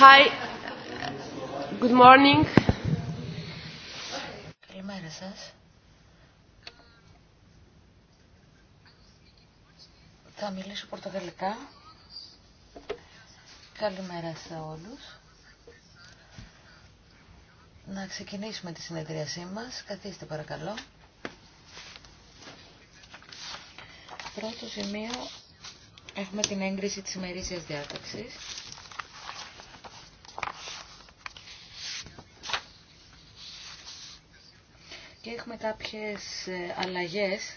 Hi. Good morning. Καλημέρα σας. Θα μιλήσω πορτογαλικά. Καλημέρα σε όλους. Να ξεκινήσουμε τη συνεδρίασή μας. Καθίστε παρακαλώ. Πρώτο σημείο έχουμε την έγκριση της ημερήσιας διάταξης. έχουμε κάποιες ε, αλλαγές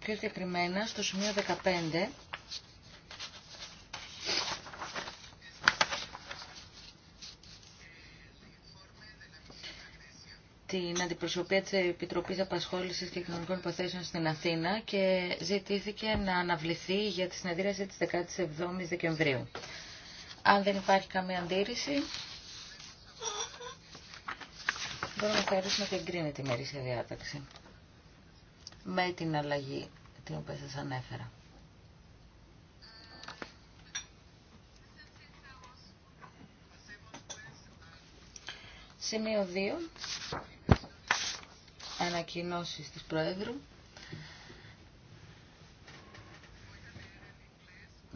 πιο συγκεκριμένα στο σημείο 15 την αντιπροσωπεία της Επιτροπής Απασχόλησης και Κοινωνικών Υποθέσεων στην Αθήνα και ζητήθηκε να αναβληθεί για τη συνεδρίαση της 17ης Δεκεμβρίου. Αν δεν υπάρχει καμία αντίρρηση, μπορούμε να θεωρήσουμε ότι την η μερίσια διάταξη με την αλλαγή την οποία σας ανέφερα. Σημείο 2. Ανακοινώσεις της Προέδρου.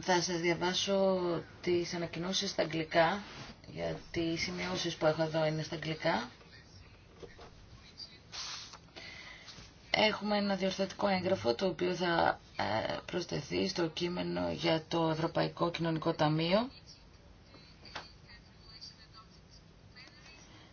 Θα σας διαβάσω τις ανακοινώσεις στα αγγλικά, γιατί οι σημειώσεις που έχω εδώ είναι στα αγγλικά. Έχουμε ένα διορθωτικό έγγραφο το οποίο θα ε, προσθεθεί στο κείμενο για το Ευρωπαϊκό Κοινωνικό Ταμείο.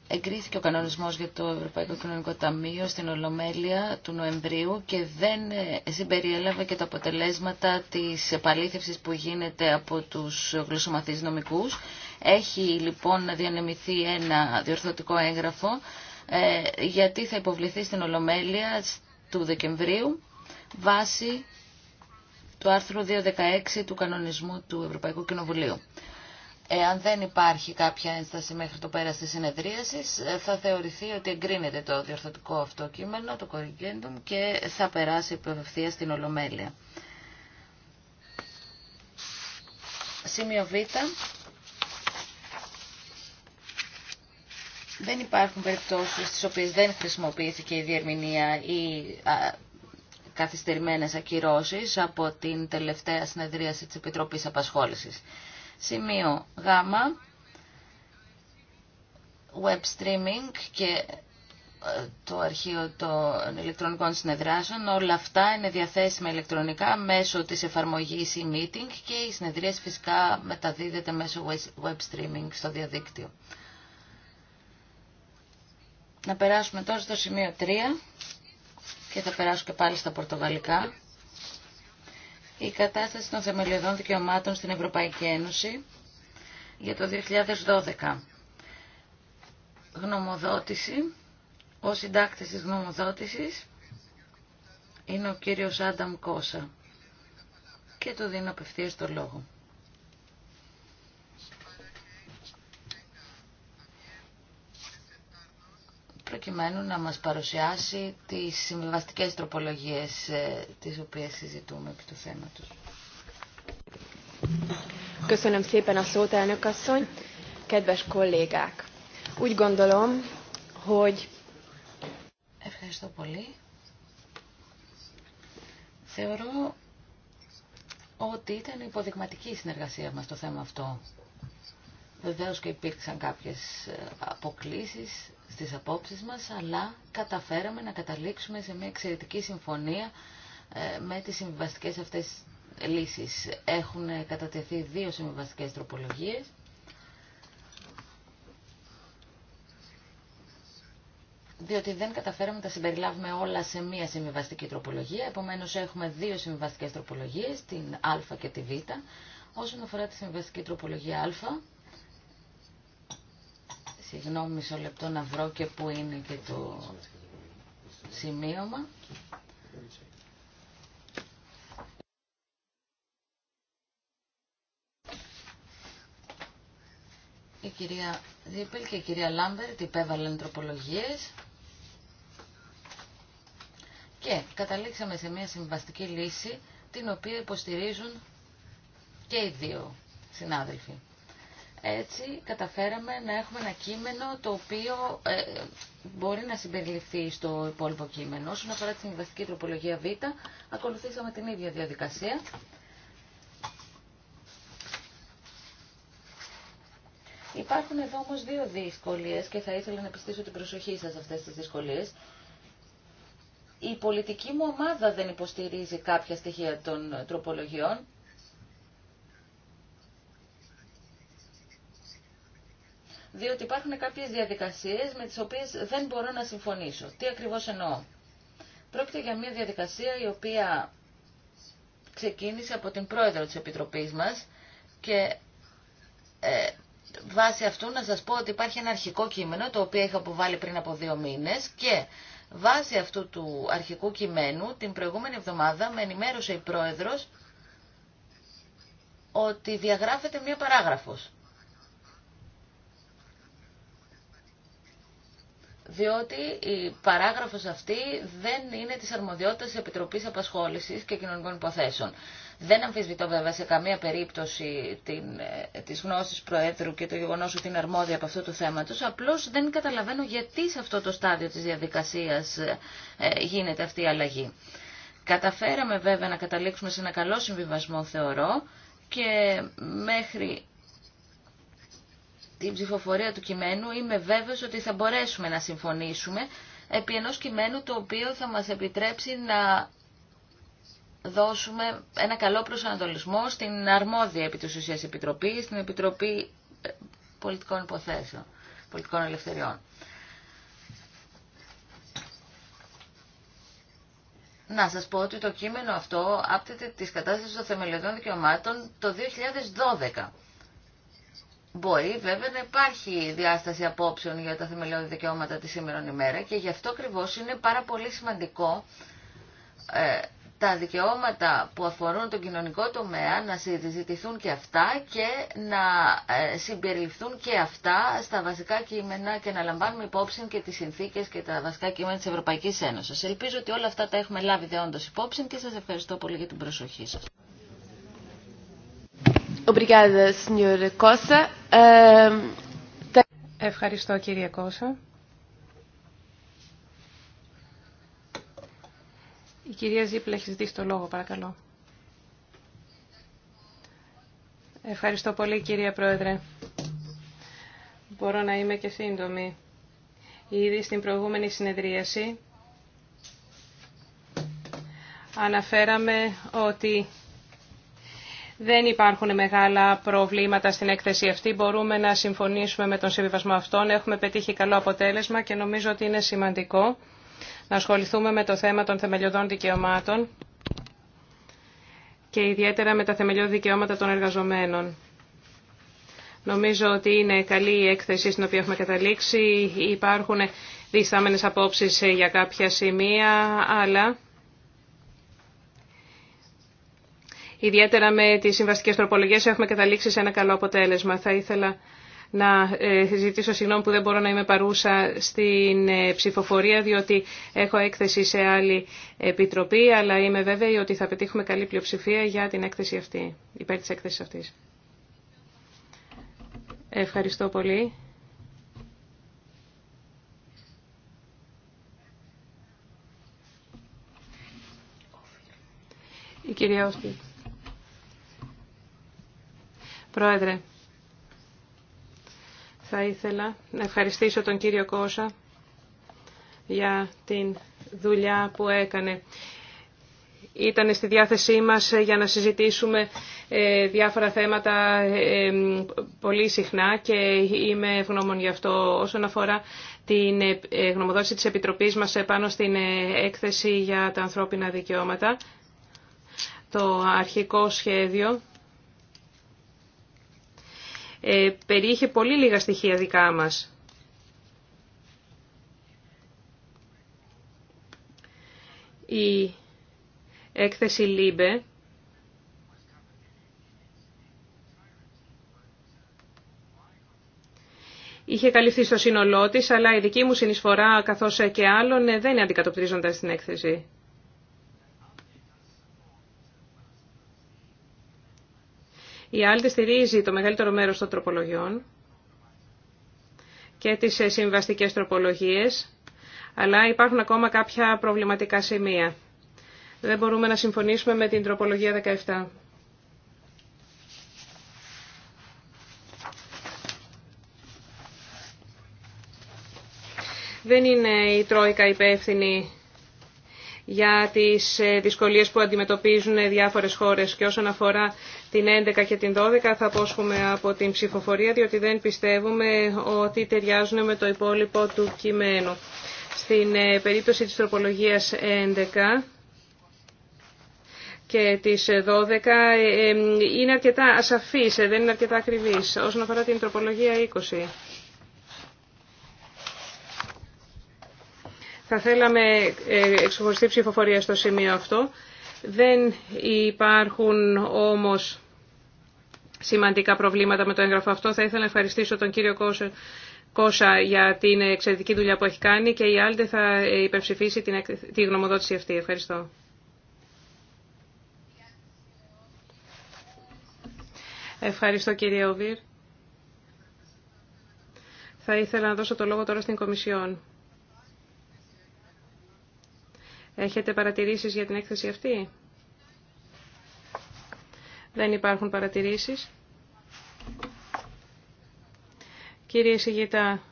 Εγκρίθηκε ο κανονισμός για το Ευρωπαϊκό Κοινωνικό Ταμείο στην Ολομέλεια του Νοεμβρίου και δεν ε, συμπεριέλαβε και τα αποτελέσματα της επαλήθευσης που γίνεται από τους γλωσσομαθείς νομικούς. Έχει λοιπόν να διανεμηθεί ένα διορθωτικό έγγραφο ε, γιατί θα υποβληθεί στην Ολομέλεια του Δεκεμβρίου βάσει του άρθρου 216 του κανονισμού του Ευρωπαϊκού Κοινοβουλίου. Εάν δεν υπάρχει κάποια ένσταση μέχρι το πέρας της συνεδρίασης, ε, θα θεωρηθεί ότι εγκρίνεται το διορθωτικό αυτό κείμενο, το corrigendum, και θα περάσει επευθεία στην Ολομέλεια. Σημείο Β. Δεν υπάρχουν περιπτώσεις στις οποίες δεν χρησιμοποιήθηκε η διερμηνία ή καθυστερημένες ακυρώσεις από την τελευταία συνεδρίαση της Επιτροπής Απασχόλησης. Σημείο Γ, web streaming και ε, το αρχείο των ηλεκτρονικών συνεδράσεων. Όλα αυτά είναι διαθέσιμα ηλεκτρονικά μέσω της εφαρμογής e-meeting και οι συνεδρίες φυσικά μεταδίδεται μέσω web streaming στο διαδίκτυο. Να περάσουμε τώρα στο σημείο 3 και θα περάσω και πάλι στα πορτογαλικά. Η κατάσταση των θεμελιωδών δικαιωμάτων στην Ευρωπαϊκή Ένωση για το 2012. Γνωμοδότηση. Ο συντάκτης της γνωμοδότησης είναι ο κύριος Άνταμ Κόσα. Και του δίνω απευθείας το λόγο. προκειμένου να μας παρουσιάσει τις συμβιβαστικές τροπολογίες ε, τις οποίες συζητούμε επί του θέματος. Köszönöm szépen a szót, Kedves kollégák, úgy gondolom, hogy... Ευχαριστώ πολύ. Θεωρώ ότι ήταν υποδειγματική η συνεργασία μας το θέμα αυτό. Βεβαίως και υπήρξαν κάποιες ε, αποκλήσεις, στις απόψεις μας, αλλά καταφέραμε να καταλήξουμε σε μια εξαιρετική συμφωνία ε, με τις συμβιβαστικές αυτές λύσεις. Έχουν κατατεθεί δύο συμβιβαστικές τροπολογίες. διότι δεν καταφέραμε να τα συμπεριλάβουμε όλα σε μία συμβιβαστική τροπολογία. Επομένω, έχουμε δύο συμβιβαστικέ τροπολογίε, την Α και τη Β. Όσον αφορά τη συμβιβαστική τροπολογία Α, Συγγνώμη, μισό λεπτό να βρω και πού είναι και το σημείωμα. Η κυρία Δίπελ και η κυρία Λάμπερτ υπέβαλαν τροπολογίες και καταλήξαμε σε μια συμβαστική λύση την οποία υποστηρίζουν και οι δύο συνάδελφοι. Έτσι καταφέραμε να έχουμε ένα κείμενο το οποίο ε, μπορεί να συμπεριληφθεί στο υπόλοιπο κείμενο. Όσον αφορά τη συμβαστική τροπολογία Β, ακολουθήσαμε την ίδια διαδικασία. Υπάρχουν εδώ όμως δύο δυσκολίες και θα ήθελα να πιστήσω την προσοχή σας σε αυτές τις δυσκολίες. Η πολιτική μου ομάδα δεν υποστηρίζει κάποια στοιχεία των τροπολογιών διότι υπάρχουν κάποιες διαδικασίες με τις οποίες δεν μπορώ να συμφωνήσω. Τι ακριβώς εννοώ. Πρόκειται για μια διαδικασία η οποία ξεκίνησε από την πρόεδρο της Επιτροπής μας και ε, βάσει αυτού να σας πω ότι υπάρχει ένα αρχικό κείμενο το οποίο είχα αποβάλει πριν από δύο μήνες και βάσει αυτού του αρχικού κειμένου την προηγούμενη εβδομάδα με ενημέρωσε η πρόεδρος ότι διαγράφεται μία παράγραφος. διότι η παράγραφος αυτή δεν είναι της αρμοδιότητας της Επιτροπής Απασχόλησης και Κοινωνικών Υποθέσεων. Δεν αμφισβητώ βέβαια σε καμία περίπτωση την, ε, τις γνώσεις Προέδρου και το γεγονός ότι είναι αρμόδια από αυτού του θέματος, απλώς δεν καταλαβαίνω γιατί σε αυτό το στάδιο της διαδικασίας ε, γίνεται αυτή η αλλαγή. Καταφέραμε βέβαια να καταλήξουμε σε ένα καλό συμβιβασμό θεωρώ και μέχρι την ψηφοφορία του κειμένου είμαι βέβαιος ότι θα μπορέσουμε να συμφωνήσουμε επί ενός κειμένου το οποίο θα μας επιτρέψει να δώσουμε ένα καλό προσανατολισμό στην αρμόδια επί επιτροπή, στην Επιτροπή ε, Πολιτικών Υποθέσεων, Πολιτικών Ελευθεριών. Να σας πω ότι το κείμενο αυτό άπτεται της κατάστασης των θεμελιωδών δικαιωμάτων το 2012. Μπορεί βέβαια να υπάρχει διάσταση απόψεων για τα θεμελιώδη δικαιώματα τη σήμερα ημέρα και γι' αυτό ακριβώ είναι πάρα πολύ σημαντικό ε, τα δικαιώματα που αφορούν τον κοινωνικό τομέα να συζητηθούν και αυτά και να ε, συμπεριληφθούν και αυτά στα βασικά κείμενα και να λαμβάνουμε υπόψη και τις συνθήκες και τα βασικά κείμενα της Ευρωπαϊκής Ένωσης. Ελπίζω ότι όλα αυτά τα έχουμε λάβει δεόντως υπόψη και σας ευχαριστώ πολύ για την προσοχή σας. Ah, Ευχαριστώ κύριε Κώσα. Η κυρία Ζήπλα έχει ζητήσει το λόγο, παρακαλώ. Ευχαριστώ πολύ κυρία Πρόεδρε. Μπορώ να είμαι και σύντομη. Ήδη στην προηγούμενη συνεδρίαση αναφέραμε ότι δεν υπάρχουν μεγάλα προβλήματα στην έκθεση αυτή. Μπορούμε να συμφωνήσουμε με τον συμβιβασμό αυτόν. Έχουμε πετύχει καλό αποτέλεσμα και νομίζω ότι είναι σημαντικό να ασχοληθούμε με το θέμα των θεμελιωδών δικαιωμάτων και ιδιαίτερα με τα θεμελιώδη δικαιώματα των εργαζομένων. Νομίζω ότι είναι καλή η έκθεση στην οποία έχουμε καταλήξει. Υπάρχουν διστάμενες απόψεις για κάποια σημεία, αλλά Ιδιαίτερα με τις συμβαστικές τροπολογίες έχουμε καταλήξει σε ένα καλό αποτέλεσμα. Θα ήθελα να ε, ζητήσω συγγνώμη που δεν μπορώ να είμαι παρούσα στην ε, ψηφοφορία διότι έχω έκθεση σε άλλη επιτροπή αλλά είμαι βέβαιη ότι θα πετύχουμε καλή πλειοψηφία για την έκθεση αυτή, υπέρ της έκθεσης αυτής. Ευχαριστώ πολύ. Πρόεδρε, θα ήθελα να ευχαριστήσω τον κύριο Κώσα για την δουλειά που έκανε. Ήταν στη διάθεσή μας για να συζητήσουμε ε, διάφορα θέματα ε, πολύ συχνά και είμαι ευγνώμων γι' αυτό όσον αφορά την ε, γνωμοδότηση της Επιτροπής μας πάνω στην έκθεση για τα ανθρώπινα δικαιώματα. Το αρχικό σχέδιο ε, περιείχε πολύ λίγα στοιχεία δικά μας. Η έκθεση ΛΥΜΠΕ είχε καλυφθεί στο σύνολό της, αλλά η δική μου συνεισφορά καθώς και άλλων ε, δεν είναι στην έκθεση. Η Άλτη στηρίζει το μεγαλύτερο μέρος των τροπολογιών και τις ε, συμβαστικές τροπολογίες, αλλά υπάρχουν ακόμα κάποια προβληματικά σημεία. Δεν μπορούμε να συμφωνήσουμε με την τροπολογία 17. Δεν είναι η Τρόικα υπεύθυνη για τις ε, δυσκολίες που αντιμετωπίζουν διάφορες χώρες και όσον αφορά την 11 και την 12 θα απόσχουμε από την ψηφοφορία διότι δεν πιστεύουμε ότι ταιριάζουν με το υπόλοιπο του κειμένου. Στην ε, περίπτωση της τροπολογίας 11 και τις 12 ε, ε, είναι αρκετά ασαφής, δεν είναι αρκετά ακριβής. Όσον αφορά την τροπολογία 20. Θα θέλαμε εξοχωριστή ψηφοφορία στο σημείο αυτό δεν υπάρχουν όμως σημαντικά προβλήματα με το έγγραφο αυτό. Θα ήθελα να ευχαριστήσω τον κύριο Κόσα για την εξαιρετική δουλειά που έχει κάνει και η Άλντε θα υπερψηφίσει τη γνωμοδότηση αυτή. Ευχαριστώ. Ευχαριστώ κύριε Οβίρ. Θα ήθελα να δώσω το λόγο τώρα στην Κομισιόν. Έχετε παρατηρήσεις για την έκθεση αυτή? Δεν υπάρχουν παρατηρήσεις. Κύριε Σιγητά,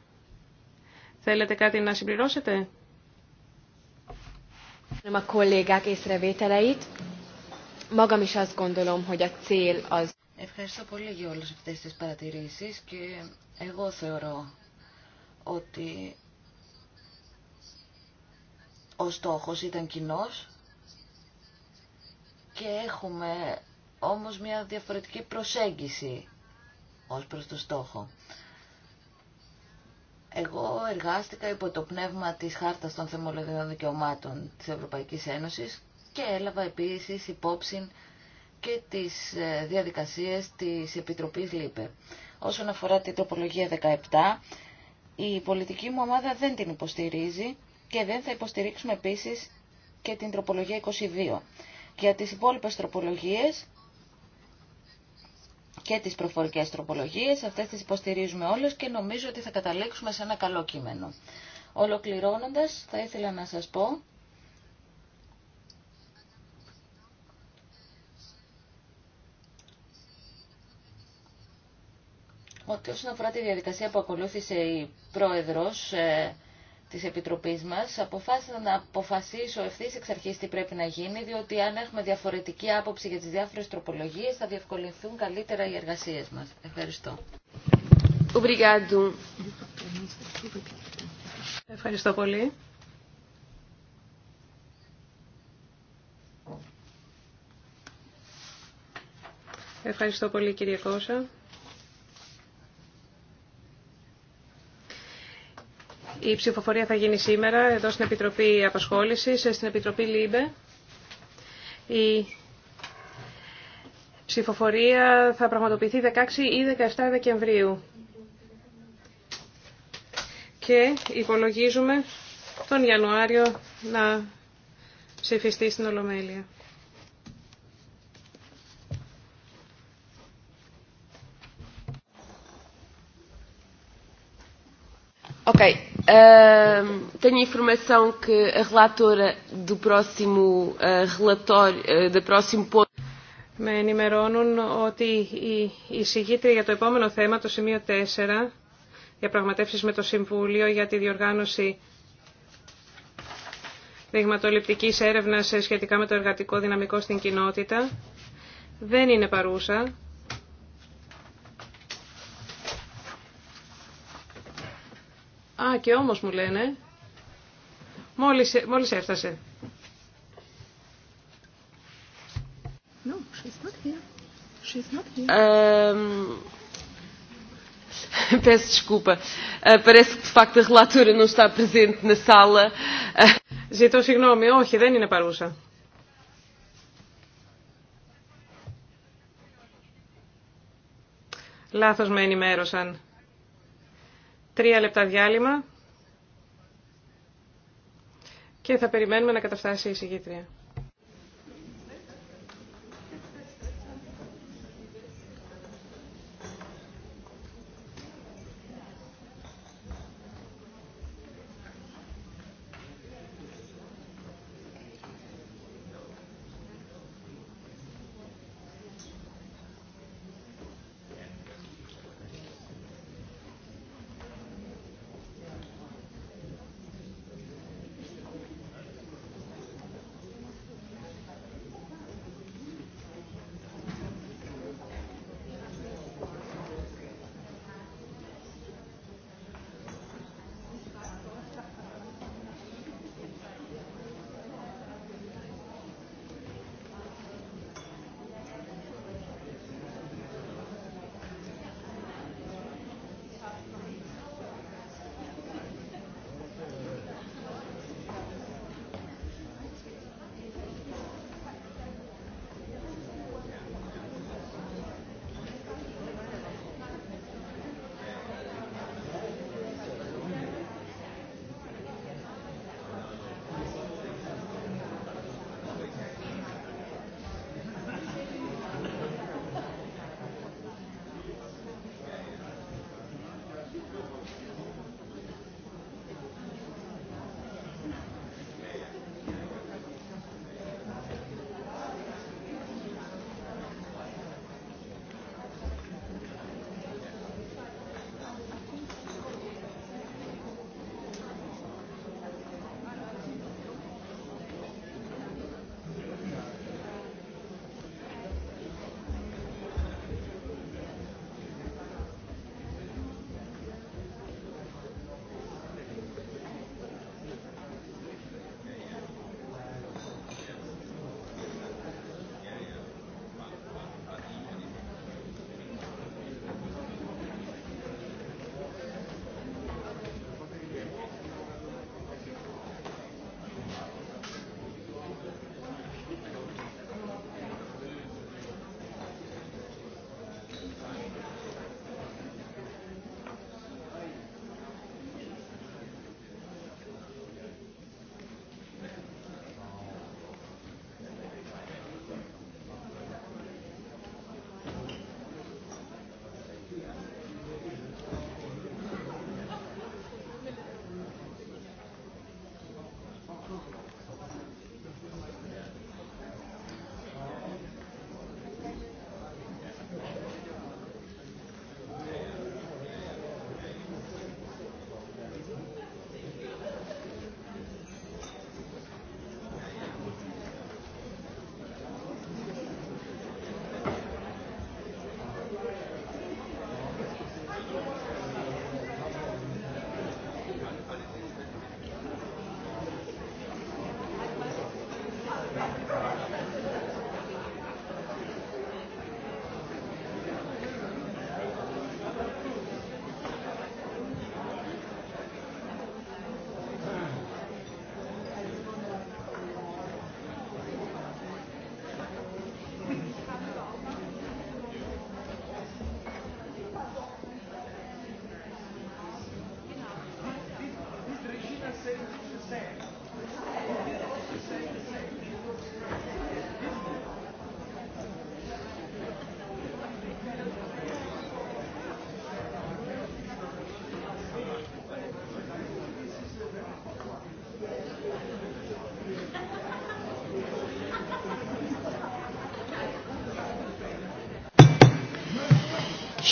θέλετε κάτι να συμπληρώσετε? Ευχαριστώ πολύ για όλες αυτές τις παρατηρήσεις και εγώ θεωρώ ότι ο στόχος ήταν κοινός και έχουμε όμως μια διαφορετική προσέγγιση ως προς το στόχο. Εγώ εργάστηκα υπό το πνεύμα της Χάρτας των Θεμολογικών Δικαιωμάτων της Ευρωπαϊκής Ένωσης και έλαβα επίσης υπόψη και τις ε, διαδικασίες της Επιτροπής ΛΥΠΕ. Όσον αφορά την τροπολογία 17, η πολιτική μου ομάδα δεν την υποστηρίζει και δεν θα υποστηρίξουμε επίσης και την τροπολογία 22. Για τις υπόλοιπες τροπολογίες και τις προφορικές τροπολογίες, αυτές τις υποστηρίζουμε όλες και νομίζω ότι θα καταλήξουμε σε ένα καλό κείμενο. Ολοκληρώνοντας, θα ήθελα να σας πω ότι όσον αφορά τη διαδικασία που ακολούθησε η Πρόεδρος, ε, της Επιτροπής μας, αποφάσισα να αποφασίσω ευθύ εξ αρχής τι πρέπει να γίνει, διότι αν έχουμε διαφορετική άποψη για τις διάφορες τροπολογίες θα διευκολυνθούν καλύτερα οι εργασίες μας. Ευχαριστώ. Ευχαριστώ πολύ. Ευχαριστώ πολύ κύριε Κώσα. Η ψηφοφορία θα γίνει σήμερα εδώ στην Επιτροπή Απασχόλησης, στην Επιτροπή ΛΥΜΠΕ. Η ψηφοφορία θα πραγματοποιηθεί 16 ή 17 Δεκεμβρίου. Και υπολογίζουμε τον Ιανουάριο να ψηφιστεί στην Ολομέλεια. Okay. Tenho a informação Με ενημερώνουν ότι η εισηγήτρια για το επόμενο θέμα, το σημείο 4, διαπραγματεύσεις με το Συμβούλιο για τη διοργάνωση δειγματοληπτικής έρευνας ε, σχετικά με το εργατικό δυναμικό στην κοινότητα, δεν είναι παρούσα. Α, και όμως μου λένε. Μόλις, μόλις έφτασε. No, she's not here. She's not here. Ε, Peço desculpa. Parece que de facto a relatora não está presente na sala. Zito, Ζητώ συγγνώμη, όχι, δεν είναι παρούσα. Λάθος με ενημέρωσαν. Τρία λεπτά διάλειμμα και θα περιμένουμε να καταφτάσει η συγκήτρια.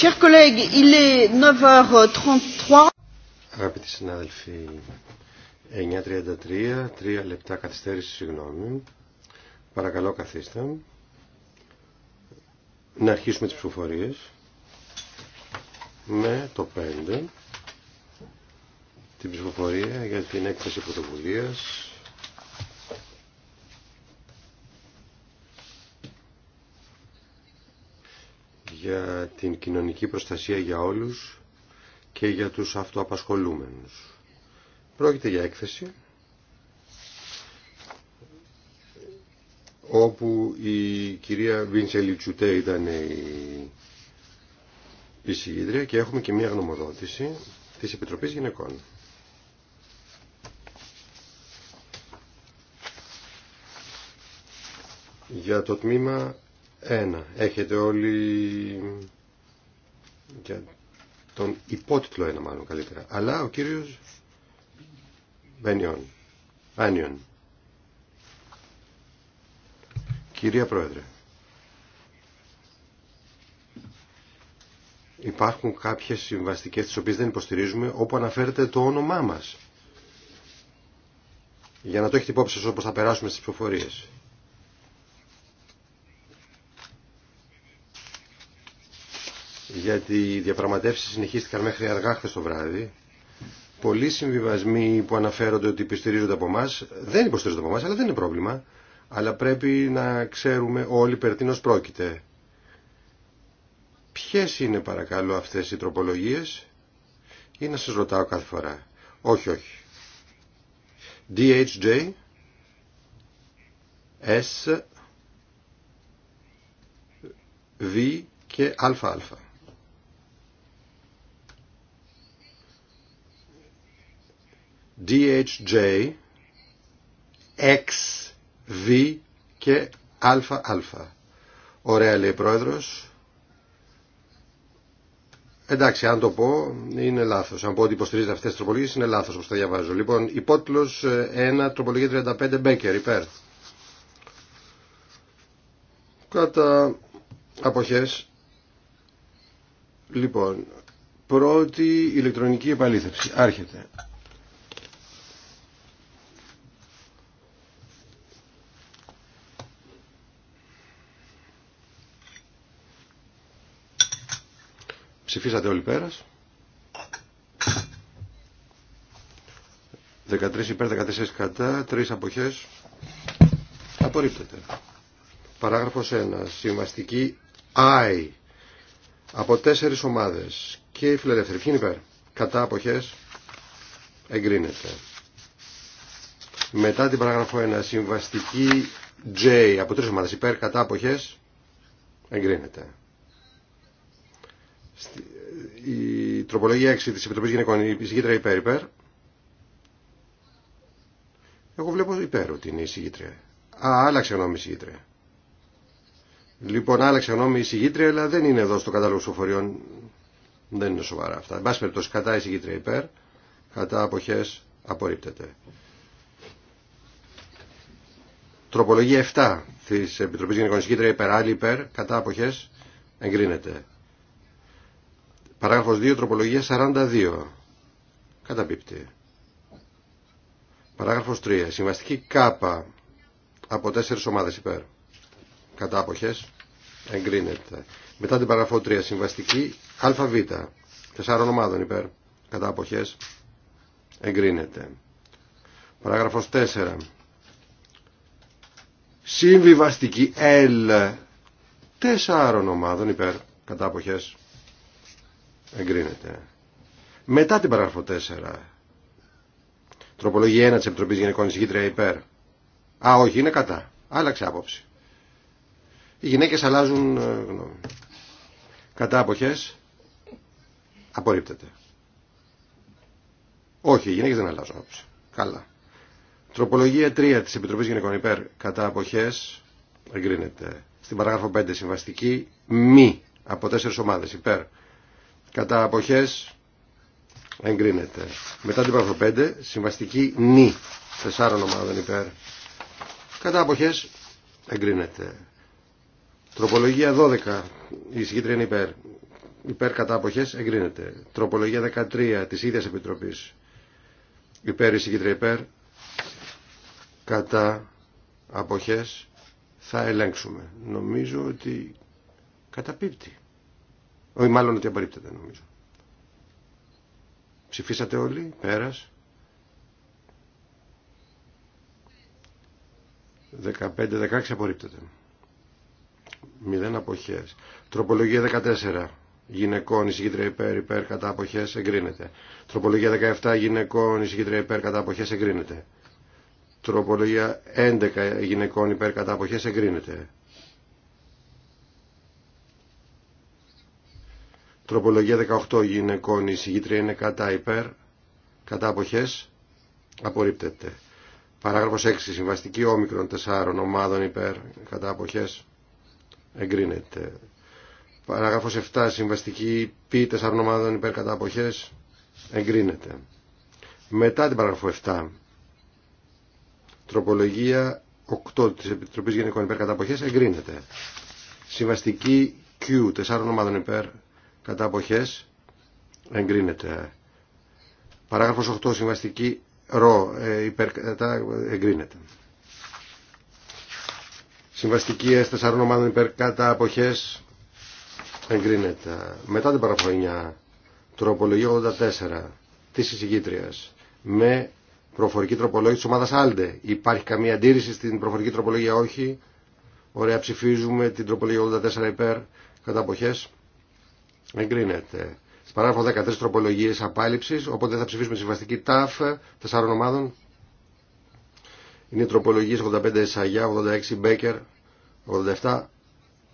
Chers collègues, il est 9h33. Αγαπητοί συνάδελφοι, 9.33, 3 λεπτά καθυστέρηση, συγγνώμη. Παρακαλώ καθίστε. Να αρχίσουμε τις ψηφοφορίες με το 5, την ψηφοφορία για την έκθεση πρωτοβουλίας την κοινωνική προστασία για όλους και για τους αυτοαπασχολούμενους. Πρόκειται για έκθεση όπου η κυρία Βίντσελη Τσουτέ ήταν η, η και έχουμε και μια γνωμοδότηση της Επιτροπής Γυναικών. Για το τμήμα 1. Έχετε όλοι και τον υπότιτλο ένα μάλλον καλύτερα. Αλλά ο κύριος Μπένιον, Άνιον. Κυρία Πρόεδρε, υπάρχουν κάποιες συμβαστικές τις οποίες δεν υποστηρίζουμε όπου αναφέρεται το όνομά μας. Για να το έχετε υπόψη σας όπως θα περάσουμε στις ψηφοφορίες. γιατί οι διαπραγματεύσεις συνεχίστηκαν μέχρι αργά χθε το βράδυ. Πολλοί συμβιβασμοί που αναφέρονται ότι υποστηρίζονται από εμά δεν υποστηρίζονται από εμά, αλλά δεν είναι πρόβλημα. Αλλά πρέπει να ξέρουμε όλοι περί τίνο πρόκειται. Ποιε είναι παρακαλώ αυτέ οι τροπολογίε ή να σα ρωτάω κάθε φορά. Όχι, όχι. DHJ S V και ΑΑ. DHJ, XV και ΑΑ. Ωραία λέει πρόεδρος. Εντάξει, αν το πω είναι λάθος. Αν πω ότι υποστηρίζετε αυτέ τι τροπολογίε είναι λάθος όπω τα διαβάζω. Λοιπόν, υπότιτλος 1, ε, τροπολογία 35, Μπέκερ, υπέρ. Κατά αποχές, λοιπόν, πρώτη ηλεκτρονική επαλήθευση. Άρχεται. Ψηφίσατε όλοι πέρας. 13 υπέρ, 14 κατά, 3 αποχές. Απορρίπτεται. Παράγραφος 1. Συμβαστική I. Από 4 ομάδες. Και η φιλελεύθερη. είναι υπέρ. Κατά αποχές. Εγκρίνεται. Μετά την παράγραφο 1. Συμβαστική J. Από 3 ομάδες. Υπέρ, κατά αποχές. Εγκρίνεται. Ε, η τροπολογία 6 της Επιτροπής Γυναικών, η συγκιτρια υπέρ υπέρ. Εγώ βλέπω υπέρ ότι είναι η συγκίτρια Α, άλλαξε γνώμη η συγκίτρια Λοιπόν, άλλαξε γνώμη η συγκίτρια αλλά δεν είναι εδώ στο κατάλογο ψηφοφοριών. Δεν είναι σοβαρά αυτά. Εν πάση κατά η συγκίτρια υπέρ, κατά αποχές απορρίπτεται. Τροπολογία 7 της Επιτροπής Γυναικών, η συγκιτρια υπέρ, άλλη υπέρ, κατά αποχές εγκρίνεται. Παράγραφος 2, τροπολογία 42. Καταπίπτει. Παράγραφος 3. Συμβαστική κάπα από 4 ομάδες υπέρ. Κατά αποχές. Εγκρίνεται. Μετά την παράγραφο 3. Συμβαστική αβ. 4 ομάδων υπέρ. Κατά αποχές. Εγκρίνεται. Παράγραφος 4. Συμβιβαστική L. 4 ομάδων υπέρ. Κατά αποχές εγκρίνεται. Μετά την παράγραφο 4. Τροπολογία 1 της Επιτροπής Γενικών Ισχύτρια υπέρ. Α, όχι, είναι κατά. Άλλαξε άποψη. Οι γυναίκες αλλάζουν ε, γνώμη. Κατά αποχές απορρίπτεται. Όχι, οι γυναίκες δεν αλλάζουν άποψη. Καλά. Τροπολογία 3 της Επιτροπής Γυναικών υπέρ κατά αποχές εγκρίνεται. Στην παράγραφο 5 συμβαστική μη από τέσσερις ομάδες υπέρ κατά αποχές εγκρίνεται. Μετά την παράγραφο 5, συμβαστική νη τεσσάρων ομάδων υπέρ. Κατά αποχές εγκρίνεται. Τροπολογία 12, η συγκίτρια είναι υπέρ. Υπέρ κατά αποχές εγκρίνεται. Τροπολογία 13 της ίδιας επιτροπής. Υπέρ η συγκίτρια υπέρ. Κατά αποχές θα ελέγξουμε. Νομίζω ότι καταπίπτει. Όχι, ε, μάλλον ότι απορρίπτεται νομίζω. Ψηφίσατε όλοι, πέρας. 15-16 απορρίπτεται. Μηδέν αποχές. Τροπολογία 14. Γυναικών εισηγήτρια υπέρ, υπέρ, κατά αποχές εγκρίνεται. Τροπολογία 17. Γυναικών εισηγήτρια υπέρ, κατά αποχές εγκρίνεται. Τροπολογία 11. Γυναικών υπέρ, κατά αποχές εγκρίνεται. Τροπολογία 18 γυναικών, η είναι κατά υπέρ, κατά αποχές, απορρίπτεται. Παράγραφος 6, συμβαστική όμικρον 4 ομάδων υπέρ, κατά αποχές, εγκρίνεται. Παράγραφος 7, συμβαστική π 4 ομάδων υπέρ, κατά αποχές, εγκρίνεται. Μετά την παράγραφο 7, τροπολογία 8 της Επιτροπής Γενικών Υπέρ αποχές εγκρίνεται. Συμβαστική Q, 4 ομάδων υπέρ, κατά αποχές εγκρίνεται. Παράγραφος 8 συμβαστική ρο ε, υπέρ κατά εγκρίνεται. Συμβαστική S 4 ομάδων υπέρ κατά αποχές εγκρίνεται. Μετά την παραφωνία, 9 τροπολογία 84 της εισηγήτριας με προφορική τροπολογία της ομάδας Άλντε. Υπάρχει καμία αντίρρηση στην προφορική τροπολογία όχι. Ωραία ψηφίζουμε την τροπολογία 84 υπέρ κατά αποχές Εγκρίνεται. Παράγραφο 13, τροπολογίε απάλληψη, οπότε θα ψηφίσουμε τη συμβαστική ΤΑΦ τεσσάρων ομάδων. Είναι οι τροπολογίε 85 Εσαγιά, 86 Μπέκερ, 87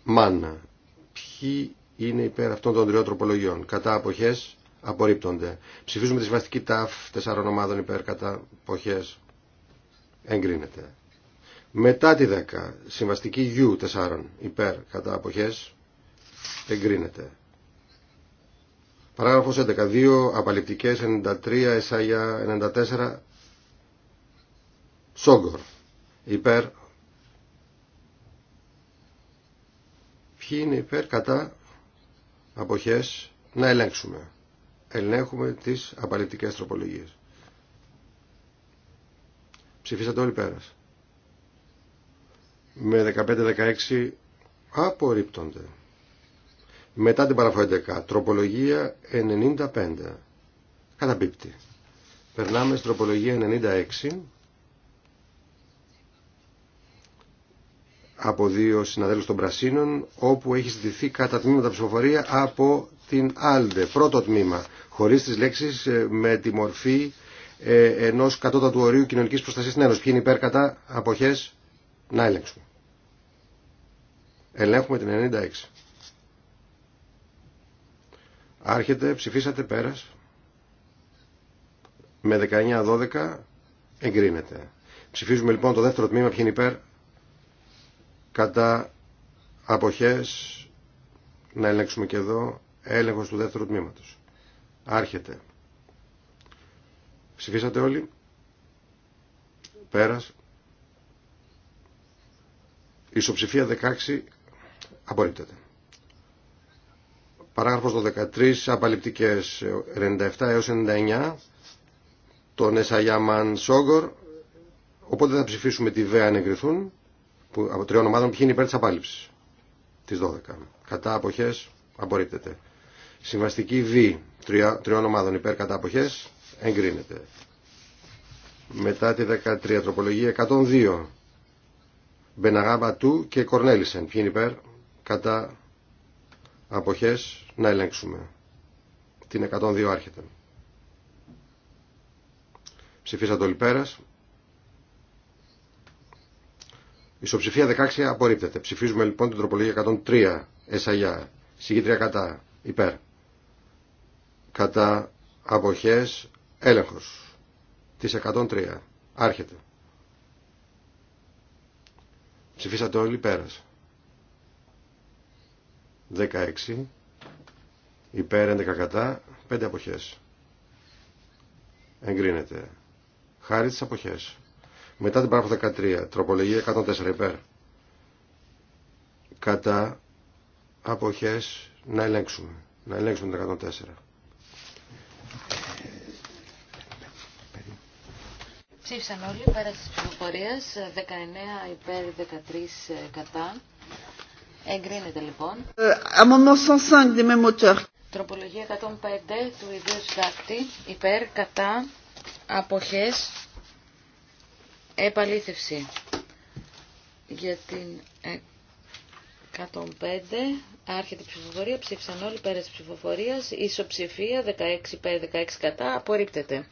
ΜΑΝΑ. Ποιοι είναι υπέρ αυτών των τριών τροπολογιών. Κατά αποχέ απορρίπτονται. Ψηφίζουμε τη συμβαστική ΤΑΦ τεσσάρων ομάδων υπέρ κατά αποχέ. Εγκρίνεται. Μετά τη 10, συμβαστική ΙΟΥ 4 υπέρ κατά αποχές εγκρίνεται. Παράγραφος 11.2. απαλληπτικές 93. Εσάγια 94. Σόγκορ. Υπέρ. Ποιοι είναι υπέρ κατά αποχές να ελέγξουμε. Ελέγχουμε τις απαλληπτικές τροπολογίες. Ψηφίσατε όλοι πέρας. Με 15-16 απορρίπτονται. Μετά την παραφορά 11. Τροπολογία 95. Καταπίπτει. Περνάμε στην τροπολογία 96. από δύο συναδέλφους των Πρασίνων, όπου έχει ζητηθεί κατά τμήματα ψηφοφορία από την Άλδε, Πρώτο τμήμα, χωρίς τις λέξεις ε, με τη μορφή ε, ενός κατώτατου ορίου κοινωνικής προστασίας στην Ένωση. Ποιοι είναι υπέρ κατά αποχές, να ελέγξουμε. Ελέγχουμε την 96. Άρχεται, ψηφίσατε πέρας. Με 19-12 εγκρίνεται. Ψηφίζουμε λοιπόν το δεύτερο τμήμα ποιοι είναι υπέρ. Κατά αποχές να ελέγξουμε και εδώ έλεγχος του δεύτερου τμήματος. Άρχεται. Ψηφίσατε όλοι. Πέρας. Ισοψηφία 16 απορρίπτεται. Παράγραφος 13, απαλληπτικές 97 έως 99, τον Εσαγιάμαν Σόγκορ, οπότε θα ψηφίσουμε τη ΒΕΑ αν εγκριθούν, που, από τριών ομάδων ποιοι είναι υπέρ της απάλληψης, της 12. Κατά αποχές απορρίπτεται. Συμβαστική Β, τριών ομάδων υπέρ κατά αποχές, εγκρίνεται. Μετά τη 13, τροπολογία 102, Μπεναγάμπα Του και Κορνέλισεν, ποιοι είναι υπέρ κατά Αποχές να ελέγξουμε. Την 102 άρχεται. Ψηφίσατε όλοι πέρας. Ισοψηφία 16 απορρίπτεται. Ψηφίζουμε λοιπόν την τροπολογία 103 εσαγιά. Συγκήτρια κατά. Υπέρ. Κατά αποχές έλεγχος. Της 103. Άρχεται. Ψηφίσατε όλοι πέρας. 16 υπέρ 11 κατά 5 αποχές εγκρίνεται χάρη τις αποχές μετά την παράγραφο 13 τροπολογία 104 υπέρ κατά αποχές να ελέγξουμε να ελέγξουμε την 104 Ψήφισαν όλοι πέρα της ψηφοφορίας, 19 υπέρ, 13 ε, κατά. Εγκρίνεται λοιπόν. Ε, τροπολογία 105 του ιδίου συντάκτη υπέρ κατά αποχές επαλήθευση για την 105 άρχεται η ψηφοφορία, ψήφισαν όλοι πέρα της ψηφοφορίας, ισοψηφία 16 υπέρ 16 κατά, απορρίπτεται.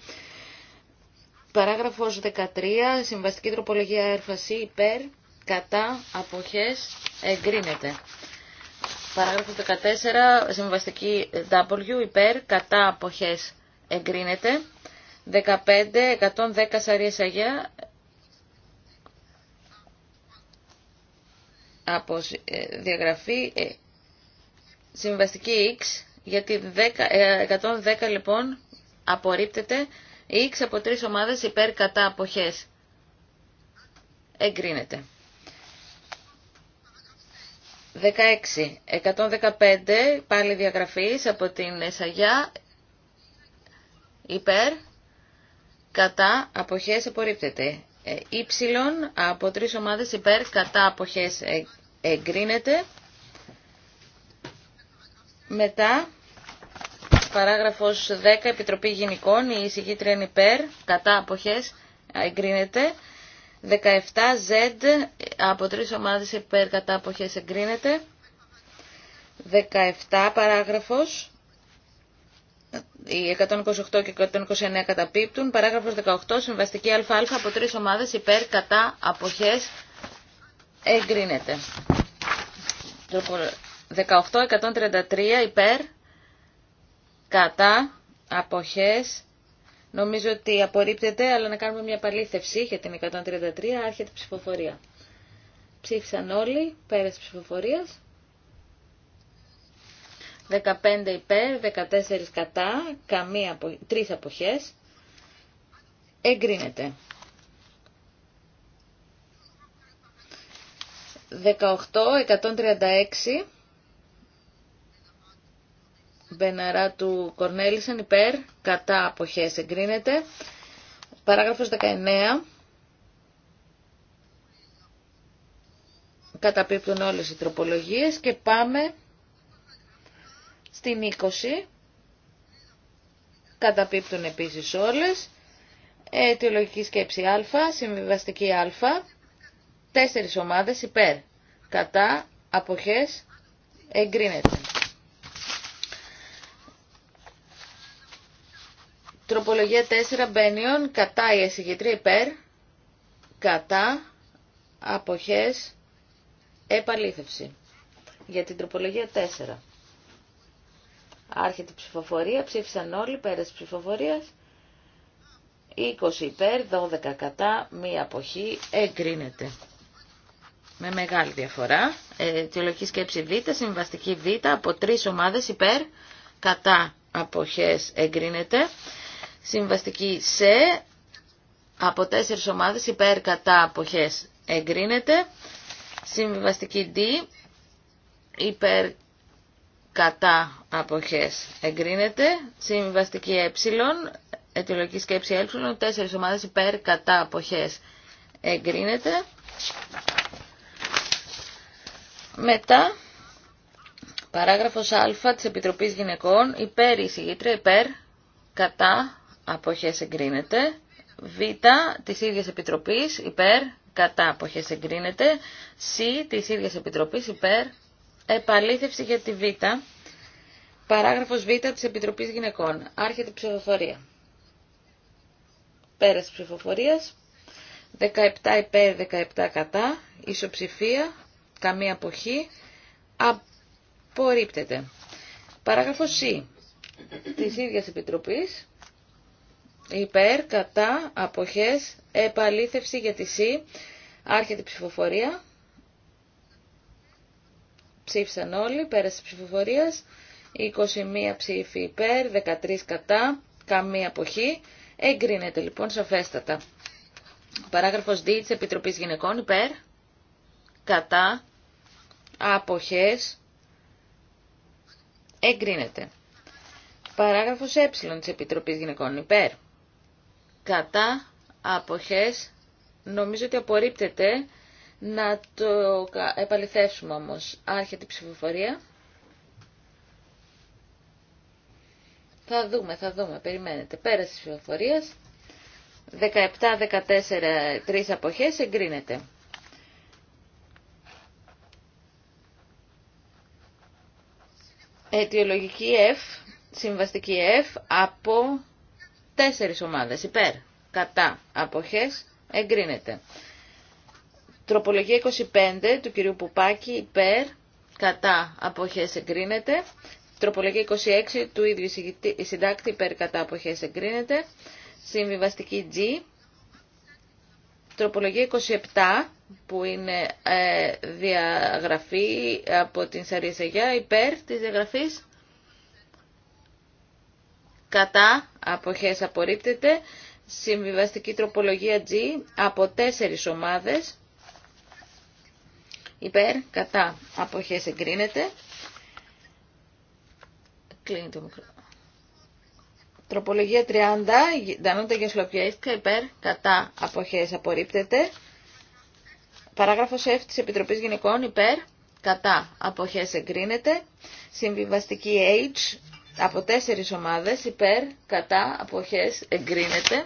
Παράγραφος 13, συμβαστική τροπολογία έρφαση υπέρ κατά, αποχές, εγκρίνεται. Παράγραφος 14, συμβαστική W, υπέρ, κατά, αποχές, εγκρίνεται. 15, 110 σαρίες αγιά, από ε, διαγραφή, ε, συμβαστική X, γιατί 10, 110 ε, λοιπόν απορρίπτεται, X από τρεις ομάδες υπέρ κατά αποχές. Εγκρίνεται. 16. 115 πάλι διαγραφής από την Εσαγιά υπέρ κατά αποχές απορρίπτεται. Ή ε, από τρεις ομάδες υπέρ κατά αποχές ε, εγκρίνεται. Μετά παράγραφος 10 Επιτροπή Γενικών Υ. εισηγήτρια είναι υπέρ κατά αποχές εγκρίνεται. 17Z από τρεις ομάδες υπέρ κατά αποχές εγκρίνεται. 17 παράγραφος. Οι 128 και 129 καταπίπτουν. Παράγραφος 18 συμβαστική ΑΑ από τρεις ομάδες υπέρ κατά αποχές εγκρίνεται. 18-133 υπέρ κατά αποχές Νομίζω ότι απορρίπτεται, αλλά να κάνουμε μια παλήθευση για την 133, άρχεται η ψηφοφορία. Ψήφισαν όλοι, πέρας ψηφοφορίας. 15 υπέρ, 14 κατά, καμία, 3 αποχές. Εγκρίνεται. 18, 136. Μπεναρά του Κορνέλισεν υπέρ, κατά αποχές εγκρίνεται. Παράγραφος 19. Καταπίπτουν όλες οι τροπολογίες και πάμε στην 20. Καταπίπτουν επίσης όλες. Αιτιολογική σκέψη α, συμβιβαστική α, τέσσερις ομάδες υπέρ, κατά, αποχές, εγκρίνεται. Τροπολογία 4 Μπένιον, κατά η εισηγητρία υπέρ, κατά, αποχές, επαλήθευση. Για την τροπολογία 4. Άρχεται η ψηφοφορία, ψήφισαν όλοι, πέρας ψηφοφορίας. 20 υπέρ, 12 κατά, μία αποχή, εγκρίνεται. Με μεγάλη διαφορά. Ε, Τιολογική σκέψη Β, συμβαστική Β, από τρεις ομάδες υπέρ, κατά, αποχές, εγκρίνεται. Συμβαστική σε από τέσσερις ομάδες υπέρ κατά αποχές εγκρίνεται. Συμβαστική D υπέρ κατά αποχές εγκρίνεται. Συμβαστική ε αιτιολογική σκέψη ε τέσσερις ομάδες υπέρ κατά αποχές εγκρίνεται. Μετά, παράγραφος α της Επιτροπής Γυναικών, υπέρ εισηγήτρια, υπέρ, κατά, αποχές εγκρίνεται. Β της ίδιας επιτροπής υπέρ, κατά αποχές εγκρίνεται. Σ της ίδιας επιτροπής υπέρ, επαλήθευση για τη Β. Παράγραφος Β της Επιτροπής Γυναικών. Άρχεται ψηφοφορία. Πέρας ψηφοφορίας. 17 υπέρ, 17 κατά. Ισοψηφία. Καμία αποχή. Απορρίπτεται. Παράγραφος Σ της ίδιας Επιτροπής υπέρ, κατά, αποχές, επαλήθευση για τη ΣΥ, άρχεται η ψηφοφορία. Ψήφισαν όλοι, πέρασε ψηφοφορίας, 21 ψήφοι υπέρ, 13 κατά, καμία αποχή. Εγκρίνεται λοιπόν σαφέστατα. Παράγραφος D της Επιτροπής Γυναικών υπέρ, κατά, αποχές, εγκρίνεται. Παράγραφος ε της Επιτροπής Γυναικών υπέρ, κατά αποχές νομίζω ότι απορρίπτεται να το επαληθεύσουμε όμως άρχεται η ψηφοφορία θα δούμε, θα δούμε, περιμένετε Πέραση της ψηφοφορίας 17-14 3 αποχές εγκρίνεται αιτιολογική F συμβαστική F από Τέσσερις ομάδες υπέρ, κατά, αποχές, εγκρίνεται. Τροπολογία 25 του κυρίου Πουπάκη υπέρ, κατά, αποχές, εγκρίνεται. Τροπολογία 26 του ίδιου συντάκτη υπέρ, κατά, αποχές, εγκρίνεται. Συμβιβαστική G. Τροπολογία 27 που είναι ε, διαγραφή από την Σαρία Σεγιά υπέρ της διαγραφής κατά, αποχές απορρίπτεται, συμβιβαστική τροπολογία G από τέσσερις ομάδες, υπέρ, κατά, αποχές εγκρίνεται, κλείνει το μικρό. Τροπολογία 30, για Γεσλοπιέσκα, υπέρ, κατά, αποχές απορρίπτεται. Παράγραφος F της Επιτροπής Γυναικών, υπέρ, κατά, αποχές εγκρίνεται. Συμβιβαστική H, από τέσσερις ομάδες υπέρ, κατά, αποχές, εγκρίνεται.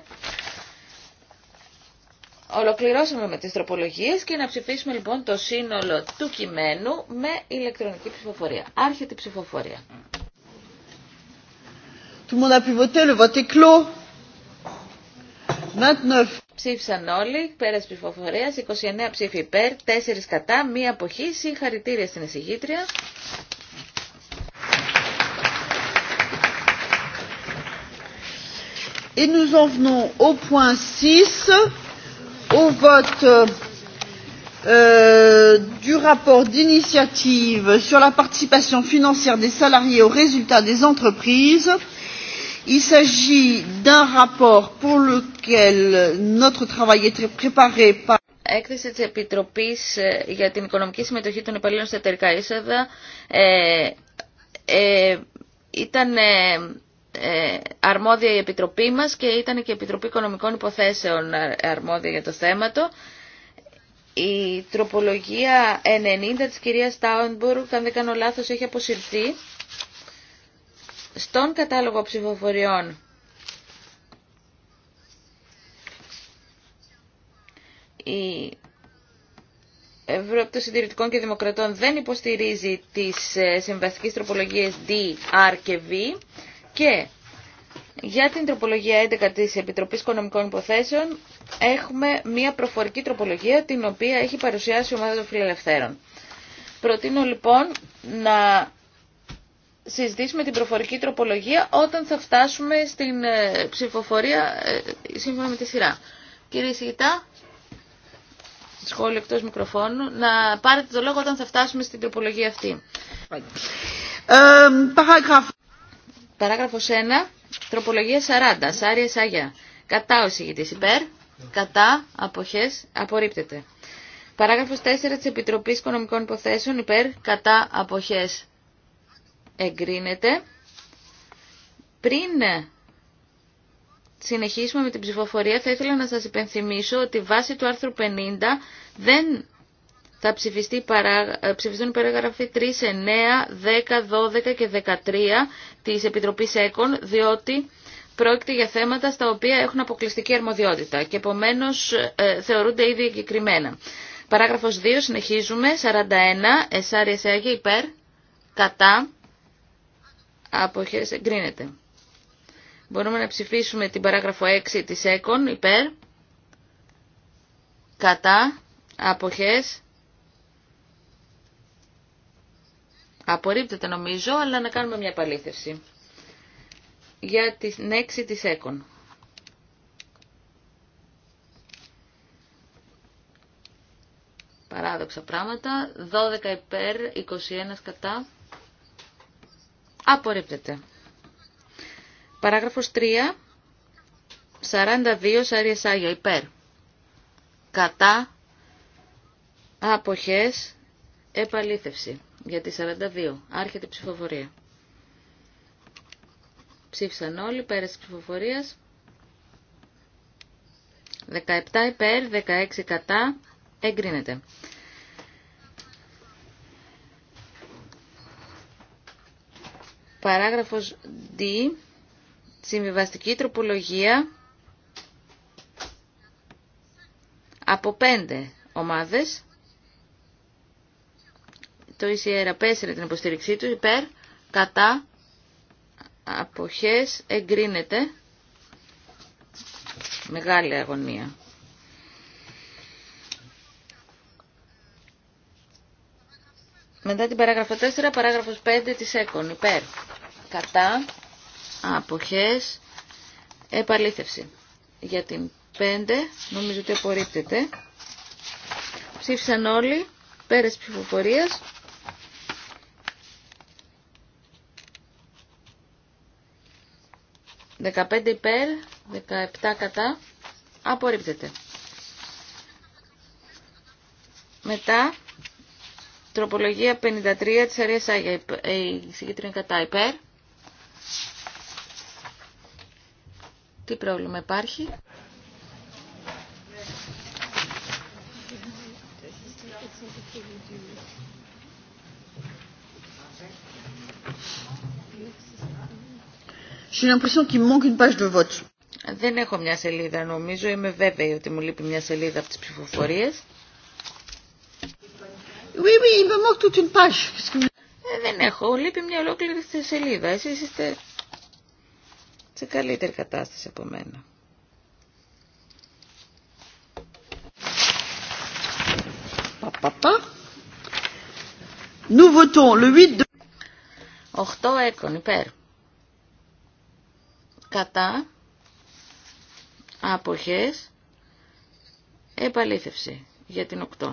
Ολοκληρώσαμε με τις τροπολογίες και να ψηφίσουμε λοιπόν το σύνολο του κειμένου με ηλεκτρονική ψηφοφορία. Άρχεται η ψηφοφορία. Tout monde a pu voter, le vote est clos. Ψήφισαν όλοι, πέρα ψηφοφορία, 29 ψήφοι υπέρ, 4 κατά, μία αποχή, συγχαρητήρια στην εισηγήτρια. Et nous en venons au point 6, au vote du rapport d'initiative sur la participation financière des salariés aux résultats des entreprises. Il s'agit d'un rapport pour lequel notre travail était préparé par Έκθεση της για την Οικονομική Συμμετοχή των Υπαλλήλων στα Εταιρικά Είσοδα ε, ε, αρμόδια η Επιτροπή μας και ήταν και η Επιτροπή Οικονομικών Υποθέσεων αρμόδια για το θέμα το. Η τροπολογία 90 της κυρίας Τάουνμπουργκ, αν δεν κάνω λάθος, έχει αποσυρθεί. Στον κατάλογο ψηφοφοριών η Ευρώπη των Συντηρητικών και Δημοκρατών δεν υποστηρίζει τις ε, συμβαστικές τροπολογίες D, R και V. Και για την τροπολογία 11 της Επιτροπής Οικονομικών Υποθέσεων έχουμε μία προφορική τροπολογία την οποία έχει παρουσιάσει η Ομάδα των Φιλελευθέρων. Προτείνω λοιπόν να συζητήσουμε την προφορική τροπολογία όταν θα φτάσουμε στην ε, ψηφοφορία ε, σύμφωνα με τη σειρά. Κύριε Σιγητά, σχόλιο εκτός μικροφώνου, να πάρετε το λόγο όταν θα φτάσουμε στην τροπολογία αυτή. Ε, Παράγραφος 1, τροπολογία 40, Σάρια Σάγια. Κατά ο συγητή υπέρ, κατά, αποχές, απορρίπτεται. Παράγραφος 4 τη Επιτροπή Οικονομικών Υποθέσεων υπέρ, κατά, αποχές, εγκρίνεται. Πριν συνεχίσουμε με την ψηφοφορία, θα ήθελα να σας υπενθυμίσω ότι βάσει του άρθρου 50 δεν θα ψηφιστεί παρά, ε, ψηφιστούν παράγραφοι 3, 9, 10, 12 και 13 της Επιτροπής ΕΚΟΝ, διότι πρόκειται για θέματα στα οποία έχουν αποκλειστική αρμοδιότητα και επομένως ε, θεωρούνται ήδη εγκεκριμένα. Παράγραφος 2, συνεχίζουμε, 41, εσάρια σε υπέρ, κατά, αποχές, εγκρίνεται. Μπορούμε να ψηφίσουμε την παράγραφο 6 της ΕΚΟΝ, υπέρ, κατά, αποχές, Απορρίπτεται νομίζω, αλλά να κάνουμε μια επαλήθευση. Για την 6 της έκον. Παράδοξα πράγματα. 12 υπέρ, 21 κατά. Απορρίπτεται. Παράγραφος 3. 42 σάριες Άγιο υπέρ. Κατά. Αποχές. Επαλήθευση για τη 42. Άρχεται η ψηφοφορία. Ψήφισαν όλοι, πέρασε της ψηφοφορίας. 17 υπέρ, 16 κατά, εγκρίνεται. Παράγραφος D, συμβιβαστική τροπολογία από 5 ομάδες το ECR απέσυρε την υποστήριξή του υπέρ, κατά, αποχές, εγκρίνεται. Μεγάλη αγωνία. Μετά την παράγραφο 4, παράγραφος 5 της ΕΚΟΝ, υπέρ, κατά, αποχές, επαλήθευση. Για την 5, νομίζω ότι απορρίπτεται. Ψήφισαν όλοι, πέρας ψηφοφορίας. 15 υπέρ, 17 κατά, απορρίπτεται. Μετά, τροπολογία 53 της Αρίας Άγια, η συγκεκριμένη κατά υπέρ. Τι πρόβλημα υπάρχει. Δεν έχω μια σελίδα νομίζω, είμαι βέβαιη ότι μου λείπει μια σελίδα από τις ψηφοφορίες. Ε, δεν έχω, λείπει μια ολόκληρη σελίδα. Εσείς είστε σε καλύτερη κατάσταση από μένα. Παπαπα. 8 έκον υπέρ κατά αποχές επαλήθευση για την 8.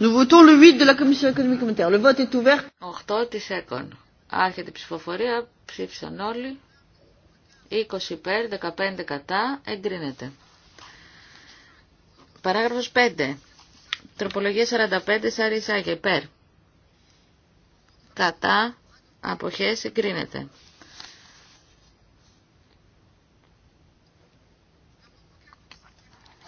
Nous 8 de la Commission économique monétaire. Le vote est ouvert. 8 της ΕΚΟΝ. Άρχεται η ψηφοφορία, ψήφισαν όλοι. 20 υπέρ, 15 κατά, εγκρίνεται. Παράγραφος 5. Τροπολογία 45, Σαρισάγια, υπέρ. Κατά, αποχές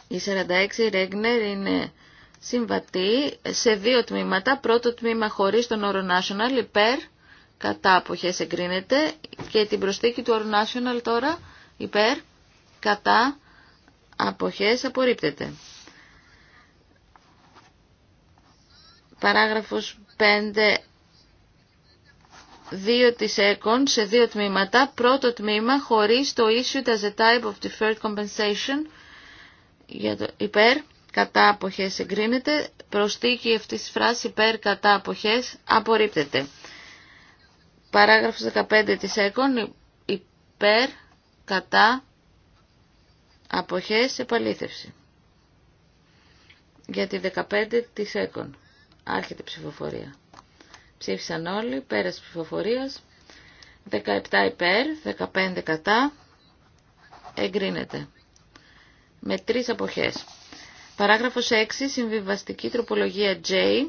Η 46 Ρέγνερ είναι συμβατή σε δύο τμήματα. Πρώτο τμήμα χωρίς τον όρο National υπέρ, κατά αποχές εγκρίνεται και την προσθήκη του όρου National τώρα υπέρ, κατά αποχές απορρίπτεται. Παράγραφος 5 2 της ΕΚΟΝ σε δύο τμήματα. Πρώτο τμήμα χωρίς το issue as a type of deferred compensation για το υπέρ, κατά αποχές εγκρίνεται. Προστίκη αυτής τη φράση υπέρ, κατά αποχές απορρίπτεται. Παράγραφος 15 της ΕΚΟΝ υπέρ, κατά αποχές επαλήθευση. Για τη 15 της ΕΚΟΝ. Άρχεται η ψηφοφορία. Ψήφισαν όλοι, πέρας ψηφοφορίας. 17 υπέρ, 15 κατά. Εγκρίνεται. Με τρεις αποχές. Παράγραφος 6, συμβιβαστική τροπολογία J.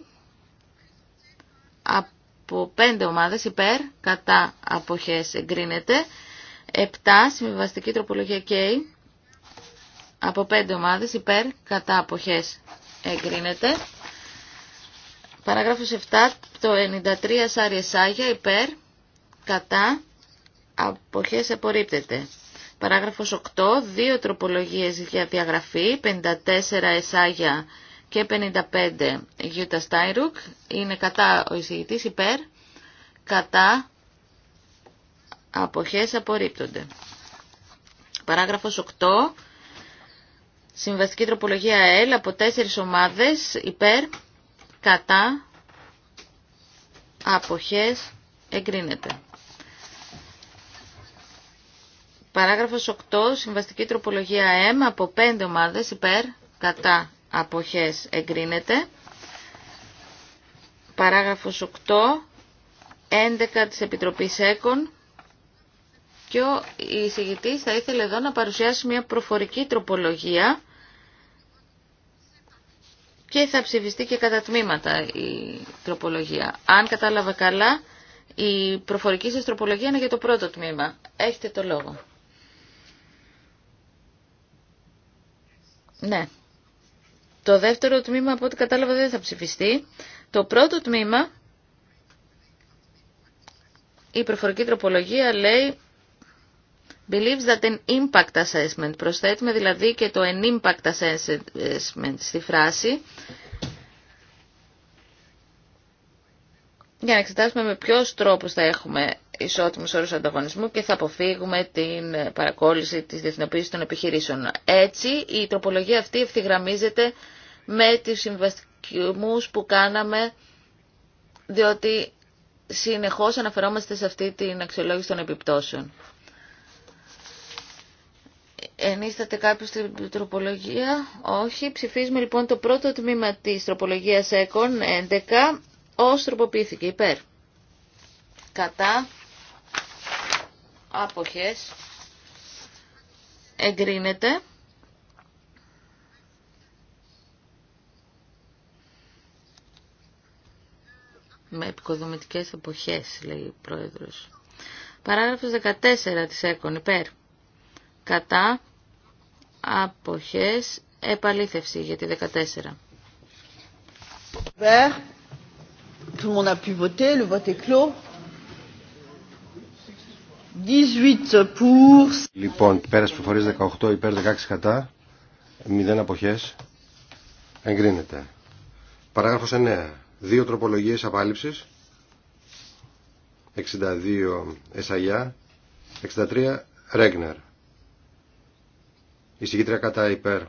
Από 5 ομάδες υπέρ, κατά αποχές εγκρίνεται. 7, συμβιβαστική τροπολογία K. Από 5 ομάδες υπέρ, κατά αποχές εγκρίνεται. Παράγραφος 7, το 93 Σάρι Σάγια, υπέρ, κατά, αποχές απορρίπτεται. Παράγραφος 8, δύο τροπολογίες για διαγραφή, 54 Εσάγια και 55 Γιούτα Στάιρουκ, είναι κατά ο εισηγητής υπέρ, κατά, αποχές απορρίπτονται. Παράγραφος 8, συμβαστική τροπολογία L από τέσσερις ομάδες υπέρ, κατά, αποχές, εγκρίνεται. Παράγραφος 8, συμβαστική τροπολογία M από 5 ομάδες υπέρ, κατά, αποχές, εγκρίνεται. Παράγραφος 8, 11 της Επιτροπής ΕΚΟΝ και ο εισηγητής θα ήθελε εδώ να παρουσιάσει μια προφορική τροπολογία και θα ψηφιστεί και κατά τμήματα η τροπολογία. Αν κατάλαβα καλά, η προφορική σας τροπολογία είναι για το πρώτο τμήμα. Έχετε το λόγο. Ναι. Το δεύτερο τμήμα, από ό,τι κατάλαβα, δεν θα ψηφιστεί. Το πρώτο τμήμα, η προφορική τροπολογία λέει believes that an impact assessment, προσθέτουμε δηλαδή και το an impact assessment στη φράση, για να εξετάσουμε με ποιος τρόπο θα έχουμε ισότιμους όρους ανταγωνισμού και θα αποφύγουμε την παρακόλληση της διεθνοποίησης των επιχειρήσεων. Έτσι, η τροπολογία αυτή ευθυγραμμίζεται με τις συμβασμούς που κάναμε, διότι συνεχώς αναφερόμαστε σε αυτή την αξιολόγηση των επιπτώσεων. Ενίσταται κάποιο στην τροπολογία. Όχι. Ψηφίζουμε λοιπόν το πρώτο τμήμα τη τροπολογία ΕΚΟΝ 11 Ω τροποποιήθηκε υπέρ. Κατά. Άποχες. Εγκρίνεται. Με επικοδομητικές εποχές, λέει ο Πρόεδρος. Παράγραφος 14 της ΕΚΟΝ υπέρ. Κατά αποχές, επαλήθευση για τη 14. Tout le monde a pu voter, le vote est clos. 18 pour. Λοιπόν, πέρα προφορίε 18 υπέρ 16 κατά, 0 απόχέ. εγκρίνεται. Παράγραφος 9. Δύο τροπολογίες απάλληψης. 62 Εσαγιά, 63 Ρέγνερ. Η συγκίτρια κατά υπέρ.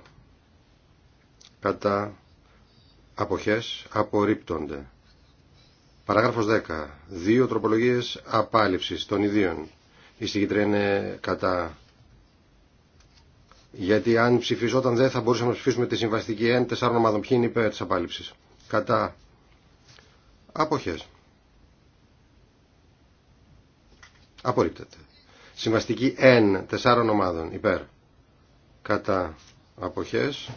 Κατά αποχές απορρίπτονται. Παράγραφος 10. Δύο τροπολογίες απάλληψης των ιδίων. Η συγκίτρια είναι κατά. Γιατί αν ψηφιζόταν δεν θα μπορούσαμε να ψηφίσουμε τη συμβαστική εν τεσσάρων ομάδων. Ποιοι είναι υπέρ της απάλληψης. Κατά αποχές. Απορρίπτεται. Συμβαστική εν τεσσάρων ομάδων υπέρ κατά αποχές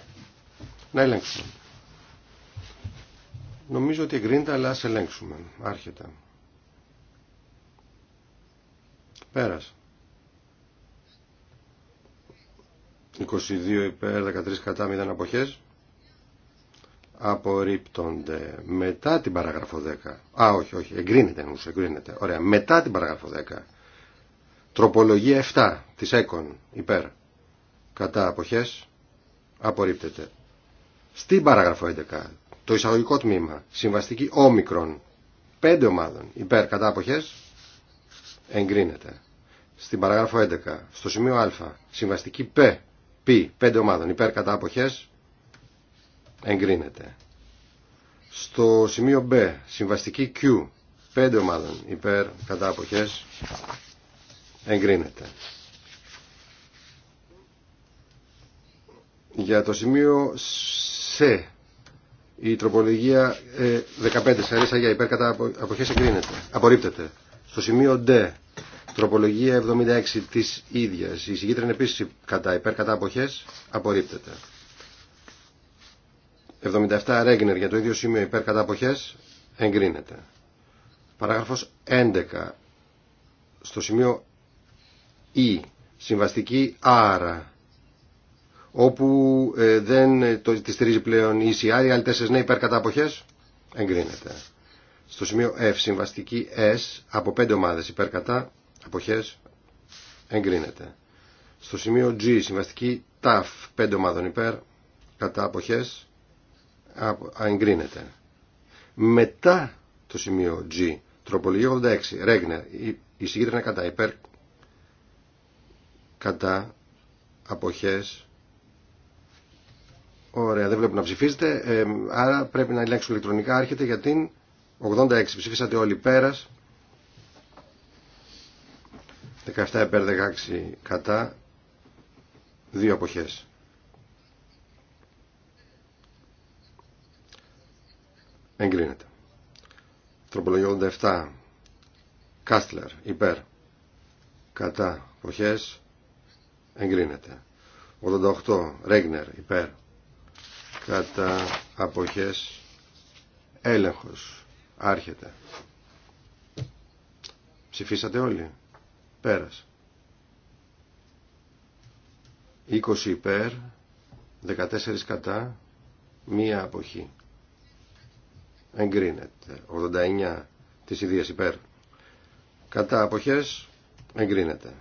να ελέγξουμε. Νομίζω ότι εγκρίνεται αλλά ας ελέγξουμε. Άρχεται. Πέρας. 22 υπέρ 13 κατά 0 αποχές απορρίπτονται μετά την παράγραφο 10 α όχι όχι εγκρίνεται νομίζω, εγκρίνεται ωραία μετά την παράγραφο 10 τροπολογία 7 της έκον υπέρ κατά αποχές απορρίπτεται. Στην παράγραφο 11, το εισαγωγικό τμήμα, συμβαστική όμικρον, πέντε ομάδων υπέρ κατά αποχές, εγκρίνεται. Στην παράγραφο 11, στο σημείο α, συμβαστική π, π, πέντε ομάδων υπέρ κατά αποχές, εγκρίνεται. Στο σημείο B, συμβαστική Q, πέντε ομάδων υπέρ κατά αποχές, εγκρίνεται. Για το σημείο C, η τροπολογία 15 ε, σαρίσα για υπέρ κατά αποχές εγκρίνεται, απορρίπτεται. Στο σημείο D, τροπολογία 76 της ίδιας, η συγκίτρια είναι επίσης κατά υπέρ κατά αποχές, απορρίπτεται. 77 Ρέγνερ για το ίδιο σημείο υπέρ κατά αποχές, εγκρίνεται. Παράγραφος 11, στο σημείο E, συμβαστική άρα όπου ε, δεν ε, το, τη στηρίζει πλέον η ECR, οι άλλοι τέσσερι ναι υπέρ κατά αποχές, εγκρίνεται. Στο σημείο F, συμβαστική S, από πέντε ομάδες υπέρ κατά αποχές, εγκρίνεται. Στο σημείο G, συμβαστική TAF, πέντε ομάδων υπέρ κατά αποχές, εγκρίνεται. Μετά το σημείο G, τροπολογία 86, Ρέγνερ, η συγκίτρια κατά υπέρ κατά αποχές Ωραία, δεν βλέπω να ψηφίζετε. άρα πρέπει να ελέγξω ηλεκτρονικά. Άρχεται για την 86. Ψηφίσατε όλοι πέρα. 17 επέρ 16 κατά. Δύο αποχές. Εγκρίνεται. Τροπολογία 87. Κάστλερ υπέρ. Κατά. Αποχές. Εγκρίνεται. 88. Ρέγνερ υπέρ κατά αποχές έλεγχος άρχεται ψηφίσατε όλοι Πέρας. 20 υπέρ 14 κατά μία αποχή εγκρίνεται 89 της ιδίας υπέρ κατά αποχές εγκρίνεται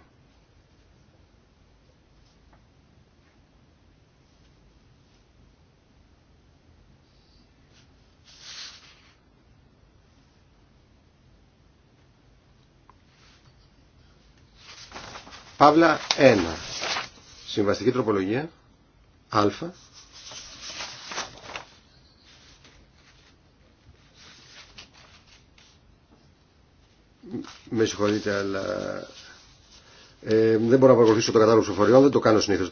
Παύλα 1. Συμβαστική τροπολογία. Α. Με συγχωρείτε, αλλά ε, δεν μπορώ να παρακολουθήσω το κατάλογο ψηφοφοριών, δεν το κάνω συνήθω.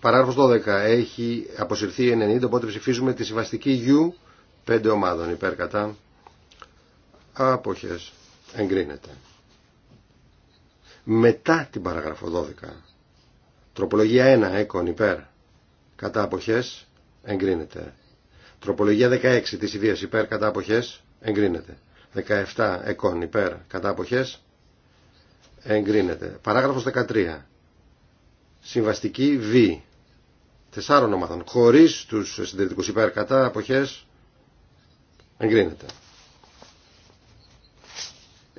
Παράγραφο 12. Έχει αποσυρθεί 90, οπότε ψηφίζουμε τη συμβαστική U. 5 ομάδων υπέρ κατά. Αποχέ. Εγκρίνεται μετά την παραγραφό 12. Τροπολογία 1 έκον υπέρ κατά αποχές εγκρίνεται. Τροπολογία 16 της ιδίας υπέρ κατά αποχές εγκρίνεται. 17 έκον υπέρ κατά αποχές εγκρίνεται. Παράγραφος 13. Συμβαστική Β. Τεσσάρων ομάδων. Χωρίς τους συντηρητικούς υπέρ κατά αποχές εγκρίνεται.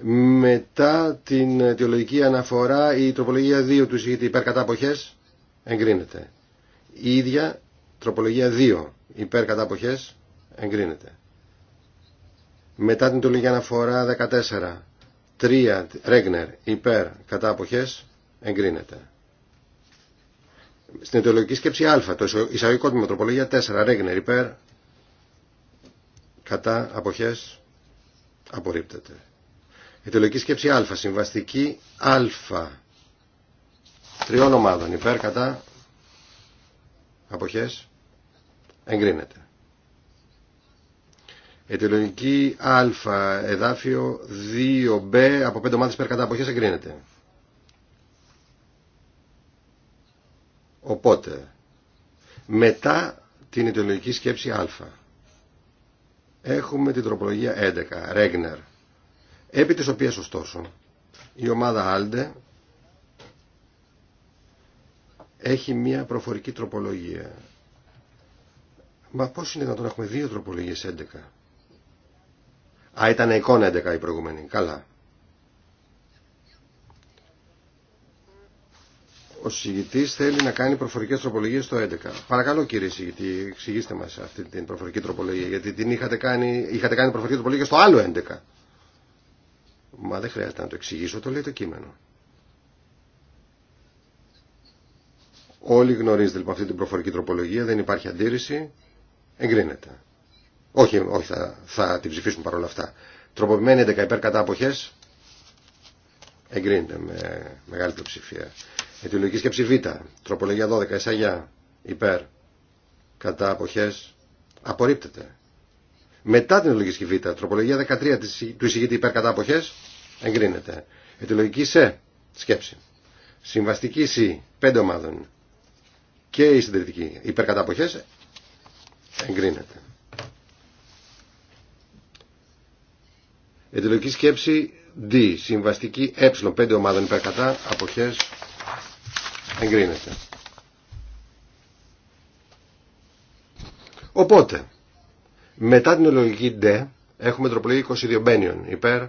Μετά την αιτιολογική αναφορά η τροπολογία 2 του εισηγητή υπέρ κατά εγκρίνεται. Η ίδια τροπολογία 2 υπέρ κατά εγκρίνεται. Μετά την αιτιολογική αναφορά 14 3 Ρέγνερ υπέρ κατά εγκρίνεται. Στην αιτιολογική σκέψη α το εισαγωγικό τμήμα τροπολογία 4 Ρέγνερ υπέρ κατά αποχές απορρίπτεται. Ετελογική σκέψη α. Συμβαστική α. Τριών ομάδων. Υπέρ κατά αποχές εγκρίνεται. Ετελογική α. Εδάφιο 2B από πέντε ομάδες υπέρ κατά αποχές εγκρίνεται. Οπότε, μετά την ιδεολογική σκέψη α, έχουμε την τροπολογία 11, Ρέγνερ έπειτα της οποίας ωστόσο η ομάδα Άλντε έχει μία προφορική τροπολογία. Μα πώς είναι να τον έχουμε δύο τροπολογίες 11. Α, ήταν εικόνα 11 η προηγούμενη. Καλά. Ο συγητής θέλει να κάνει προφορικές τροπολογίες στο 11. Παρακαλώ κύριε συγητή, εξηγήστε μας αυτή την προφορική τροπολογία, γιατί την είχατε κάνει, είχατε κάνει προφορική τροπολογία στο άλλο 11. Μα δεν χρειάζεται να το εξηγήσω, το λέει το κείμενο. Όλοι γνωρίζετε λοιπόν αυτή την προφορική τροπολογία, δεν υπάρχει αντίρρηση, εγκρίνεται. Όχι, όχι θα, θα την ψηφίσουμε παρόλα αυτά. Τροποποιημένη 11 υπέρ κατά αποχές, εγκρίνεται με μεγάλη πλειοψηφία. Αιτιολογική σκέψη Β, τροπολογία 12, εισαγιά, υπέρ, κατά αποχές, απορρίπτεται μετά την αιτιολογική β. Τροπολογία 13 του εισηγητή υπέρ κατά αποχές εγκρίνεται. Ετυλογική σε σκέψη. Συμβαστική Σ, πέντε ομάδων και η συντηρητική υπέρ κατά αποχές εγκρίνεται. Ετυλογική σκέψη D. Συμβαστική ε. πέντε ομάδων υπέρ κατά. Αποχές. Εγκρίνεται. Οπότε, μετά την ολογική D έχουμε τροπολογία 22 μπένιον υπέρ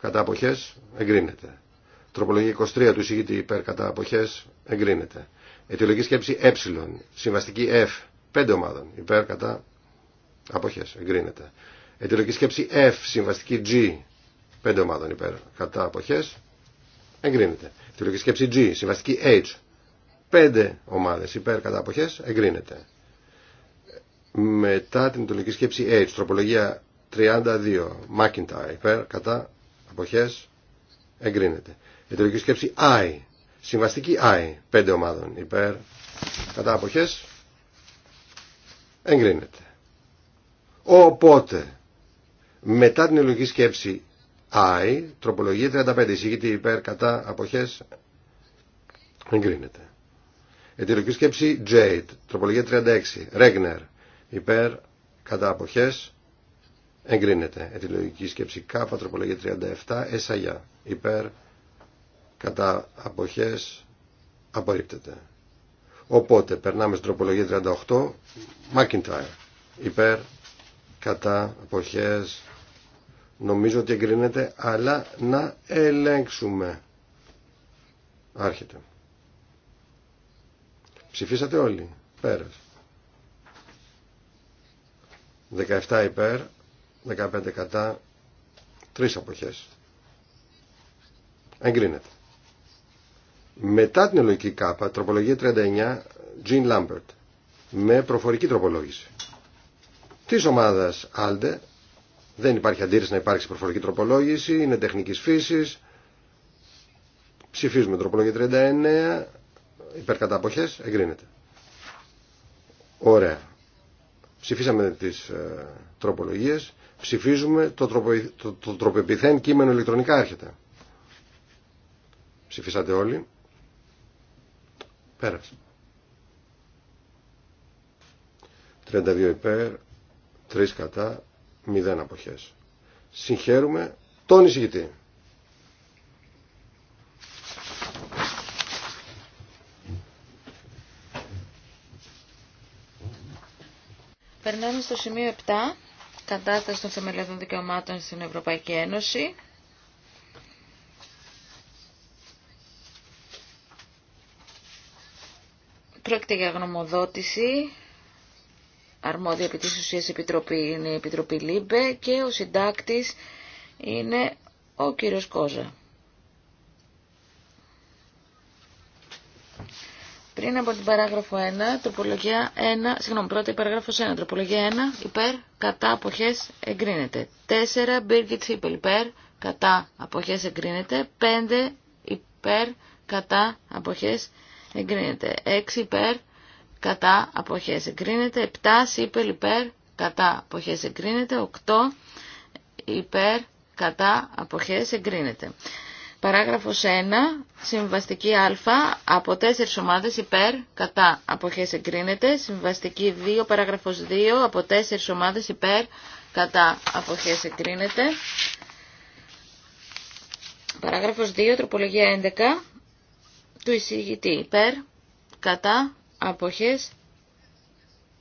κατά αποχές εγκρίνεται. Τροπολογία 23 του εισηγητή υπέρ κατά αποχές εγκρίνεται. Αιτιολογική σκέψη ε, συμβαστική F, 5 ομάδων υπέρ κατά αποχές εγκρίνεται. Αιτιολογική σκέψη F, συμβαστική G, 5 ομάδων υπέρ κατά αποχές εγκρίνεται. Αιτιολογική σκέψη G, συμβαστική H, 5 ομάδες υπέρ κατά αποχές εγκρίνεται μετά την ειδική σκέψη H, τροπολογία 32, McIntyre, υπέρ, κατά, αποχές, εγκρίνεται. Ειδική σκέψη I, συμβαστική I, πέντε ομάδων, υπέρ, κατά, αποχές, εγκρίνεται. Οπότε, μετά την ειδική σκέψη I, τροπολογία 35, εισηγείται υπέρ, κατά, αποχές, εγκρίνεται. Εταιρική σκέψη J, τροπολογία 36, Regner, υπέρ κατά αποχές εγκρίνεται. Ετυλογική σκέψη Κ, τροπολογία 37, εσαγιά, υπέρ κατά αποχές απορρίπτεται. Οπότε περνάμε στην τροπολογία 38, Μάκιντάιρ, υπέρ κατά αποχές νομίζω ότι εγκρίνεται, αλλά να ελέγξουμε. Άρχεται. Ψηφίσατε όλοι. Πέρας. 17 υπέρ, 15 κατά, 3 αποχές. Εγκρίνεται. Μετά την ελογική κάπα, τροπολογία 39, Jean Lambert, με προφορική τροπολόγηση. Τη ομάδα ALDE, δεν υπάρχει αντίρρηση να υπάρξει προφορική τροπολόγηση, είναι τεχνικής φύσης, ψηφίζουμε τροπολογία 39, υπερκαταποχές, εγκρίνεται. Ωραία. Ψηφίσαμε τις ε, τροπολογίες. Ψηφίζουμε το, τροπο, το, το τροπεπιθέν κείμενο ηλεκτρονικά έρχεται. Ψηφίσατε όλοι. Πέρασε. 32 υπέρ, 3 κατά, 0 αποχές. Συγχαίρουμε τον εισηγητή. Περνάμε στο σημείο 7, κατάσταση των θεμελιωδών δικαιωμάτων στην Ευρωπαϊκή Ένωση. Πρόκειται για γνωμοδότηση. Αρμόδια επί της ουσίας επιτροπή είναι η Επιτροπή ΛΥΜΠΕ και ο συντάκτης είναι ο κύριος Κόζα. Πριν από την παράγραφο 1, τροπολογία 1, συγγνώμη, πρώτη παράγραφος 1, τροπολογία 1, υπέρ, κατά, αποχές, εγκρίνεται. 4, Birgit είπε υπέρ, κατά, αποχές, εγκρίνεται. 5, υπέρ, κατά, αποχές, εγκρίνεται. 6, υπέρ, κατά, αποχές, εγκρίνεται. 7, Sippel, υπέρ, κατά, αποχές, εγκρίνεται. 8, υπέρ, κατά, αποχές, εγκρίνεται. Παράγραφος 1, συμβαστική α, από τέσσερις ομάδες υπέρ, κατά, αποχές εγκρίνεται. Συμβαστική 2, παράγραφος 2, από 4 ομάδες υπέρ, κατά, αποχές εγκρίνεται. Παράγραφος 2, τροπολογία 11, του εισηγητή υπέρ, κατά, αποχές,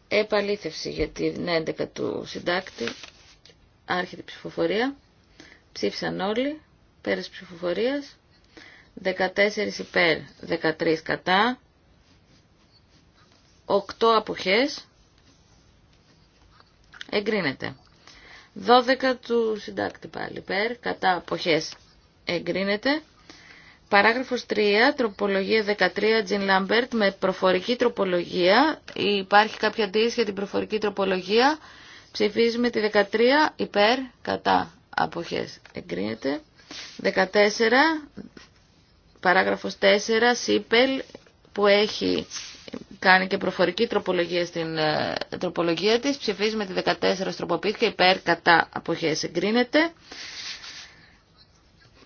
επαλήθευση για την 11 του συντάκτη, άρχεται ψηφοφορία, ψήφισαν όλοι της ψηφοφορίας. 14 υπέρ, 13 κατά. 8 αποχές. Εγκρίνεται. 12 του συντάκτη πάλι υπέρ, κατά αποχές. Εγκρίνεται. Παράγραφος 3, τροπολογία 13, Τζιν Λάμπερτ, με προφορική τροπολογία. Υπάρχει κάποια αντίρρηση για την προφορική τροπολογία. Ψηφίζουμε τη 13, υπέρ, κατά, αποχές. Εγκρίνεται. 14, παράγραφος 4, ΣΥΠΕΛ, που έχει κάνει και προφορική τροπολογία στην ε, τροπολογία της. με τη 14 και υπέρ κατά αποχές εγκρίνεται.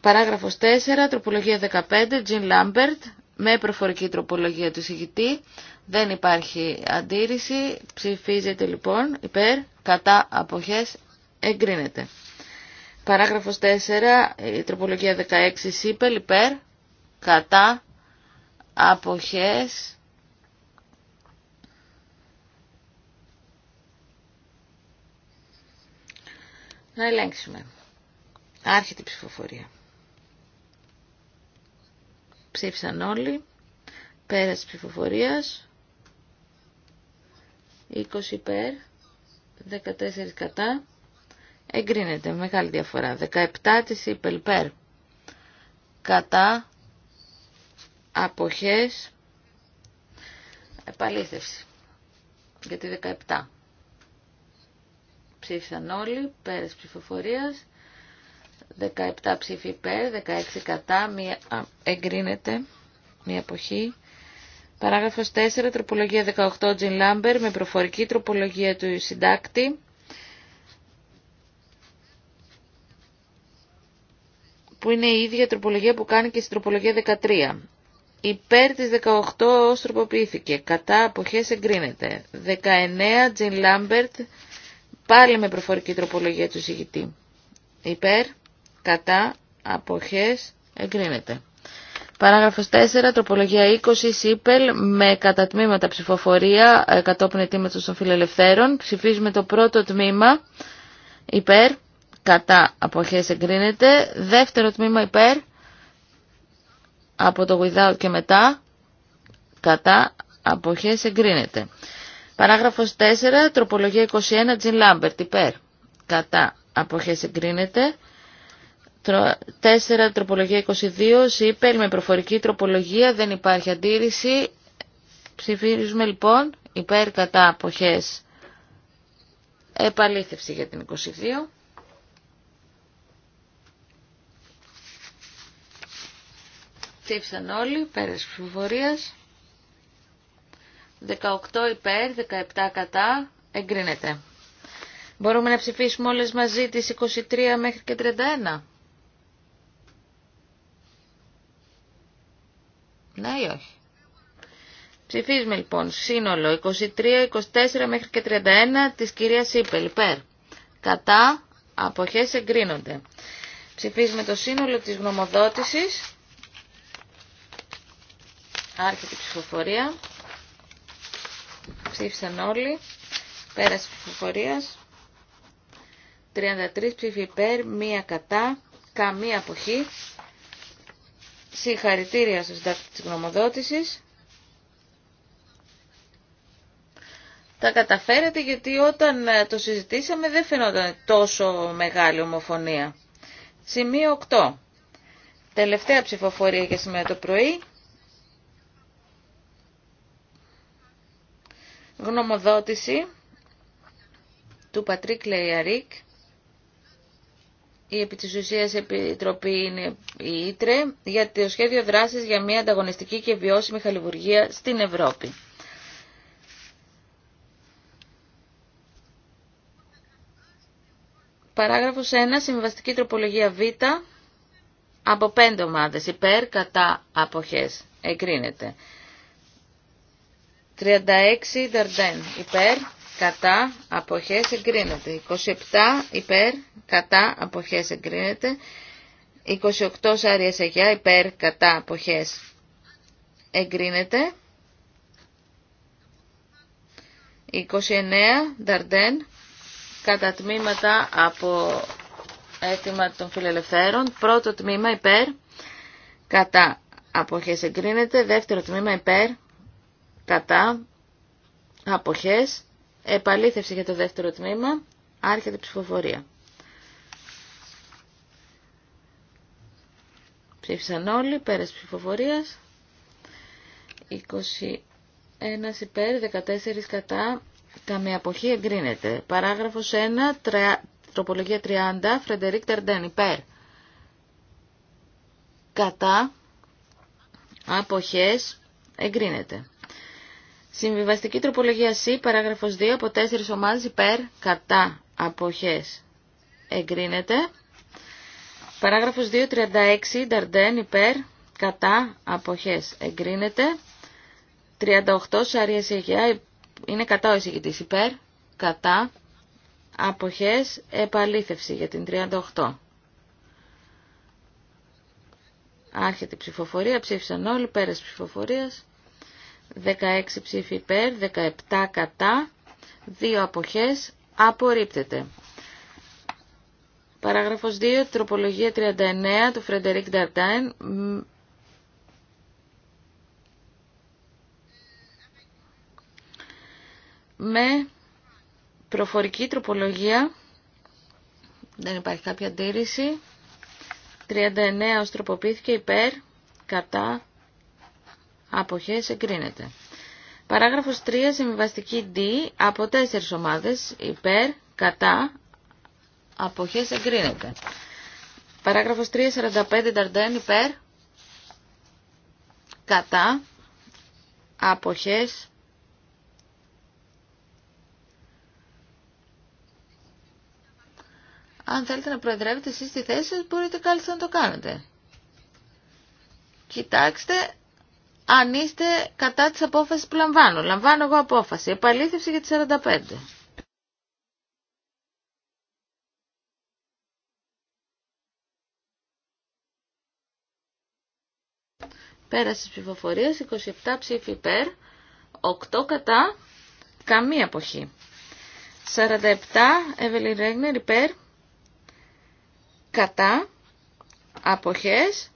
Παράγραφος 4, τροπολογία 15, Τζιν Λάμπερτ, με προφορική τροπολογία του συγητή. Δεν υπάρχει αντίρρηση. Ψηφίζεται λοιπόν υπέρ κατά αποχές εγκρίνεται. Παράγραφος 4, η τροπολογία 16, ΣΥΠΕΛ, υπέρ, κατά, αποχές, Να ελέγξουμε. Άρχεται η ψηφοφορία. Ψήφισαν όλοι. Πέρας της ψηφοφορίας. 20 υπέρ. 14 κατά. Εγκρίνεται μεγάλη διαφορά. 17 της υπελπέρ. Κατά αποχές επαλήθευση. Για τη 17. Ψήφισαν όλοι, πέρας ψηφοφορίας. 17 ψήφι υπέρ, 16 κατά, μία, εγκρίνεται, μία αποχή. Παράγραφος 4, τροπολογία 18, Τζιν Λάμπερ, με προφορική τροπολογία του συντάκτη. που είναι η ίδια τροπολογία που κάνει και στην τροπολογία 13. Υπέρ της 18 ως τροποποιήθηκε. Κατά αποχές εγκρίνεται. 19 Τζιν Λάμπερτ πάλι με προφορική τροπολογία του συγητή. Υπέρ, κατά, αποχές εγκρίνεται. Παράγραφος 4, τροπολογία 20, ΣΥΠΕΛ, με κατατμήματα ψηφοφορία, ε, κατόπιν ετήματος των φιλελευθέρων. Ψηφίζουμε το πρώτο τμήμα, υπέρ, κατά αποχές εγκρίνεται. Δεύτερο τμήμα υπέρ από το without και μετά κατά αποχές εγκρίνεται. Παράγραφος 4, τροπολογία 21, Τζιν Λάμπερτ, υπέρ. Κατά αποχές εγκρίνεται. 4, τροπολογία 22, Σίπελ με προφορική τροπολογία, δεν υπάρχει αντίρρηση. Ψηφίζουμε λοιπόν υπέρ κατά αποχές επαλήθευση για την 22. Ψήφισαν όλοι, της ψηφοφορίας. 18 υπέρ, 17 κατά, εγκρίνεται. Μπορούμε να ψηφίσουμε όλες μαζί τις 23 μέχρι και 31. Ναι ή όχι. Ψηφίζουμε λοιπόν σύνολο 23, 24 μέχρι και 31 της κυρίας Σίπελ. Υπέρ. Κατά. Αποχές εγκρίνονται. Ψηφίζουμε το σύνολο της γνωμοδότησης. Άρχεται η ψηφοφορία. Ψήφισαν όλοι. Πέραση ψηφοφορία. 33 ψήφοι υπέρ, μία κατά, καμία αποχή. Συγχαρητήρια στο συντάκτη της γνωμοδότησης. Τα καταφέρατε γιατί όταν ε, το συζητήσαμε δεν φαινόταν τόσο μεγάλη ομοφωνία. Σημείο 8. Τελευταία ψηφοφορία για σήμερα το πρωί. Γνωμοδότηση του Πατρίκ Λεϊαρίκ. Η επί της επιτροπή είναι η Ήτρε για το σχέδιο δράσης για μια ανταγωνιστική και βιώσιμη χαλιβουργία στην Ευρώπη. Παράγραφος 1. Συμβαστική τροπολογία Β. Από πέντε ομάδες υπέρ κατά αποχές. Εγκρίνεται. 36 Δερντέν. υπέρ, κατά, αποχές εγκρίνεται. 27 υπέρ, κατά, αποχές εγκρίνεται. 28 Σάρια Σεγιά, υπέρ, κατά, αποχές εγκρίνεται. 29 Νταρντέν κατά τμήματα από αίτημα των φιλελευθέρων. Πρώτο τμήμα υπέρ, κατά αποχές εγκρίνεται. Δεύτερο τμήμα υπέρ, κατά, αποχές, επαλήθευση για το δεύτερο τμήμα, άρχεται ψηφοφορία. Ψήφισαν όλοι, πέρας ψηφοφορίας, 21 υπέρ, 14 κατά, καμία αποχή εγκρίνεται. Παράγραφος 1, τροπολογία 30, Φρεντερίκ Τερντέν, υπέρ. Κατά, αποχές, εγκρίνεται. Συμβιβαστική τροπολογία C, παράγραφος 2, από 4 ομάδες υπέρ, κατά, αποχές. Εγκρίνεται. Παράγραφος 36 Νταρντέν, υπέρ, κατά, αποχές. Εγκρίνεται. 38, Σάρια είναι κατά ο εισηγητής, υπέρ, κατά, αποχές, επαλήθευση για την 38. Άρχεται η ψηφοφορία, ψήφισαν όλοι, πέρας ψηφοφορίας. 16 ψήφοι υπέρ, 17 κατά, 2 αποχές, απορρίπτεται. Παράγραφος 2, τροπολογία 39 του Φρεντερίκ Νταρτάιν. Με προφορική τροπολογία, δεν υπάρχει κάποια αντίρρηση, 39 ως τροποποιήθηκε υπέρ, κατά, αποχές εγκρίνεται. Παράγραφος 3, συμβιβαστική D, από τέσσερι ομάδες, υπέρ, κατά, αποχές εγκρίνεται. Παράγραφος 3, 45, Νταρντέν, υπέρ, κατά, αποχές Αν θέλετε να προεδρεύετε εσείς τη θέση σας, μπορείτε κάλλιστα να το κάνετε. Κοιτάξτε αν είστε κατά της απόφασης που λαμβάνω. Λαμβάνω εγώ απόφαση. Επαλήθευση για τις 45. Πέρασε ψηφοφορία 27 ψήφι υπέρ, 8 κατά, καμία αποχή. 47 Εύελιν Ρέγνερ υπέρ, κατά, αποχές,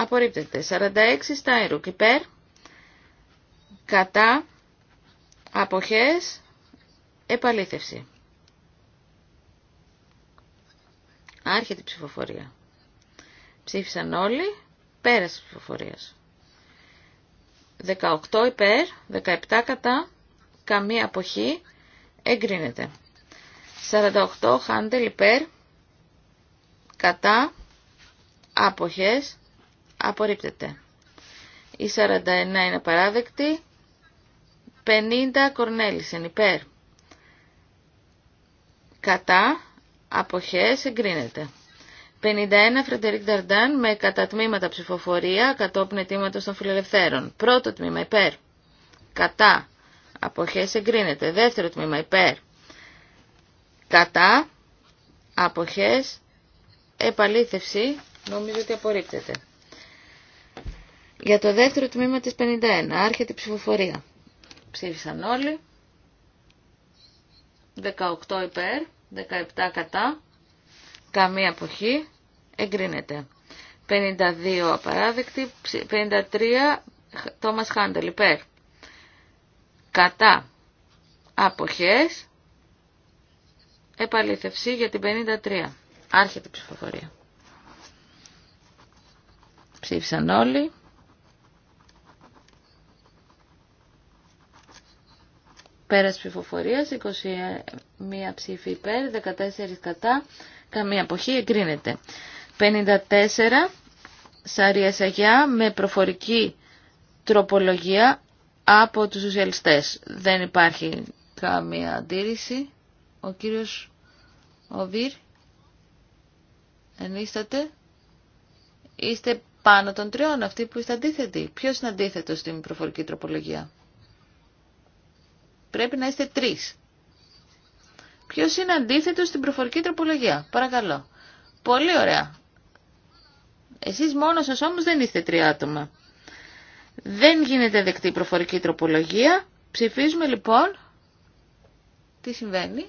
απορρίπτεται. 46 Στάιρουκ υπέρ, κατά, αποχές, επαλήθευση. Άρχεται η ψηφοφορία. Ψήφισαν όλοι, πέρασε της ψηφοφορίας. 18 υπέρ, 17 κατά, καμία αποχή, εγκρίνεται. 48 χάντελ υπέρ, κατά, άποχες, απορρίπτεται. Η 49 είναι παράδεκτη. 50 Κορνέλησεν υπέρ. Κατά αποχές εγκρίνεται. 51 Φρεντερικ Νταρντάν με κατατμήματα ψηφοφορία κατόπιν αιτήματος των φιλελευθέρων. Πρώτο τμήμα υπέρ. Κατά. Αποχές εγκρίνεται. Δεύτερο τμήμα υπέρ. Κατά. Αποχές. Επαλήθευση. Νομίζω ότι απορρίπτεται. Για το δεύτερο τμήμα της 51, άρχεται η ψηφοφορία. Ψήφισαν όλοι. 18 υπέρ, 17 κατά, καμία αποχή, εγκρίνεται. 52 απαράδεκτη, 53 Τόμας Χάντελ υπέρ. Κατά αποχές, επαλήθευση για την 53. Άρχεται η ψηφοφορία. Ψήφισαν όλοι. Πέρας ψηφοφορίας, 21 ψήφοι υπέρ, 14 κατά, καμία αποχή εγκρίνεται. 54 σαριασαγιά με προφορική τροπολογία από τους σοσιαλιστές. Δεν υπάρχει καμία αντίρρηση. Ο κύριος Οβίρ ενίσταται. Είστε πάνω των τριών αυτοί που είστε αντίθετοι. Ποιος είναι αντίθετος στην προφορική τροπολογία. Πρέπει να είστε τρει. Ποιο είναι αντίθετο στην προφορική τροπολογία. Παρακαλώ. Πολύ ωραία. Εσείς μόνος σας όμως δεν είστε τρία άτομα. Δεν γίνεται δεκτή προφορική τροπολογία. Ψηφίζουμε λοιπόν. Τι συμβαίνει.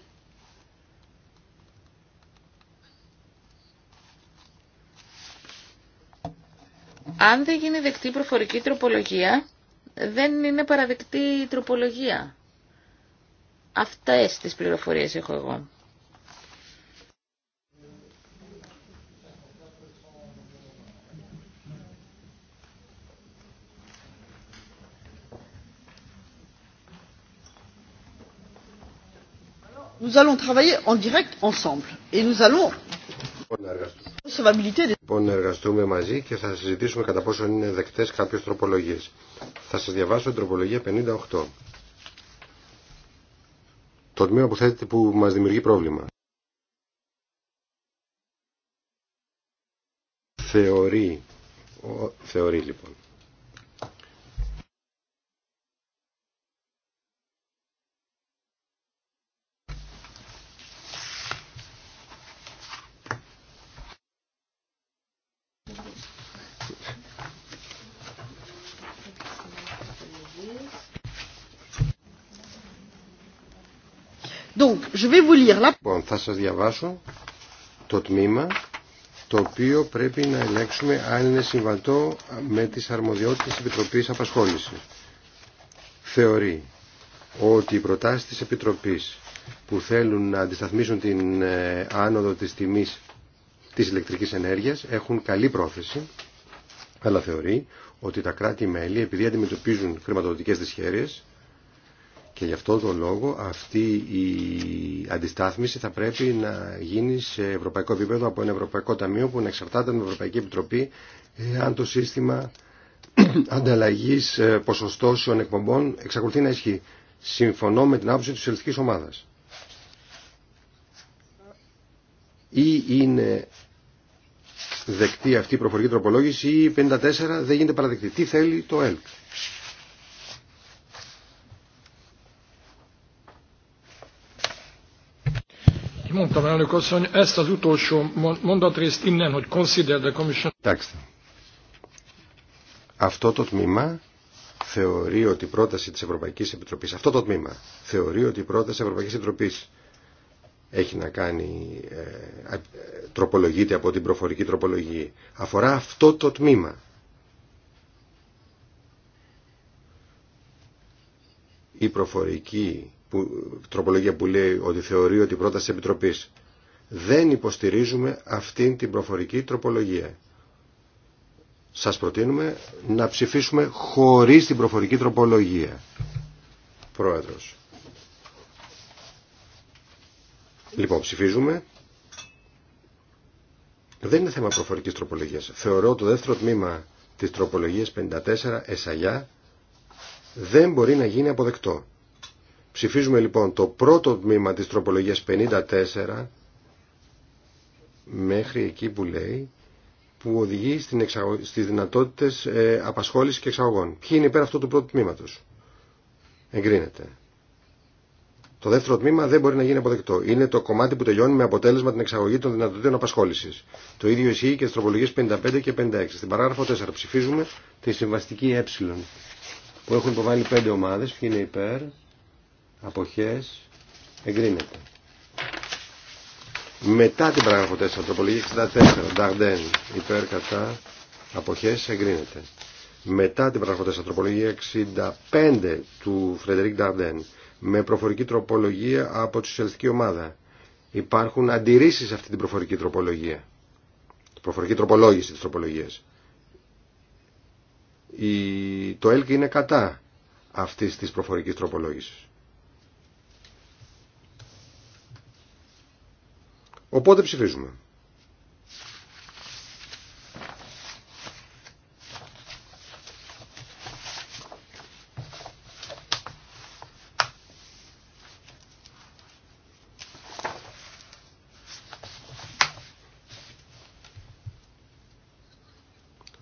Αν δεν γίνει δεκτή προφορική τροπολογία, δεν είναι παραδεκτή τροπολογία. Αυτές τις πληροφορίες έχω εγώ. Nous allons travailler en direct ensemble et nous allons Λοιπόν, λοιπόν εργαστούμε μαζί και θα συζητήσουμε κατά πόσο είναι δεκτές κάποιες τροπολογίες. Θα σας διαβάσω την τροπολογία 58 το τμήμα που, θέλετε που μας δημιουργεί πρόβλημα. Θεωρεί, θεωρεί λοιπόν Donc, λοιπόν, θα σας διαβάσω το τμήμα το οποίο πρέπει να ελέγξουμε αν είναι συμβατό με τις αρμοδιότητες της Επιτροπής Απασχόλησης. Θεωρεί ότι οι προτάσεις της Επιτροπής που θέλουν να αντισταθμίσουν την ε, άνοδο της τιμής της ηλεκτρικής ενέργειας έχουν καλή πρόθεση, αλλά θεωρεί ότι τα κράτη-μέλη, επειδή αντιμετωπίζουν χρηματοδοτικές δυσχέρειες, και γι' αυτό τον λόγο αυτή η αντιστάθμιση θα πρέπει να γίνει σε ευρωπαϊκό επίπεδο από ένα Ευρωπαϊκό Ταμείο που να εξαρτάται από την Ευρωπαϊκή Επιτροπή αν το σύστημα ανταλλαγή ε, ποσοστώσεων εκπομπών εξακολουθεί να ισχύει. Συμφωνώ με την άποψη της ελληνική ομάδα. Ή είναι δεκτή αυτή η προφορική τροπολόγηση ή 54 δεν γίνεται παραδεκτή. Τι θέλει το ΕΛΚ. Mondtam, elnök asszony, ezt az utolsó mondatrészt innen, hogy consider the commission... Αυτό το τμήμα θεωρεί ότι η πρόταση της Ευρωπαϊκής Επιτροπής, αυτό το τμήμα θεωρεί ότι η πρόταση της Ευρωπαϊκής Επιτροπής έχει να κάνει, ε, τροπολογείται από την προφορική τροπολογία. Αφορά αυτό το τμήμα. Η προφορική που, τροπολογία που λέει ότι θεωρεί ότι η πρόταση Επιτροπής δεν υποστηρίζουμε αυτήν την προφορική τροπολογία. Σας προτείνουμε να ψηφίσουμε χωρίς την προφορική τροπολογία. Πρόεδρος. Λοιπόν, ψηφίζουμε. Δεν είναι θέμα προφορικής τροπολογίας. Θεωρώ το δεύτερο τμήμα της τροπολογίας 54 εσαγιά δεν μπορεί να γίνει αποδεκτό. Ψηφίζουμε λοιπόν το πρώτο τμήμα της τροπολογίας 54 μέχρι εκεί που λέει που οδηγεί στην εξαγω... στις δυνατότητες ε, απασχόλησης και εξαγωγών. Ποιοι είναι υπέρ αυτού του πρώτου τμήματος. Εγκρίνεται. Το δεύτερο τμήμα δεν μπορεί να γίνει αποδεκτό. Είναι το κομμάτι που τελειώνει με αποτέλεσμα την εξαγωγή των δυνατοτήτων απασχόλησης. Το ίδιο ισχύει και στι τροπολογίε 55 και 56. Στην παράγραφο 4 ψηφίζουμε τη συμβαστική ε που έχουν υποβάλει 5 ομάδε. Ποιοι είναι υπέρ, αποχές εγκρίνεται. Μετά την παράγραφο 4, τροπολογία 64, Νταρντέν, υπέρ κατά αποχές εγκρίνεται. Μετά την παράγραφο 4, τροπολογία 65 του Φρεντερίκ Νταρντέν, με προφορική τροπολογία από τη σοσιαλιστική ομάδα. Υπάρχουν αντιρρήσεις σε αυτή την προφορική τροπολογία. Προφορική τροπολόγηση της τροπολογίας. Το ΕΛΚ είναι κατά αυτής της προφορικής τροπολόγησης. Οπότε ψηφίζουμε.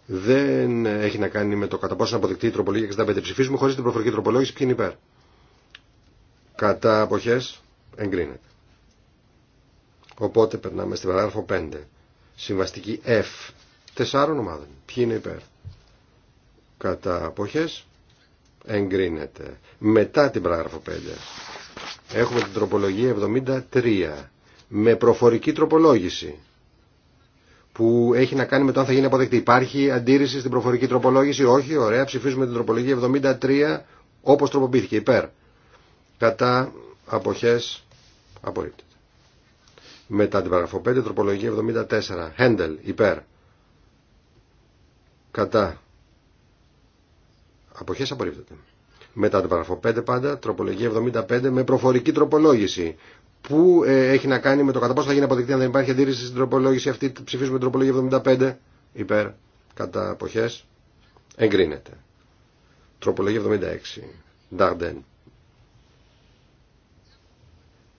δεν έχει να κάνει με το κατά πόσο να αποδεικτεί η τροπολογία 65 ψηφίσμου χωρίς την προφορική τροπολόγηση ποιοι είναι υπέρ. Κατά αποχές εγκρίνεται. Οπότε περνάμε στην παράγραφο 5. Συμβαστική F. Τεσσάρων ομάδων. Ποιοι είναι υπέρ. Κατά αποχές εγκρίνεται. Μετά την παράγραφο 5 έχουμε την τροπολογία 73 με προφορική τροπολόγηση που έχει να κάνει με το αν θα γίνει αποδεκτή. Υπάρχει αντίρρηση στην προφορική τροπολόγηση. Όχι, ωραία, ψηφίζουμε την τροπολογία 73 όπως τροποποιήθηκε υπέρ. Κατά αποχές απορρίπτει. Μετά την παραγραφό 5, τροπολογία 74. Χέντελ, υπέρ. Κατά. Αποχέ απορρίπτεται. Μετά την παραγραφό 5 πάντα, τροπολογία 75 με προφορική τροπολόγηση. Που ε, έχει να κάνει με το κατά πόσο θα γίνει αποδεκτή αν δεν υπάρχει αντίρρηση στην τροπολόγηση αυτή. Ψηφίζουμε τροπολογία 75 υπέρ. Κατά αποχές εγκρίνεται. Τροπολογία 76. Νταρντέν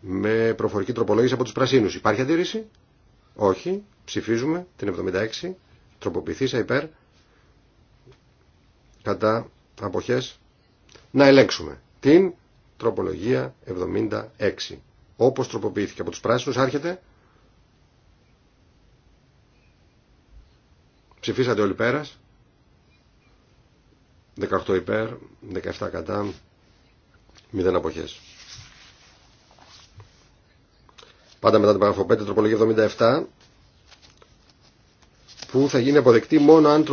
με προφορική τροπολόγηση από τους πρασίνους. Υπάρχει αντίρρηση? Όχι. Ψηφίζουμε την 76. Τροποποιηθήσα υπέρ. Κατά αποχές. Να ελέγξουμε την τροπολογία 76. Όπως τροποποιήθηκε από τους πράσινους άρχεται. Ψηφίσατε όλοι πέρας. 18 υπέρ, 17 κατά, 0 αποχές πάντα μετά την παράγραφο 5, τροπολογία 77, που θα γίνει αποδεκτή μόνο αν,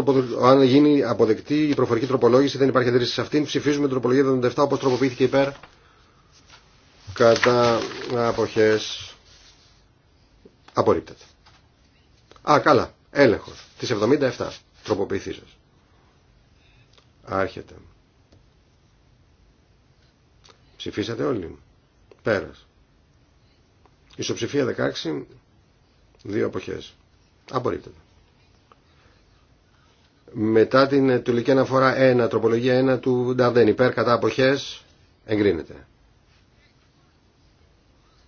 αν γίνει αποδεκτή η προφορική τροπολόγηση, δεν υπάρχει αντίρρηση σε αυτήν. Ψηφίζουμε την τροπολογία 77 όπως τροποποιήθηκε υπέρ κατά αποχέ απορρίπτεται. Α, καλά, έλεγχος, Τη 77 σα. Άρχεται. Ψηφίσατε όλοι. Πέρας. Ισοψηφία 16, δύο εποχές. Απορρίπτεται. Μετά την τουλική αναφορά 1, τροπολογία 1 του Νταρδέν, υπέρ κατά εποχές, εγκρίνεται.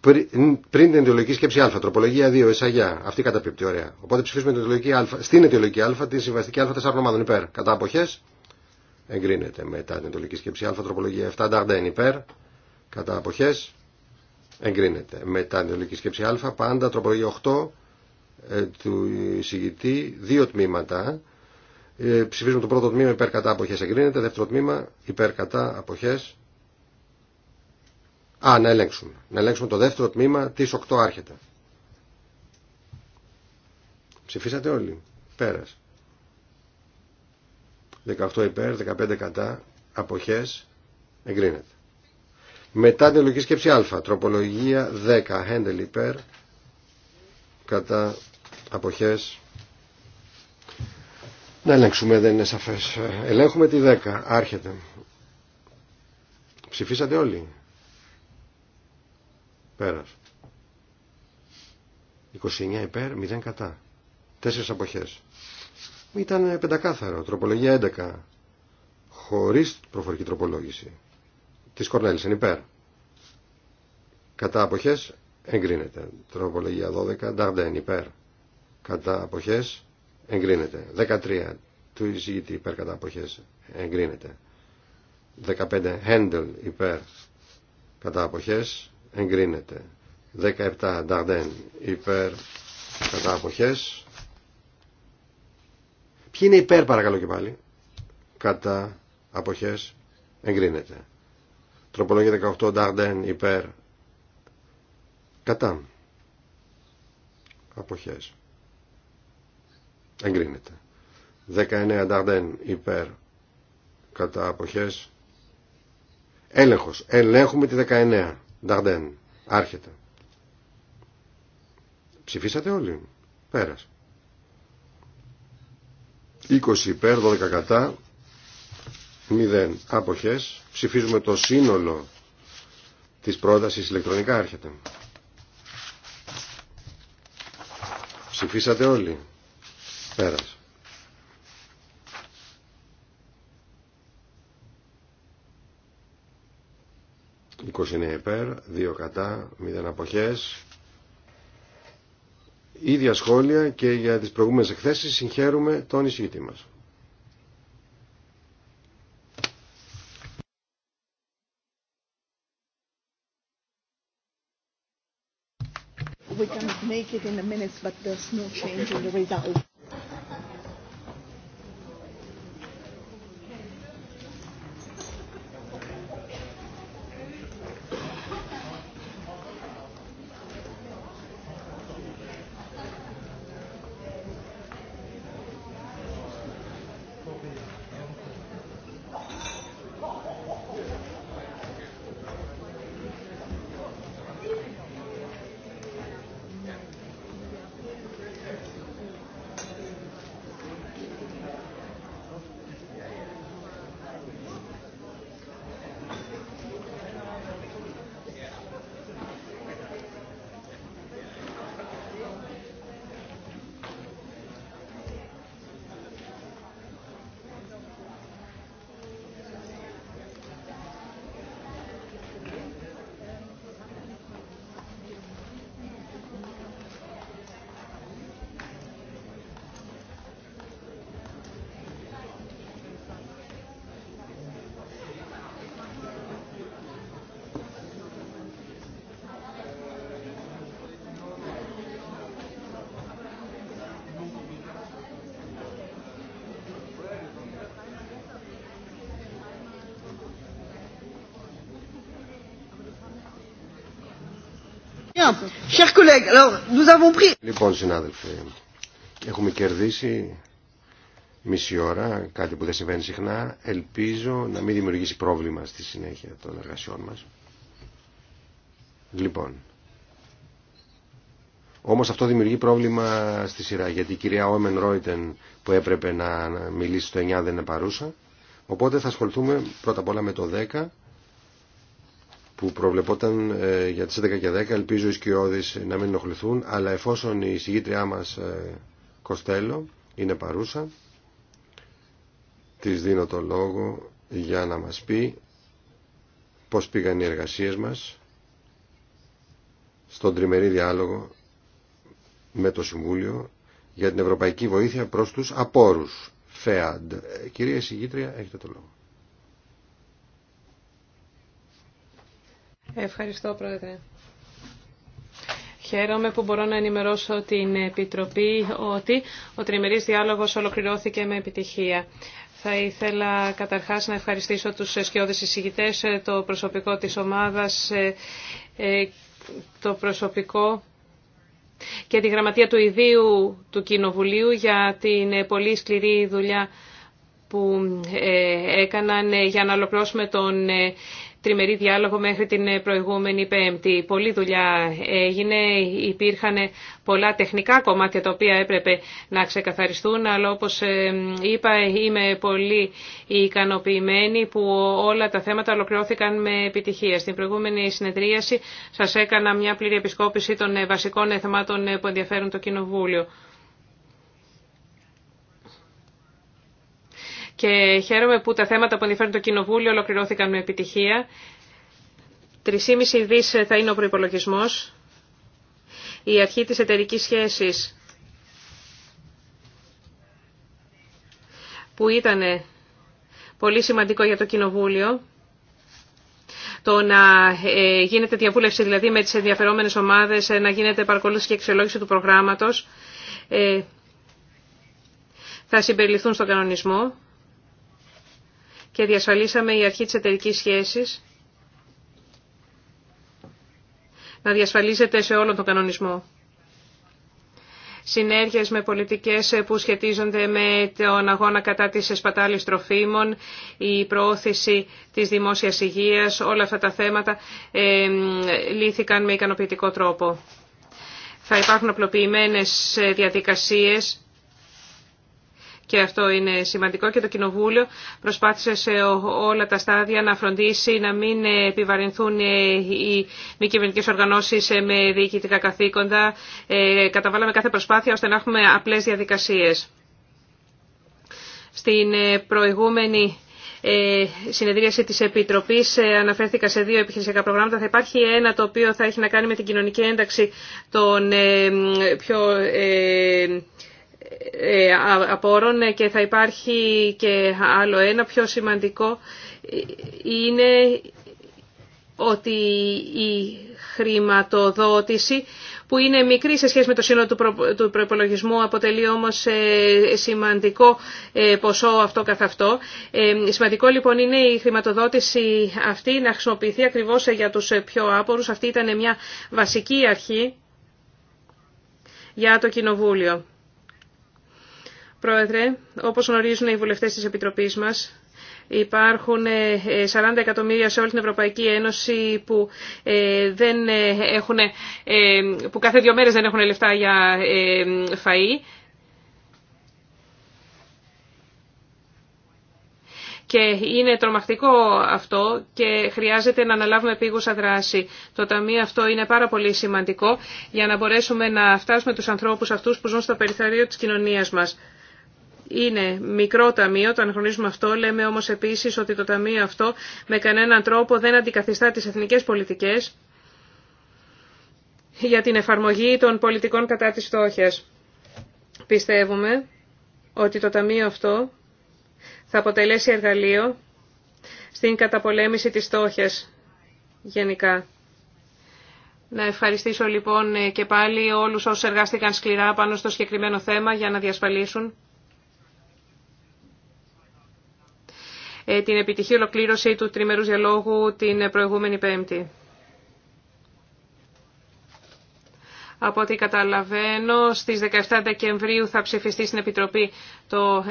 Πριν, πριν την αιτιολογική σκέψη Α, τροπολογία 2, εισαγιά, αυτή καταπίπτει, ωραία. Οπότε ψηφίσουμε την αιτιολογική Α, στην αιτιολογική Α, τη συμβαστική Α, 4 ομάδων υπέρ. Κατά αποχές, εγκρίνεται μετά την αιτιολογική σκέψη Α, τροπολογία 7, Νταρντέν υπέρ. Κατά αποχές, εγκρίνεται. Μετά την ολική σκέψη α, πάντα τροπολογία 8 ε, του εισηγητή, δύο τμήματα. Ε, ψηφίζουμε το πρώτο τμήμα υπέρ κατά αποχές εγκρίνεται, δεύτερο τμήμα υπέρ κατά αποχές. Α, να ελέγξουμε. Να ελέγξουμε το δεύτερο τμήμα της 8 άρχεται. Ψηφίσατε όλοι. Πέρας. 18 υπέρ, 15 κατά, αποχές, εγκρίνεται. Μετά την λογική σκέψη α, τροπολογία 10, Handel υπέρ, κατά αποχές. Να ελέγξουμε, δεν είναι σαφές. Ελέγχουμε τη 10, άρχεται. Ψηφίσατε όλοι. Πέρας. 29 υπέρ, 0 κατά. Τέσσερις αποχές. Ήταν πεντακάθαρο. Τροπολογία 11. Χωρίς προφορική τροπολόγηση της εν υπέρ. Κατά αποχές εγκρίνεται. Τροπολογία 12. Νταρντέν υπέρ. Κατά αποχές εγκρίνεται. 13. Του εισηγητή υπέρ κατά αποχές εγκρίνεται. 15. Χέντελ υπέρ κατά αποχές εγκρίνεται. 17. Νταρντέν υπέρ κατά αποχές. Ποιοι είναι υπέρ παρακαλώ και πάλι. Κατά αποχές εγκρίνεται. Τροπολογία 18 Νταρντέν υπέρ. Κατά. Αποχές. Εγκρίνεται. 19 Νταρντέν υπέρ. Κατά αποχές. Έλεγχος. Ελέγχουμε τη 19. Νταρντέν. Άρχεται. Ψηφίσατε όλοι. Πέρας. 20 υπέρ, 12 κατά. 0 αποχές. Ψηφίζουμε το σύνολο της πρότασης ηλεκτρονικά έρχεται. Ψηφίσατε όλοι. Πέρασε. είναι υπέρ, 2 κατά, 0 αποχές. Ίδια σχόλια και για τις προηγούμενες εκθέσεις συγχαίρουμε τον εισηγητή μας. it in a minute, but there's no change in the result. Chers collègues, alors nous avons Λοιπόν, συνάδελφοι, έχουμε κερδίσει μισή ώρα, κάτι που δεν συμβαίνει συχνά. Ελπίζω να μην δημιουργήσει πρόβλημα στη συνέχεια των εργασιών μα. Λοιπόν, όμω αυτό δημιουργεί πρόβλημα στη σειρά, γιατί η κυρία Όμεν Ρόιτεν που έπρεπε να μιλήσει στο 9 δεν είναι παρούσα. Οπότε θα ασχοληθούμε πρώτα απ' όλα με το 10 που προβλεπόταν ε, για τις 11 και 10. Ελπίζω οι σκιώδεις να μην ενοχληθούν, αλλά εφόσον η συγγήτριά μας ε, Κοστέλο είναι παρούσα, της δίνω το λόγο για να μας πει πώς πήγαν οι εργασίες μας στον τριμερή διάλογο με το Συμβούλιο για την Ευρωπαϊκή Βοήθεια προς τους απόρους ΦΕΑΝΤ. Ε, κυρία Συγγήτρια, έχετε το λόγο. Ευχαριστώ, Πρόεδρε. Χαίρομαι που μπορώ να ενημερώσω την Επιτροπή ότι ο τριμερής διάλογος ολοκληρώθηκε με επιτυχία. Θα ήθελα καταρχάς να ευχαριστήσω τους σκιώδες εισηγητές, το προσωπικό της ομάδας, ε, ε, το προσωπικό και τη γραμματεία του ιδίου του Κοινοβουλίου για την πολύ σκληρή δουλειά που ε, έκαναν για να ολοκληρώσουμε τον τριμερή διάλογο μέχρι την ε, προηγούμενη Πέμπτη. Πολύ δουλειά έγινε, υπήρχαν πολλά τεχνικά κομμάτια τα οποία έπρεπε να ξεκαθαριστούν, αλλά όπως ε, είπα είμαι πολύ ικανοποιημένη που όλα τα θέματα ολοκληρώθηκαν με επιτυχία. Στην προηγούμενη συνεδρίαση σας έκανα μια πλήρη επισκόπηση των ε, βασικών θεμάτων που ενδιαφέρουν το Κοινοβούλιο. και χαίρομαι που τα θέματα που ενδιαφέρουν το Κοινοβούλιο ολοκληρώθηκαν με επιτυχία. 3,5 δις θα είναι ο προϋπολογισμός. Η αρχή της εταιρικής σχέσης που ήταν πολύ σημαντικό για το Κοινοβούλιο το να ε, γίνεται διαβούλευση δηλαδή με τις ενδιαφερόμενες ομάδες, ε, να γίνεται παρακολούθηση και αξιολόγηση του προγράμματος, ε, θα συμπεριληφθούν στον κανονισμό και διασφαλίσαμε η αρχή της εταιρικής σχέσης να διασφαλίζεται σε όλο τον κανονισμό. Συνέργειες με πολιτικές που σχετίζονται με τον αγώνα κατά της εσπατάλης τροφίμων, η προώθηση της δημόσιας υγείας, όλα αυτά τα θέματα λύθηκαν με ικανοποιητικό τρόπο. Θα υπάρχουν απλοποιημένες διαδικασίες και αυτό είναι σημαντικό και το Κοινοβούλιο προσπάθησε σε όλα τα στάδια να φροντίσει να μην επιβαρυνθούν ε, οι μη κυβερνητικέ οργανώσεις ε, με διοικητικά καθήκοντα. Ε, καταβάλαμε κάθε προσπάθεια ώστε να έχουμε απλές διαδικασίες. Στην προηγούμενη συνεδρίαση της Επιτροπής αναφέρθηκα σε δύο επιχειρησιακά προγράμματα. Θα υπάρχει ένα το οποίο θα έχει να κάνει με την κοινωνική ένταξη των πιο ε, απόρων ε, και θα υπάρχει και άλλο ένα πιο σημαντικό ε, είναι ότι η χρηματοδότηση που είναι μικρή σε σχέση με το σύνολο του προϋπολογισμού αποτελεί όμως σημαντικό ποσό αυτό καθ' αυτό. Σημαντικό λοιπόν είναι η χρηματοδότηση αυτή να χρησιμοποιηθεί ακριβώς για τους πιο άπορους. Αυτή ήταν μια βασική αρχή για το Κοινοβούλιο. Πρόεδρε, όπως γνωρίζουν οι βουλευτές της Επιτροπής μας, Υπάρχουν 40 ε, εκατομμύρια σε όλη την Ευρωπαϊκή Ένωση που, ε, δεν ε, έχουν, που κάθε δύο μέρες δεν έχουν λεφτά για φαΐ. Και είναι τρομακτικό αυτό και χρειάζεται να αναλάβουμε επίγουσα δράση. Το ταμείο αυτό είναι πάρα πολύ σημαντικό για να μπορέσουμε να φτάσουμε τους ανθρώπους αυτούς που ζουν στο περιθώριο της κοινωνίας μας είναι μικρό ταμείο, το αναγνωρίζουμε αυτό, λέμε όμως επίσης ότι το ταμείο αυτό με κανέναν τρόπο δεν αντικαθιστά τις εθνικές πολιτικές για την εφαρμογή των πολιτικών κατά της φτώχειας. Πιστεύουμε ότι το ταμείο αυτό θα αποτελέσει εργαλείο στην καταπολέμηση της φτώχειας γενικά. Να ευχαριστήσω λοιπόν και πάλι όλους όσους εργάστηκαν σκληρά πάνω στο συγκεκριμένο θέμα για να διασφαλίσουν Ε, την επιτυχή ολοκλήρωση του τριμερού διαλόγου την προηγούμενη Πέμπτη. Από ό,τι καταλαβαίνω, στις 17 Δεκεμβρίου θα ψηφιστεί στην Επιτροπή το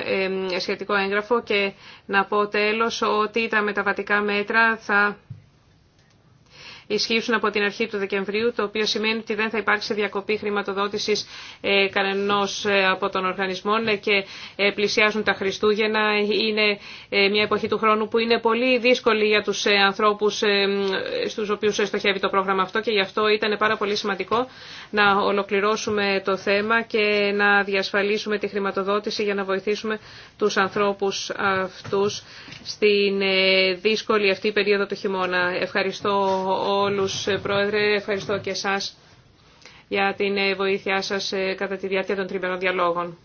ε, σχετικό έγγραφο και να πω τέλος ότι τα μεταβατικά μέτρα θα ισχύσουν από την αρχή του Δεκεμβρίου, το οποίο σημαίνει ότι δεν θα υπάρξει διακοπή χρηματοδότησης ε, κανενός ε, από τον οργανισμών ε, και πλησιάζουν τα Χριστούγεννα. Είναι μια εποχή του χρόνου που είναι πολύ δύσκολη για τους ανθρώπους στους οποίους στοχεύει το πρόγραμμα αυτό και γι' αυτό ήταν πάρα πολύ σημαντικό να ολοκληρώσουμε το θέμα και να διασφαλίσουμε τη χρηματοδότηση για να βοηθήσουμε τους ανθρώπους αυτούς στην δύσκολη αυτή περίοδο του χειμώνα. Ευχαριστώ όλους, Πρόεδρε. Ευχαριστώ και εσάς για την ε, βοήθειά σας ε, κατά τη διάρκεια των τριμερών διαλόγων.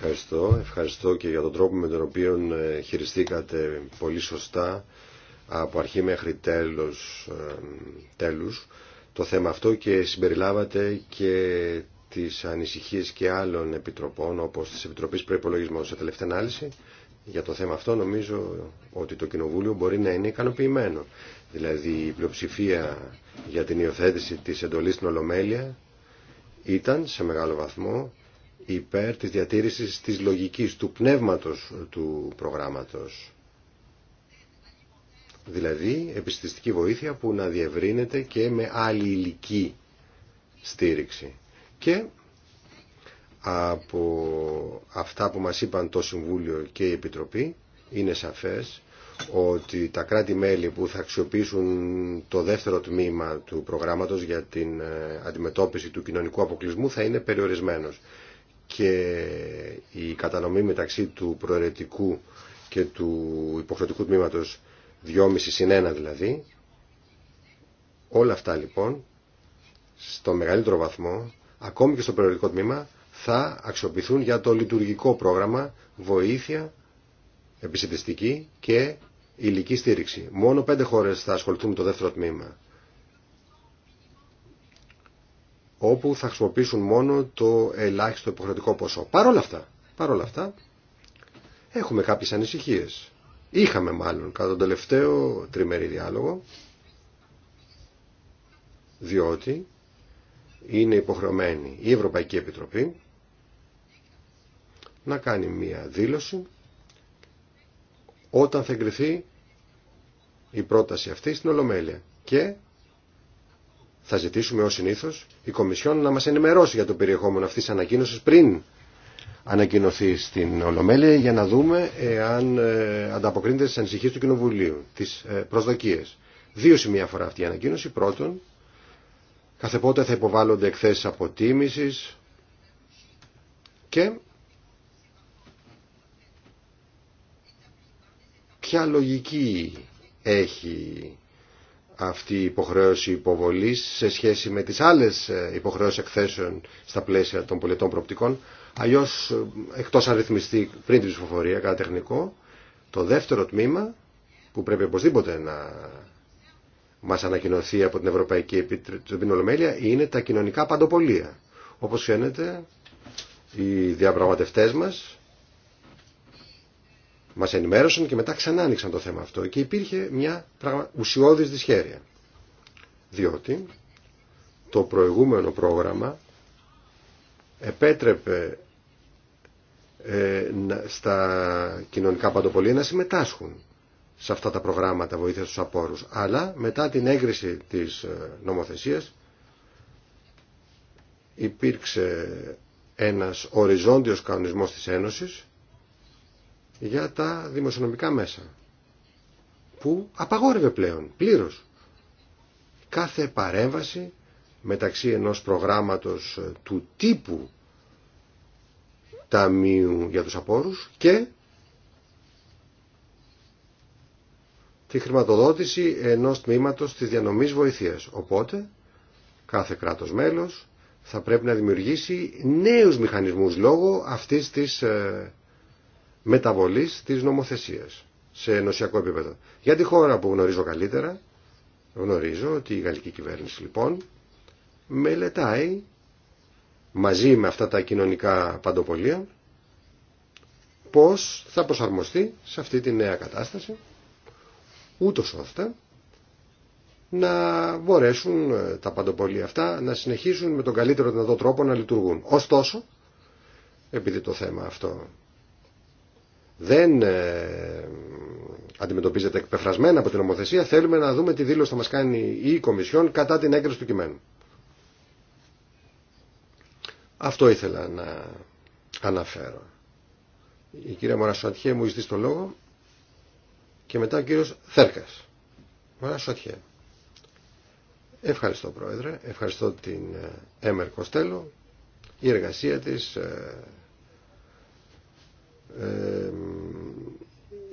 Ευχαριστώ. Ευχαριστώ και για τον τρόπο με τον οποίο ε, χειριστήκατε πολύ σωστά από αρχή μέχρι τέλος, τέλους το θέμα αυτό και συμπεριλάβατε και τις ανησυχίες και άλλων επιτροπών όπως της Επιτροπής Προϋπολογισμών σε τελευταία ανάλυση για το θέμα αυτό νομίζω ότι το Κοινοβούλιο μπορεί να είναι ικανοποιημένο δηλαδή η πλειοψηφία για την υιοθέτηση της εντολής στην Ολομέλεια ήταν σε μεγάλο βαθμό υπέρ της διατήρησης της λογικής, του πνεύματος του προγράμματος. Δηλαδή επιστηστική βοήθεια που να διευρύνεται και με άλλη υλική στήριξη. Και από αυτά που μας είπαν το Συμβούλιο και η Επιτροπή είναι σαφές ότι τα κράτη-μέλη που θα αξιοποιήσουν το δεύτερο τμήμα του προγράμματος για την ε, αντιμετώπιση του κοινωνικού αποκλεισμού θα είναι περιορισμένος. Και η κατανομή μεταξύ του προαιρετικού και του υποχρεωτικού τμήματος 2,5 συν 1 δηλαδή, όλα αυτά λοιπόν, στο μεγαλύτερο βαθμό, ακόμη και στο προαιρετικό τμήμα, θα αξιοποιηθούν για το λειτουργικό πρόγραμμα βοήθεια επισητιστική και ηλική στήριξη. Μόνο πέντε χώρε θα ασχοληθούν με το δεύτερο τμήμα όπου θα χρησιμοποιήσουν μόνο το ελάχιστο υποχρεωτικό ποσό. Παρ' όλα αυτά, παρόλα αυτά έχουμε κάποιες ανησυχίες. Είχαμε μάλλον κατά τον τελευταίο τριμερή διάλογο διότι είναι υποχρεωμένη η Ευρωπαϊκή Επιτροπή να κάνει μία δήλωση όταν θα εγκριθεί η πρόταση αυτή στην Ολομέλεια. Και θα ζητήσουμε ως συνήθως η Κομισιόν να μας ενημερώσει για το περιεχόμενο αυτής της ανακοίνωσης πριν ανακοινωθεί στην Ολομέλεια για να δούμε αν ε, ανταποκρίνεται στις ανησυχίες του Κοινοβουλίου, τις ε, προσδοκίες. Δύο σημεία αφορά αυτή η ανακοίνωση. Πρώτον, κάθε πότε θα υποβάλλονται εκθέσεις αποτίμησης και Ποια λογική έχει αυτή η υποχρέωση υποβολής σε σχέση με τις άλλες ε, υποχρεώσεις εκθέσεων στα πλαίσια των πολιτών προοπτικών Αλλιώς, ε, εκτός αν ρυθμιστεί πριν την ψηφοφορία, κατά τεχνικό, το δεύτερο τμήμα που πρέπει οπωσδήποτε να μας ανακοινωθεί από την Ευρωπαϊκή Επιτροπή είναι τα κοινωνικά παντοπολία. Όπως φαίνεται, οι διαπραγματευτές μας μας ενημέρωσαν και μετά ξανά άνοιξαν το θέμα αυτό και υπήρχε μια πραγμα... ουσιώδης δυσχέρεια. Διότι το προηγούμενο πρόγραμμα επέτρεπε ε, στα κοινωνικά παντοπολία να συμμετάσχουν σε αυτά τα προγράμματα βοήθεια στους απόρους. Αλλά μετά την έγκριση της ε, νομοθεσίας υπήρξε ένας οριζόντιος κανονισμός της Ένωσης για τα δημοσιονομικά μέσα που απαγόρευε πλέον πλήρως κάθε παρέμβαση μεταξύ ενός προγράμματος του τύπου ταμείου για τους απόρους και τη χρηματοδότηση ενός τμήματος της διανομής βοηθείας. Οπότε, κάθε κράτος μέλος θα πρέπει να δημιουργήσει νέους μηχανισμούς λόγω αυτής της ε, μεταβολής της νομοθεσίας σε ενωσιακό επίπεδο. Για τη χώρα που γνωρίζω καλύτερα, γνωρίζω ότι η γαλλική κυβέρνηση λοιπόν μελετάει μαζί με αυτά τα κοινωνικά παντοπολία πώς θα προσαρμοστεί σε αυτή τη νέα κατάσταση ούτως ώστε να μπορέσουν ε, τα παντοπολία αυτά να συνεχίσουν με τον καλύτερο δυνατό τρόπο να λειτουργούν. Ωστόσο, επειδή το θέμα αυτό δεν ε, αντιμετωπίζεται εκπεφρασμένα από την νομοθεσία, θέλουμε να δούμε τι δήλωση θα μας κάνει η Κομισιόν κατά την έγκριση του κειμένου. Αυτό ήθελα να αναφέρω. Η κυρία Μωρασουατιέ μου ζητεί στο λόγο και μετά ο κύριος Θέρκας. Μωρασουατιέ. Ευχαριστώ Πρόεδρε, ευχαριστώ την ε, Έμερ Κοστέλο. Η εργασία της ε, ε,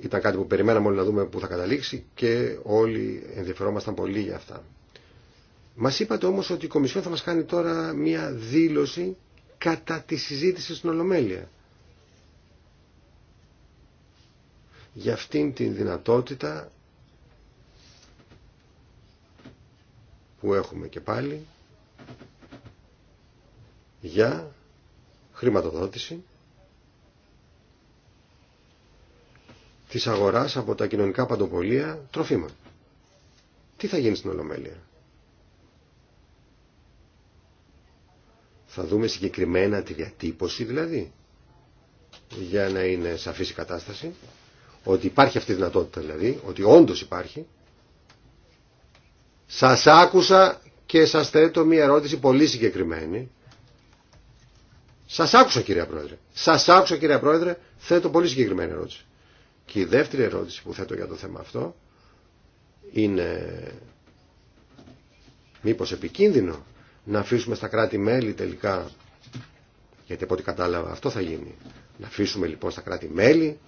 ήταν κάτι που περιμέναμε όλοι να δούμε που θα καταλήξει και όλοι ενδιαφερόμασταν πολύ για αυτά. Μας είπατε όμως ότι η Κομισιόν θα μας κάνει τώρα μία δήλωση κατά τη συζήτηση στην Ολομέλεια. Για αυτήν την δυνατότητα που έχουμε και πάλι για χρηματοδότηση της αγοράς από τα κοινωνικά παντοπολία τροφίμων. Τι θα γίνει στην Ολομέλεια. Θα δούμε συγκεκριμένα τη διατύπωση δηλαδή για να είναι σαφής η κατάσταση ότι υπάρχει αυτή η δυνατότητα δηλαδή ότι όντως υπάρχει σας άκουσα και σας θέτω μια ερώτηση πολύ συγκεκριμένη σας άκουσα κυρία Πρόεδρε σας άκουσα κυρία Πρόεδρε θέτω πολύ συγκεκριμένη ερώτηση και η δεύτερη ερώτηση που θέτω για το θέμα αυτό είναι μήπως επικίνδυνο να αφήσουμε στα κράτη-μέλη τελικά, γιατί από ό,τι κατάλαβα αυτό θα γίνει, να αφήσουμε λοιπόν στα κράτη-μέλη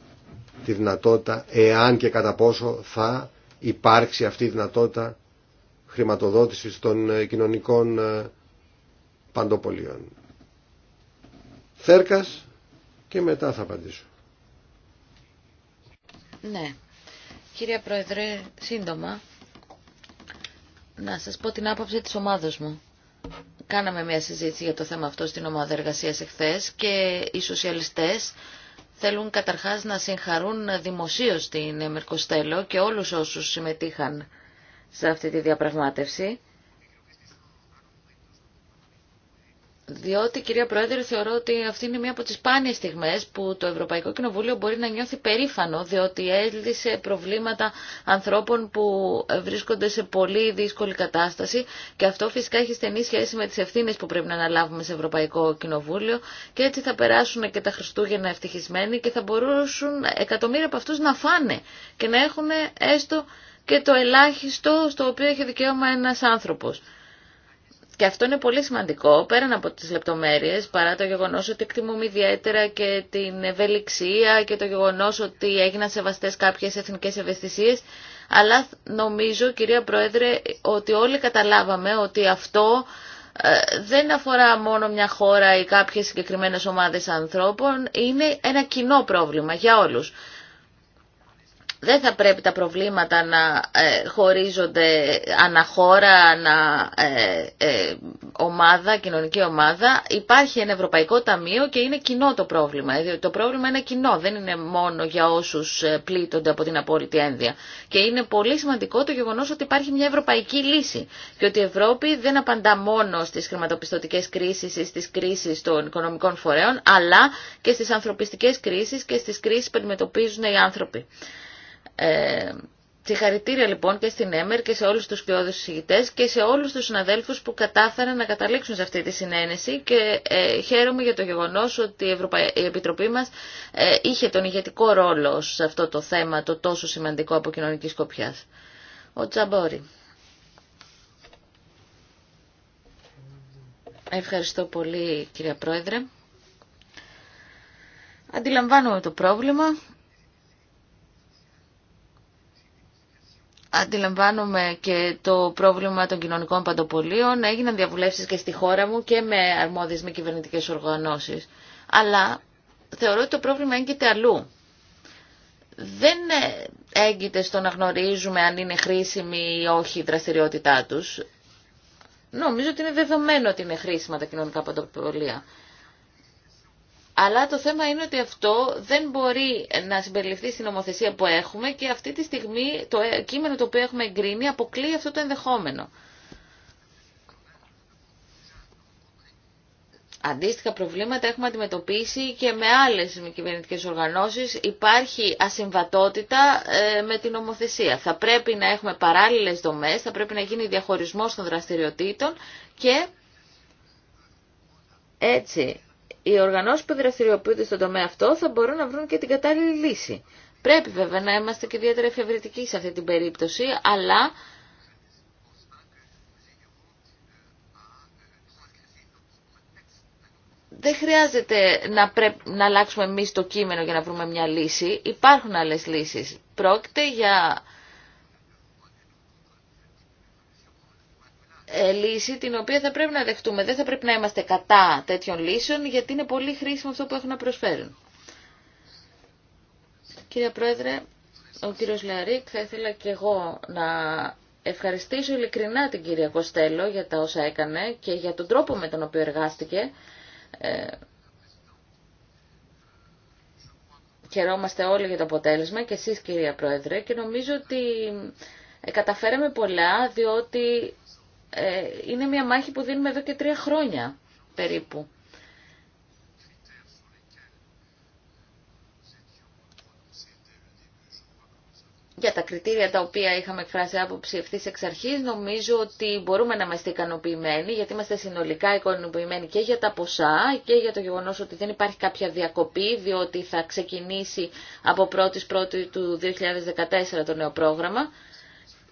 τη δυνατότητα, εάν και κατά πόσο θα υπάρξει αυτή η δυνατότητα χρηματοδότησης των ε, κοινωνικών ε, παντοπολίων. Θέρκας και μετά θα απαντήσω. Ναι. Κύριε Πρόεδρε, σύντομα, να σας πω την άποψη της ομάδος μου. Κάναμε μια συζήτηση για το θέμα αυτό στην ομάδα εργασίας εχθές και οι σοσιαλιστές θέλουν καταρχάς να συγχαρούν δημοσίως την Μερκοστέλο και όλους όσους συμμετείχαν σε αυτή τη διαπραγμάτευση. Διότι, κυρία Πρόεδρε, θεωρώ ότι αυτή είναι μία από τις σπάνιες στιγμές που το Ευρωπαϊκό Κοινοβούλιο μπορεί να νιώθει περήφανο, διότι έλυσε προβλήματα ανθρώπων που βρίσκονται σε πολύ δύσκολη κατάσταση και αυτό φυσικά έχει στενή σχέση με τις ευθύνες που πρέπει να αναλάβουμε σε Ευρωπαϊκό Κοινοβούλιο και έτσι θα περάσουν και τα Χριστούγεννα ευτυχισμένοι και θα μπορούσαν εκατομμύρια από αυτούς να φάνε και να έχουν έστω και το ελάχιστο στο οποίο έχει δικαίωμα ένας άνθρωπος. Και αυτό είναι πολύ σημαντικό, πέραν από τις λεπτομέρειες, παρά το γεγονός ότι εκτιμούμε ιδιαίτερα και την ευελιξία και το γεγονός ότι έγιναν σεβαστές κάποιες εθνικές ευαισθησίες, αλλά νομίζω, κυρία Πρόεδρε, ότι όλοι καταλάβαμε ότι αυτό ε, δεν αφορά μόνο μια χώρα ή κάποιες συγκεκριμένες ομάδες ανθρώπων, είναι ένα κοινό πρόβλημα για όλους. Δεν θα πρέπει τα προβλήματα να ε, χωρίζονται αναχώρα, ανα ε, ε, ομάδα, κοινωνική ομάδα. Υπάρχει ένα ευρωπαϊκό ταμείο και είναι κοινό το πρόβλημα. Ε, το πρόβλημα είναι κοινό, δεν είναι μόνο για όσους ε, πλήττονται από την απόλυτη ένδια. Και είναι πολύ σημαντικό το γεγονός ότι υπάρχει μια ευρωπαϊκή λύση και ότι η Ευρώπη δεν απαντά μόνο στις χρηματοπιστωτικές κρίσεις ή στις κρίσεις των οικονομικών φορέων, αλλά και στις ανθρωπιστικές κρίσεις και στις κρίσεις που αντιμετωπίζουν οι άνθρωποι. Ε, συγχαρητήρια λοιπόν και στην ΕΜΕΡ και σε όλους τους κοιόδους συζητητές και σε όλους τους συναδέλφους που κατάφεραν να καταλήξουν σε αυτή τη συνένεση και ε, χαίρομαι για το γεγονός ότι η, Ευρωπαϊκή Επιτροπή μας ε, είχε τον ηγετικό ρόλο σε αυτό το θέμα το τόσο σημαντικό από κοινωνική σκοπιά. Ο Τζαμπόρη. Ευχαριστώ πολύ κυρία Πρόεδρε. Αντιλαμβάνομαι το πρόβλημα αντιλαμβάνομαι και το πρόβλημα των κοινωνικών παντοπολίων. Έγιναν διαβουλεύσεις και στη χώρα μου και με αρμόδιες με κυβερνητικές οργανώσεις. Αλλά θεωρώ ότι το πρόβλημα έγκυται αλλού. Δεν έγκυται στο να γνωρίζουμε αν είναι χρήσιμη ή όχι η δραστηριότητά τους. Νομίζω ότι είναι δεδομένο ότι είναι χρήσιμα τα κοινωνικά παντοπολία. Αλλά το θέμα είναι ότι αυτό δεν μπορεί να συμπεριληφθεί στην νομοθεσία που έχουμε και αυτή τη στιγμή το ε, κείμενο το οποίο έχουμε εγκρίνει αποκλείει αυτό το ενδεχόμενο. Αντίστοιχα προβλήματα έχουμε αντιμετωπίσει και με άλλες κυβερνητικές οργανώσεις. Υπάρχει ασυμβατότητα ε, με την νομοθεσία. Θα πρέπει να έχουμε παράλληλες δομές, θα πρέπει να γίνει διαχωρισμός των δραστηριοτήτων και έτσι οι οργανώσει που δραστηριοποιούνται στον τομέα αυτό θα μπορούν να βρουν και την κατάλληλη λύση. Πρέπει βέβαια να είμαστε και ιδιαίτερα εφευρετικοί σε αυτή την περίπτωση, αλλά δεν χρειάζεται να, να αλλάξουμε εμείς το κείμενο για να βρούμε μια λύση. Υπάρχουν άλλες λύσεις. Πρόκειται για Ε, λύση την οποία θα πρέπει να δεχτούμε. Δεν θα πρέπει να είμαστε κατά τέτοιων λύσεων γιατί είναι πολύ χρήσιμο αυτό που έχουν να προσφέρουν. Κύριε Πρόεδρε, ο κύριος Λεαρίκ θα ήθελα και εγώ να ευχαριστήσω ειλικρινά την κυρία Κοστέλο για τα όσα έκανε και για τον τρόπο με τον οποίο εργάστηκε. Ε, χαιρόμαστε όλοι για το αποτέλεσμα και εσείς κυρία Πρόεδρε και νομίζω ότι ε, καταφέραμε πολλά διότι ε, είναι μια μάχη που δίνουμε εδώ και τρία χρόνια περίπου. για τα κριτήρια τα οποία είχαμε εκφράσει άποψη ευθύ εξ αρχή, νομίζω ότι μπορούμε να είμαστε ικανοποιημένοι, γιατί είμαστε συνολικά ικανοποιημένοι και για τα ποσά και για το γεγονό ότι δεν υπάρχει κάποια διακοπή, διότι θα ξεκινήσει από 1η-1η του 2014 το νέο πρόγραμμα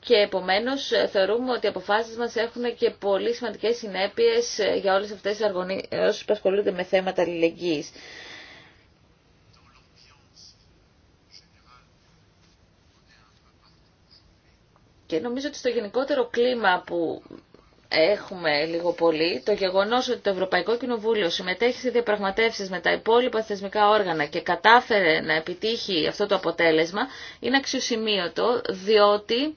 και επομένως ε, θεωρούμε ότι οι αποφάσεις μας έχουν και πολύ σημαντικές συνέπειες ε, για όλες αυτές τις αργωνίες που ασχολούνται με θέματα αλληλεγγύης. Και νομίζω ότι στο γενικότερο κλίμα που έχουμε λίγο πολύ, το γεγονός ότι το Ευρωπαϊκό Κοινοβούλιο συμμετέχει σε διαπραγματεύσεις με τα υπόλοιπα θεσμικά όργανα και κατάφερε να επιτύχει αυτό το αποτέλεσμα, είναι αξιοσημείωτο, διότι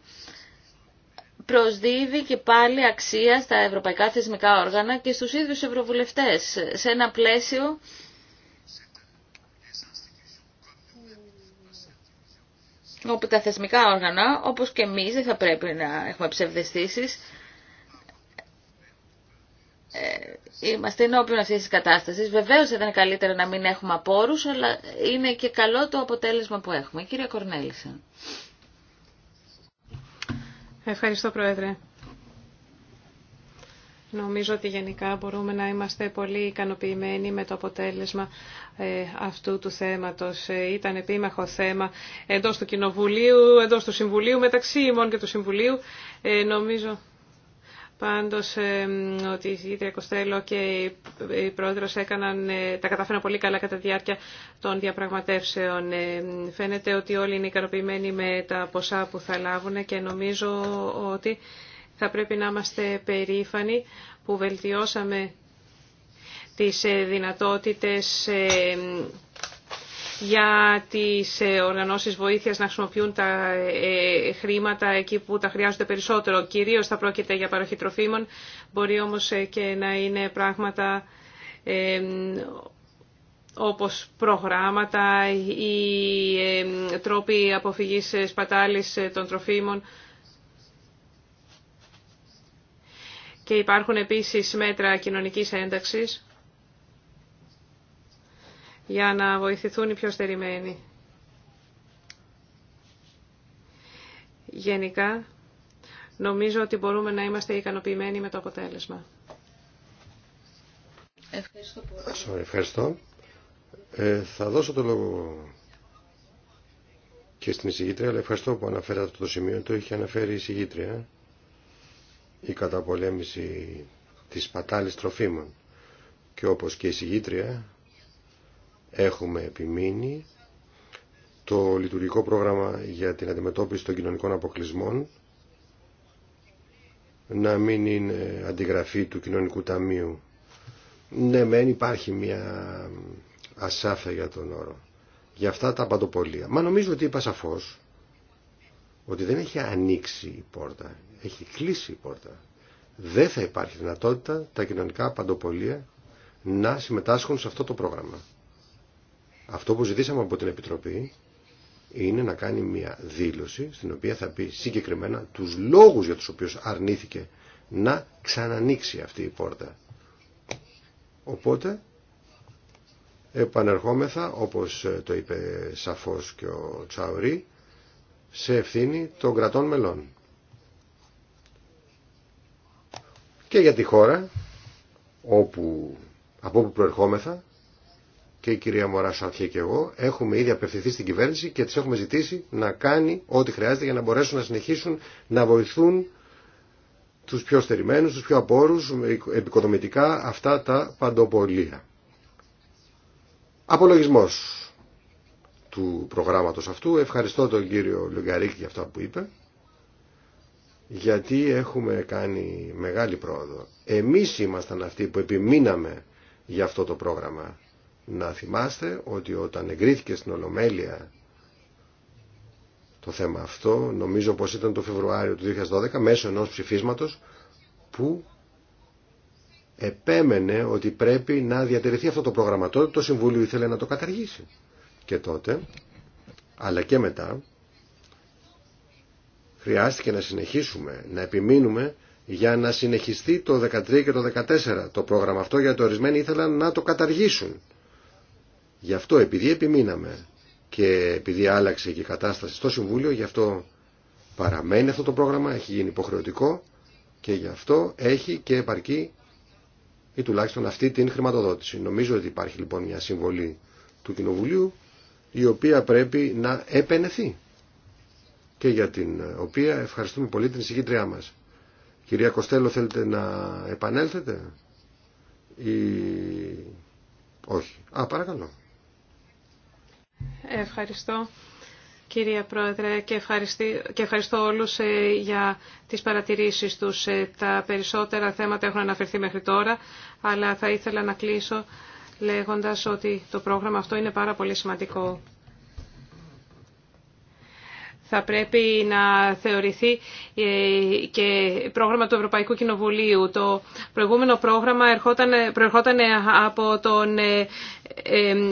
προσδίδει και πάλι αξία στα ευρωπαϊκά θεσμικά όργανα και στους ίδιους ευρωβουλευτές σε ένα πλαίσιο όπου τα θεσμικά όργανα, όπως και εμείς, δεν θα πρέπει να έχουμε ψευδεστήσεις, ε, είμαστε ενώπιον αυτή τη κατάσταση. Βεβαίω δεν ήταν καλύτερα να μην έχουμε απόρους, αλλά είναι και καλό το αποτέλεσμα που έχουμε. Κύριε ευχαριστώ. Ευχαριστώ, Πρόεδρε. Νομίζω ότι γενικά μπορούμε να είμαστε πολύ ικανοποιημένοι με το αποτέλεσμα ε, αυτού του θέματος. Ε, ήταν επίμαχο θέμα εντός του Κοινοβουλίου, εντός του Συμβουλίου, μεταξύ ημών και του Συμβουλίου. Ε, νομίζω Πάντως ότι η κυρία Κοστέλο και η Πρόεδρος έκαναν, ε, τα καταφέραν πολύ καλά κατά τη διάρκεια των διαπραγματεύσεων. Ε, φαίνεται ότι όλοι είναι ικανοποιημένοι με τα ποσά που θα λάβουν και νομίζω ότι θα πρέπει να είμαστε περήφανοι που βελτιώσαμε τις ε, δυνατότητες για τις ε, οργανώσεις βοήθειας να χρησιμοποιούν τα ε, χρήματα εκεί που τα χρειάζονται περισσότερο. Κυρίως θα πρόκειται για παροχή τροφίμων, μπορεί όμως ε, και να είναι πράγματα όπως προγράμματα ή τρόποι αποφυγής σπατάλης των τροφίμων. Και υπάρχουν επίσης μέτρα κοινωνικής ένταξης για να βοηθηθούν οι πιο στερημένοι. Γενικά, νομίζω ότι μπορούμε να είμαστε ικανοποιημένοι με το αποτέλεσμα. Ευχαριστώ πολύ. Ευχαριστώ. Ε, θα δώσω το λόγο και στην εισηγήτρια, αλλά ευχαριστώ που αναφέρατε το σημείο, το είχε αναφέρει η εισηγήτρια, η καταπολέμηση της πατάλης τροφίμων. Και όπως και η εισηγήτρια, έχουμε επιμείνει το λειτουργικό πρόγραμμα για την αντιμετώπιση των κοινωνικών αποκλεισμών να μην είναι αντιγραφή του κοινωνικού ταμείου. Ναι, μεν υπάρχει μια ασάφεια για τον όρο. Για αυτά τα παντοπολία. Μα νομίζω ότι είπα σαφώ ότι δεν έχει ανοίξει η πόρτα. Έχει κλείσει η πόρτα. Δεν θα υπάρχει δυνατότητα τα κοινωνικά παντοπολία να συμμετάσχουν σε αυτό το πρόγραμμα. Αυτό που ζητήσαμε από την Επιτροπή είναι να κάνει μια δήλωση στην οποία θα πει συγκεκριμένα τους λόγους για τους οποίους αρνήθηκε να ξανανοίξει αυτή η πόρτα. Οπότε επανερχόμεθα όπως ε, το είπε σαφώς και ο Τσαουρί σε ευθύνη των κρατών μελών. Και για τη χώρα όπου, από όπου προερχόμεθα και η κυρία Μωρά και εγώ έχουμε ήδη απευθυνθεί στην κυβέρνηση και τις έχουμε ζητήσει να κάνει ό,τι χρειάζεται για να μπορέσουν να συνεχίσουν να βοηθούν τους πιο στερημένους, τους πιο απόρους, επικοδομητικά αυτά τα παντοπολία. Απολογισμός του προγράμματος αυτού. Ευχαριστώ τον κύριο Λουγκαρίκη για αυτά που είπε, γιατί έχουμε κάνει μεγάλη πρόοδο. Εμείς ήμασταν αυτοί που επιμείναμε για αυτό το πρόγραμμα να θυμάστε ότι όταν εγκρίθηκε στην Ολομέλεια το θέμα αυτό, νομίζω πως ήταν το Φεβρουάριο του 2012, μέσω ενός ψηφίσματος που επέμενε ότι πρέπει να διατηρηθεί αυτό το πρόγραμμα. Τότε το Συμβούλιο ήθελε να το καταργήσει. Και τότε, αλλά και μετά, χρειάστηκε να συνεχίσουμε, να επιμείνουμε για να συνεχιστεί το 2013 και το 14 το πρόγραμμα αυτό, γιατί ορισμένοι ήθελαν να το καταργήσουν. Γι' αυτό επειδή επιμείναμε και επειδή άλλαξε και η κατάσταση στο Συμβούλιο, γι' αυτό παραμένει αυτό το πρόγραμμα, έχει γίνει υποχρεωτικό και γι' αυτό έχει και επαρκεί ή τουλάχιστον αυτή την χρηματοδότηση. Νομίζω ότι υπάρχει λοιπόν μια συμβολή του Κοινοβουλίου η οποία πρέπει να επενεθεί και για την οποία ευχαριστούμε πολύ την συγκήτριά μας. Κυρία Κοστέλο θέλετε να επανέλθετε ή όχι. Α παρακαλώ. Ευχαριστώ κυρία Πρόεδρε και, και ευχαριστώ όλους ε, για τις παρατηρήσεις τους. Ε, τα περισσότερα θέματα έχουν αναφερθεί μέχρι τώρα, αλλά θα ήθελα να κλείσω λέγοντας ότι το πρόγραμμα αυτό είναι πάρα πολύ σημαντικό θα πρέπει να θεωρηθεί ε, και πρόγραμμα του Ευρωπαϊκού Κοινοβουλίου. Το προηγούμενο πρόγραμμα προερχόταν ε, από τον ε,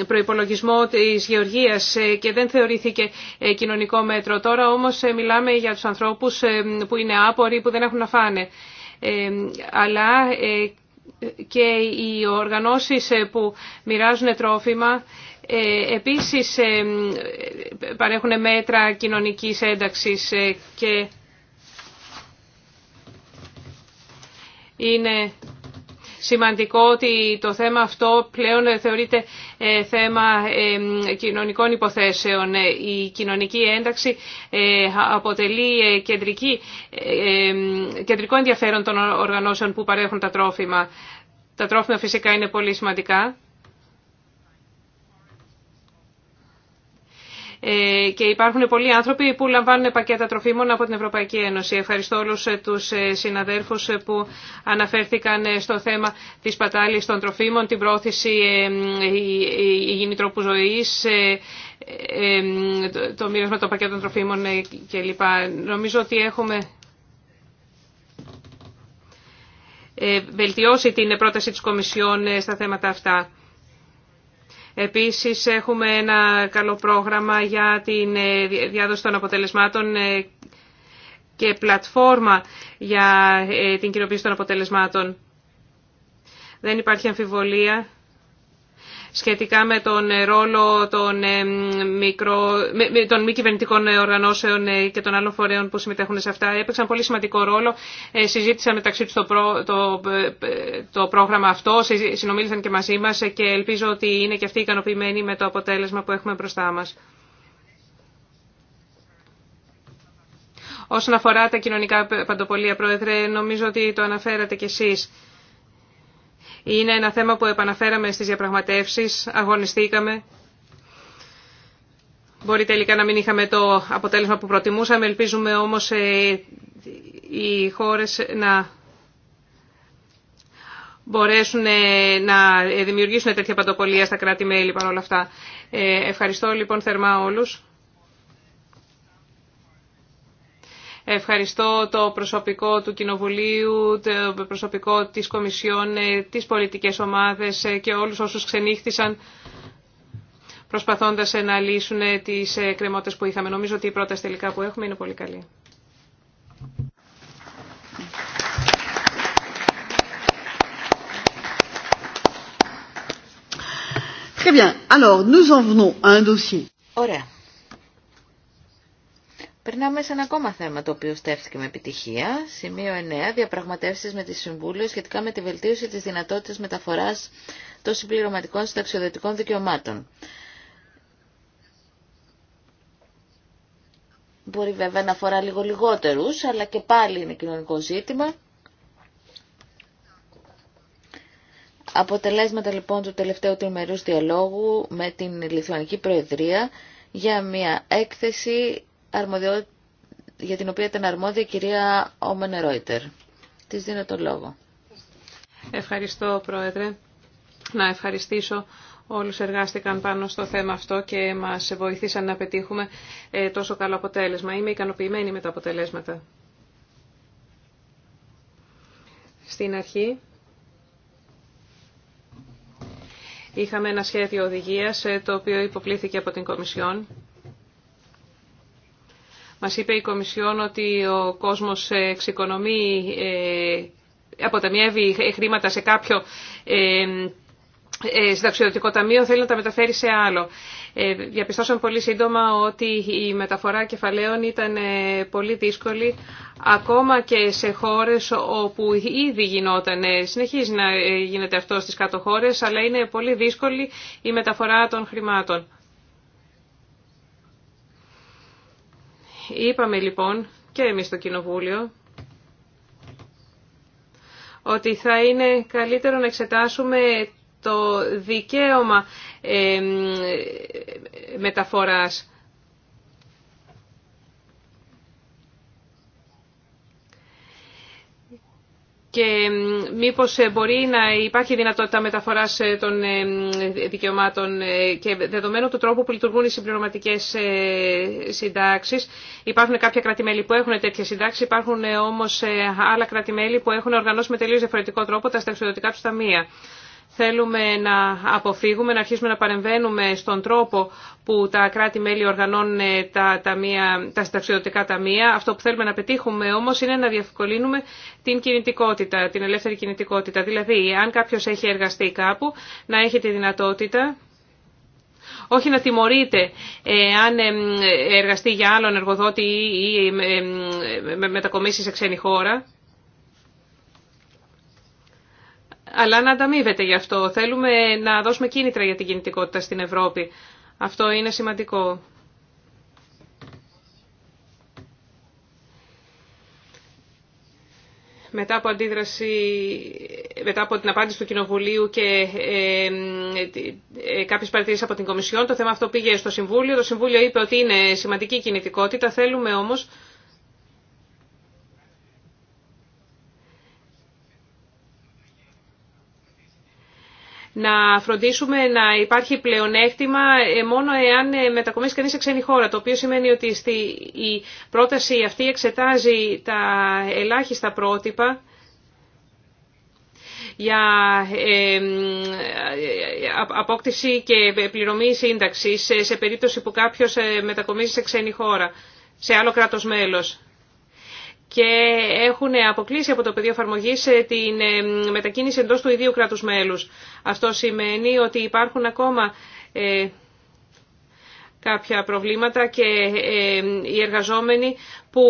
προϋπολογισμό της Γεωργίας και δεν θεωρήθηκε κοινωνικό μέτρο. Τώρα όμως μιλάμε για τους ανθρώπους που είναι άποροι, που δεν έχουν να φάνε. Αλλά και οι οργανώσεις που μοιράζουν τρόφιμα ε, επίσης ε, παρέχουν μέτρα κοινωνικής ένταξης ε, και είναι σημαντικό ότι το θέμα αυτό πλέον θεωρείται θέμα κοινωνικών υποθέσεων. Η κοινωνική ένταξη αποτελεί κεντρική, κεντρικό ενδιαφέρον των οργανώσεων που παρέχουν τα τρόφιμα. Τα τρόφιμα φυσικά είναι πολύ σημαντικά. Ε, και υπάρχουν πολλοί άνθρωποι που λαμβάνουν πακέτα τροφίμων από την Ευρωπαϊκή Ένωση. Ευχαριστώ όλους ε, τους ε, συναδέρφους που αναφέρθηκαν στο θέμα της πατάλης των τροφίμων, την πρόθεση υγιεινή τρόπου ζωής, το μοίρασμα των πακέτων τροφίμων κλπ. Νομίζω ότι έχουμε βελτιώσει την πρόταση της Κομισιόν στα θέματα αυτά. Επίσης έχουμε ένα καλό πρόγραμμα για τη ε, διάδοση των αποτελεσμάτων ε, και πλατφόρμα για ε, την κοινοποίηση των αποτελεσμάτων. Δεν υπάρχει αμφιβολία σχετικά με τον ε, ρόλο των, ε, μικρο... των μη κυβερνητικών ε, οργανώσεων και των άλλων φορέων που συμμετέχουν σε αυτά. Έπαιξαν πολύ σημαντικό ρόλο. Συζήτησαν μεταξύ του το, το... το πρόγραμμα αυτό, συνομίλησαν και μαζί μα και ελπίζω ότι είναι και αυτοί ικανοποιημένοι με το αποτέλεσμα που έχουμε μπροστά μα. Όσον αφορά τα κοινωνικά παντοπολία, Πρόεδρε, νομίζω ότι το αναφέρατε κι εσείς. Είναι ένα θέμα που επαναφέραμε στις διαπραγματεύσεις, αγωνιστήκαμε. Μπορεί τελικά να μην είχαμε το αποτέλεσμα που προτιμούσαμε, ελπίζουμε όμως ε, οι χώρες να μπορέσουν ε, να δημιουργήσουν τέτοια παντοπολία στα κράτη-μέλη παρόλα αυτά. Ε, ευχαριστώ λοιπόν θερμά όλους. Ευχαριστώ το προσωπικό του Κοινοβουλίου, το προσωπικό της Κομισιόν, ε, τις πολιτικές ομάδες ε, και όλους όσους ξενύχθησαν προσπαθώντας ε, να λύσουν τις κρεμότητες που είχαμε. Νομίζω ότι η πρόταση τελικά που έχουμε είναι πολύ καλή. Très bien. Alors, nous en venons à un dossier. Ωραία. Περνάμε σε ένα ακόμα θέμα το οποίο στέφθηκε με επιτυχία. Σημείο 9. Διαπραγματεύσεις με τη Συμβούλιο σχετικά με τη βελτίωση της δυνατότητας μεταφοράς των συμπληρωματικών συνταξιοδοτικών δικαιωμάτων. Μπορεί βέβαια να αφορά λίγο λιγότερους, αλλά και πάλι είναι κοινωνικό ζήτημα. Αποτελέσματα λοιπόν του τελευταίου τριμερούς διαλόγου με την Λιθουανική Προεδρία για μια έκθεση για την οποία ήταν αρμόδια η κυρία Όμενε Ρόιτερ. Της δίνω το λόγο. Ευχαριστώ, Πρόεδρε. Να ευχαριστήσω όλους εργάστηκαν πάνω στο θέμα αυτό και μας βοηθήσαν να πετύχουμε ε, τόσο καλό αποτέλεσμα. Είμαι ικανοποιημένη με τα αποτελέσματα. Στην αρχή είχαμε ένα σχέδιο οδηγίας ε, το οποίο υποπλήθηκε από την Κομισιόν μας είπε η Κομισιόν ότι ο κόσμος εξοικονομεί, ε, αποταμιεύει χρήματα σε κάποιο ε, ε, συνταξιδοτικό ταμείο, θέλει να τα μεταφέρει σε άλλο. Διαπιστώσαμε πολύ σύντομα ότι η μεταφορά κεφαλαίων ήταν πολύ δύσκολη, ακόμα και σε χώρες όπου ήδη γινόταν. Συνεχίζει να γίνεται αυτό στις κάτω χώρες, αλλά είναι πολύ δύσκολη η μεταφορά των χρημάτων. Είπαμε λοιπόν και εμείς στο Κοινοβούλιο ότι θα είναι καλύτερο να εξετάσουμε το δικαίωμα μεταφοράς και μήπως ε, μπορεί να υπάρχει δυνατότητα μεταφοράς ε, των ε, δικαιωμάτων και δεδομένου του τρόπου που λειτουργούν οι συμπληρωματικές συντάξεις. Υπάρχουν κάποια κρατημέλη που έχουν τέτοια τέτοια υπάρχουν όμως άλλα κρατημέλη που έχουν οργανώσει με τελείως διαφορετικό τρόπο τα στεξιδοτικά τους ταμεία. Θέλουμε να αποφύγουμε, να αρχίσουμε να παρεμβαίνουμε στον τρόπο που τα κράτη-μέλη οργανώνουν τα, ταμεία, τα συνταξιδοτικά ταμεία. Αυτό που θέλουμε να πετύχουμε όμως είναι να διευκολύνουμε την κινητικότητα, την ελεύθερη κινητικότητα. Δηλαδή, αν κάποιος έχει εργαστεί κάπου, να έχει τη δυνατότητα όχι να τιμωρείται αν εργαστεί για άλλον εργοδότη ή μετακομίσει σε ξένη χώρα. αλλά να ανταμείβεται γι' αυτό. Θέλουμε να δώσουμε κίνητρα για την κινητικότητα στην Ευρώπη. Αυτό είναι σημαντικό. Μετά από, αντίδραση, μετά από την απάντηση του Κοινοβουλίου και ε, ε, κάποιες παρατηρήσεις από την Κομισιόν, το θέμα αυτό πήγε στο Συμβούλιο. Το Συμβούλιο είπε ότι είναι σημαντική κινητικότητα. Θέλουμε όμως να φροντίσουμε να υπάρχει πλεονέκτημα ε, μόνο εάν ε, μετακομίσει κανείς σε ξένη χώρα, το οποίο σημαίνει ότι η πρόταση αυτή εξετάζει τα ελάχιστα πρότυπα για ε, απόκτηση και πληρωμή σύνταξης σε περίπτωση που κάποιος μετακομίζει σε ξένη χώρα, σε άλλο κράτος μέλος και έχουν αποκλείσει από το πεδίο εφαρμογή ε, την ε, μετακίνηση εντός του ιδίου κράτους μέλους. Αυτό σημαίνει ότι υπάρχουν ακόμα ε, κάποια προβλήματα και οι εργαζόμενοι που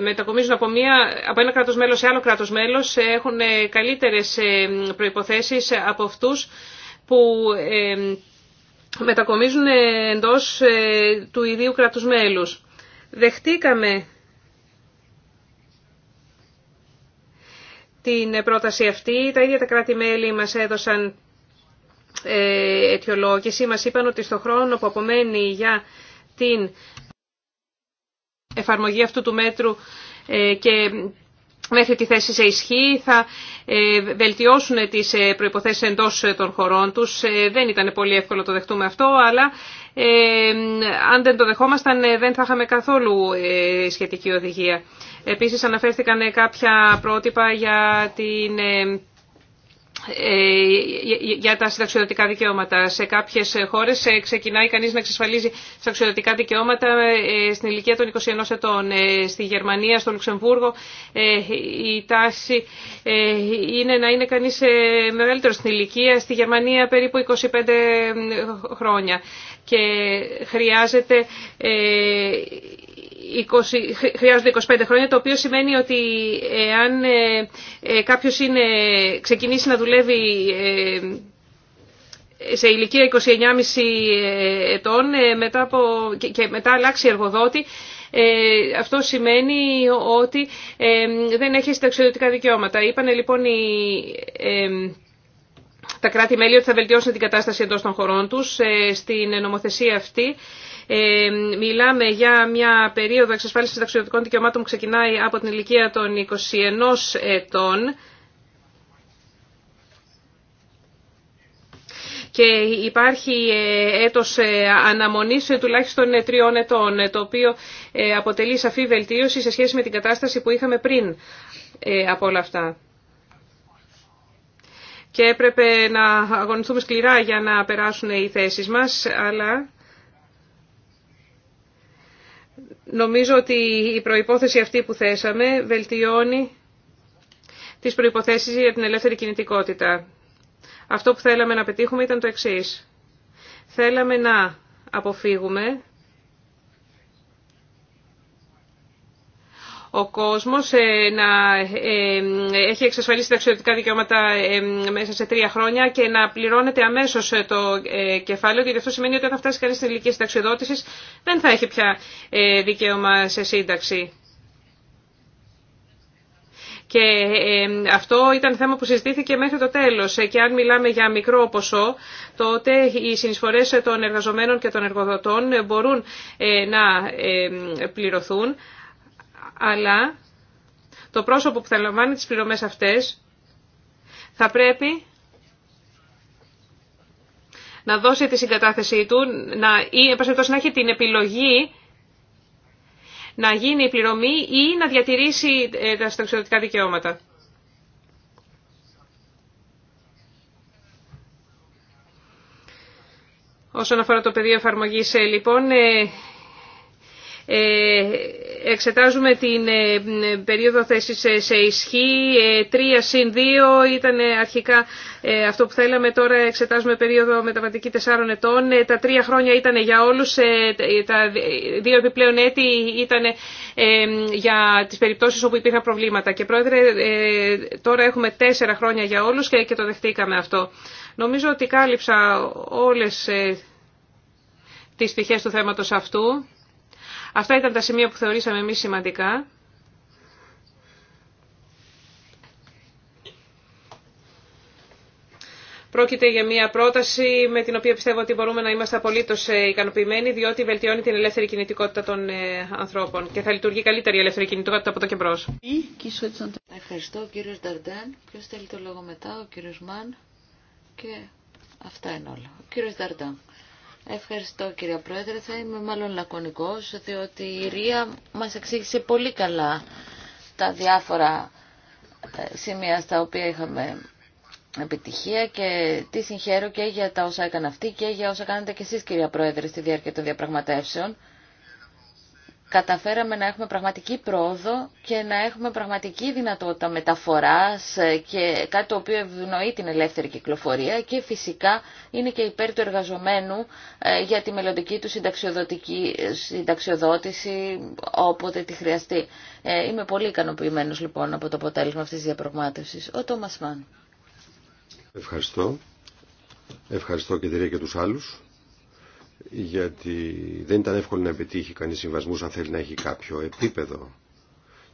μετακομίζουν από, μία, από ένα κράτος μέλος σε άλλο κράτος μέλος έχουν καλύτερες προϋποθέσεις από αυτούς που μετακομίζουν εντός του ιδίου κράτους μέλους. Δεχτήκαμε την πρόταση αυτή. Τα ίδια τα κράτη-μέλη μας έδωσαν ε, αιτιολόγηση. Μας είπαν ότι στο χρόνο που απομένει για την εφαρμογή αυτού του μέτρου ε, και μέχρι τη θέση σε ισχύ θα ε, βελτιώσουν τις προϋποθέσεις εντός των χωρών τους. Δεν ήταν πολύ εύκολο το δεχτούμε αυτό, αλλά αν δεν το δεχόμασταν δεν θα είχαμε καθόλου σχετική οδηγία. Επίσης αναφέρθηκαν κάποια πρότυπα για, την, ε, ε, για τα συνταξιοδοτικά δικαιώματα. Σε κάποιες χώρες ε, ξεκινάει κανείς να εξασφαλίζει συνταξιοδοτικά δικαιώματα στην ηλικία των 21 ετών. Στη Γερμανία, στο Λουξεμβούργο η τάση είναι να είναι κανείς μεγαλύτερο στην ηλικία. Στη Γερμανία περίπου 25 χρόνια. Και χρειάζεται 20, χρειάζονται 25 χρόνια, το οποίο σημαίνει ότι ε, αν ε, ε, κάποιος είναι, ξεκινήσει να δουλεύει σε ηλικία 29,5 ετών μετά από, και μετά αλλάξει εργοδότη, αυτό σημαίνει ότι δεν έχει συνταξιδιωτικά δικαιώματα. Είπανε λοιπόν οι, τα κράτη-μέλη ότι θα βελτιώσουν την κατάσταση εντός των χωρών τους. στην νομοθεσία αυτή ε, μιλάμε για μια περίοδο εξασφάλισης ταξιδιωτικών δικαιωμάτων που ξεκινάει από την ηλικία των 21 ετών. και υπάρχει ε, έτος ε, αναμονής τουλάχιστον τριών ετών, το οποίο αποτελεί σαφή βελτίωση σε σχέση με την κατάσταση που είχαμε πριν από όλα αυτά. Και έπρεπε να αγωνιστούμε σκληρά για να περάσουν οι θέσεις μας, αλλά Νομίζω ότι η προϋπόθεση αυτή που θέσαμε βελτιώνει τις προϋποθέσεις για την ελεύθερη κινητικότητα. Αυτό που θέλαμε να πετύχουμε ήταν το εξής. Θέλαμε να αποφύγουμε ο κόσμος ε, να ε, έχει εξασφαλίσει ταξιδιωτικά δικαιώματα ε, μέσα σε τρία χρόνια και να πληρώνεται αμέσως το κεφάλαιο, γιατί αυτό σημαίνει ότι όταν φτάσει κανείς στην ηλικία συνταξιοδότησης δεν θα έχει πια δικαίωμα σε σύνταξη. Και αυτό ήταν θέμα που συζητήθηκε μέχρι το τέλος. Και αν μιλάμε για μικρό ποσό, τότε οι συνεισφορές των εργαζομένων και των εργοδοτών μπορούν να πληρωθούν αλλά το πρόσωπο που θα λαμβάνει τις πληρωμές αυτές θα πρέπει να δώσει τη συγκατάθεσή του να, ή να έχει την επιλογή να γίνει η πληρωμή ή να διατηρήσει ε, τα συνταξιδοτικά δικαιώματα. Όσον αφορά το πεδίο εφαρμογής, ε, λοιπόν, ε, ε, εξετάζουμε την ε, περίοδο θέσης ε, σε ισχύ. 3 συν 2 ήταν αρχικά αυτό που θέλαμε. Τώρα εξετάζουμε περίοδο μεταβατική 4 ετών. Τα τρία χρόνια ήταν για όλους. Τα δύο επιπλέον έτη ήταν για τις περιπτώσεις όπου υπήρχαν προβλήματα. Και πρόεδρε, τώρα έχουμε τέσσερα χρόνια για όλους και το δεχτήκαμε αυτό. Νομίζω ότι κάλυψα όλες τις πτυχές του θέματος αυτού. Αυτά ήταν τα σημεία που θεωρήσαμε εμείς σημαντικά. Πρόκειται για μια πρόταση με την οποία πιστεύω ότι μπορούμε να είμαστε απολύτω ε, ικανοποιημένοι, διότι βελτιώνει την ελεύθερη κινητικότητα των ε, ανθρώπων και θα λειτουργεί καλύτερη η ελεύθερη κινητικότητα από το και Ευχαριστώ, Ποιο θέλει το λόγο μετά, ο Μαν. Και αυτά είναι όλα. Ο κύριο Ευχαριστώ κύριε Πρόεδρε. Θα είμαι μάλλον λακωνικός, διότι η Ρία μας εξήγησε πολύ καλά τα διάφορα ε, σημεία στα οποία είχαμε επιτυχία και τη συγχαίρω και για τα όσα έκανα αυτή και για όσα κάνετε και εσείς κυρία Πρόεδρε στη διάρκεια των διαπραγματεύσεων καταφέραμε να έχουμε πραγματική πρόοδο και να έχουμε πραγματική δυνατότητα μεταφοράς ε, και κάτι το οποίο ευνοεί την ελεύθερη κυκλοφορία και φυσικά είναι και υπέρ του εργαζομένου ε, για τη μελλοντική του ε, συνταξιοδότηση όποτε τη χρειαστεί. Είμαι πολύ ικανοποιημένος λοιπόν από το αποτέλεσμα αυτής της διαπραγμάτευσης. Ο Τόμας Μάν. Ευχαριστώ. Ευχαριστώ και και τους άλλους γιατί δεν ήταν εύκολο να επιτύχει κανείς συμβασμούς αν θέλει να έχει κάποιο επίπεδο.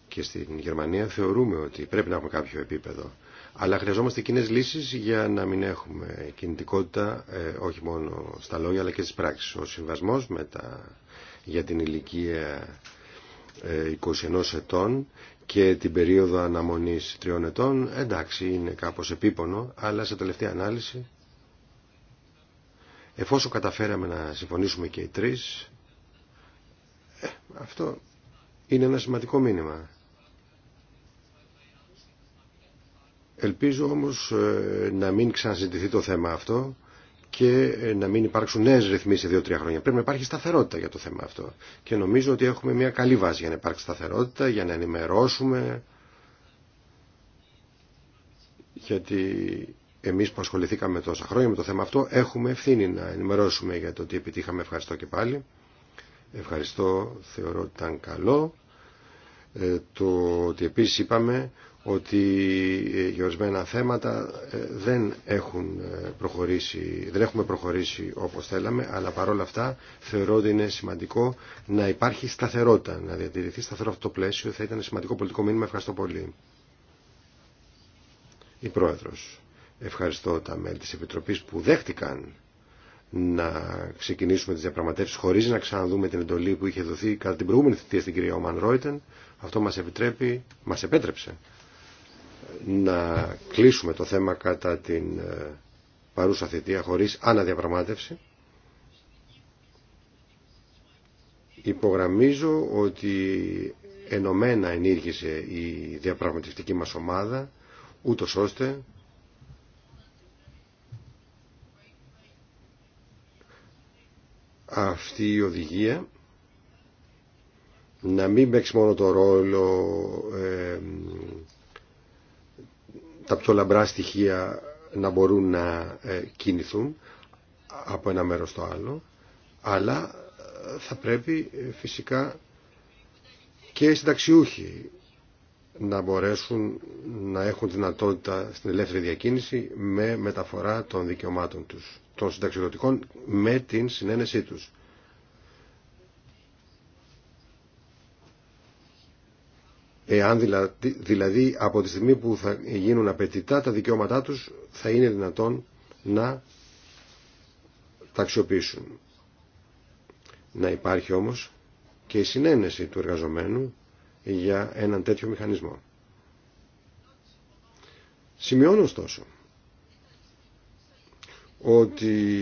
Και στην Γερμανία θεωρούμε ότι πρέπει να έχουμε κάποιο επίπεδο. Αλλά χρειαζόμαστε κοινέ λύσεις για να μην έχουμε κινητικότητα ε, όχι μόνο στα λόγια αλλά και στις πράξεις. Ο συμβασμός με τα... για την ηλικία 21 ε, ετών και την περίοδο αναμονής 3 ετών εντάξει είναι κάπως επίπονο αλλά σε τελευταία ανάλυση Εφόσον καταφέραμε να συμφωνήσουμε και οι τρεις, ε, αυτό είναι ένα σημαντικό μήνυμα. Ελπίζω όμως ε, να μην ξαναζητηθεί το θέμα αυτό και ε, να μην υπάρξουν νέες ρυθμίσει σε δύο-τρία χρόνια. Πρέπει να υπάρχει σταθερότητα για το θέμα αυτό. Και νομίζω ότι έχουμε μια καλή βάση για να υπάρξει σταθερότητα, για να ενημερώσουμε. Γιατί εμείς που ασχοληθήκαμε τόσα χρόνια με το θέμα αυτό έχουμε ευθύνη να ενημερώσουμε για το τι επιτύχαμε. Ευχαριστώ και πάλι. Ευχαριστώ, θεωρώ ότι ήταν καλό. Ε, το ότι επίσης είπαμε ότι ε, για ορισμένα θέματα ε, δεν, έχουν προχωρήσει, δεν έχουμε προχωρήσει όπως θέλαμε, αλλά παρόλα αυτά θεωρώ ότι είναι σημαντικό να υπάρχει σταθερότητα, να διατηρηθεί σταθερό αυτό το πλαίσιο, θα ήταν σημαντικό πολιτικό μήνυμα. Ευχαριστώ πολύ. Η Πρόεδρος. Ευχαριστώ τα μέλη της Επιτροπής που δέχτηκαν να ξεκινήσουμε τις διαπραγματεύσεις χωρίς να ξαναδούμε την εντολή που είχε δοθεί κατά την προηγούμενη θητεία στην κυρία Ομαν Ρόιτεν. Αυτό μας, επιτρέπει, μας επέτρεψε να κλείσουμε το θέμα κατά την ε, παρούσα θητεία χωρίς αναδιαπραγμάτευση. Υπογραμμίζω ότι ενωμένα ενήργησε η διαπραγματευτική μας ομάδα ούτως ώστε αυτή η οδηγία να μην παίξει μόνο το ρόλο τα πιο λαμπρά στοιχεία να μπορούν να ε, κινηθούν από ένα μέρος στο άλλο αλλά θα πρέπει ε, φυσικά και οι συνταξιούχοι να μπορέσουν να έχουν δυνατότητα στην ελεύθερη διακίνηση με μεταφορά των δικαιωμάτων τους, των συνταξιδοτικών, με την συνένεσή τους. Εάν δηλαδή, δηλαδή από τη στιγμή που θα γίνουν απαιτητά τα δικαιώματά τους θα είναι δυνατόν να τα αξιοποιήσουν. Να υπάρχει όμως και η συνένεση του εργαζομένου για έναν τέτοιο μηχανισμό. Σημειώνω ωστόσο ότι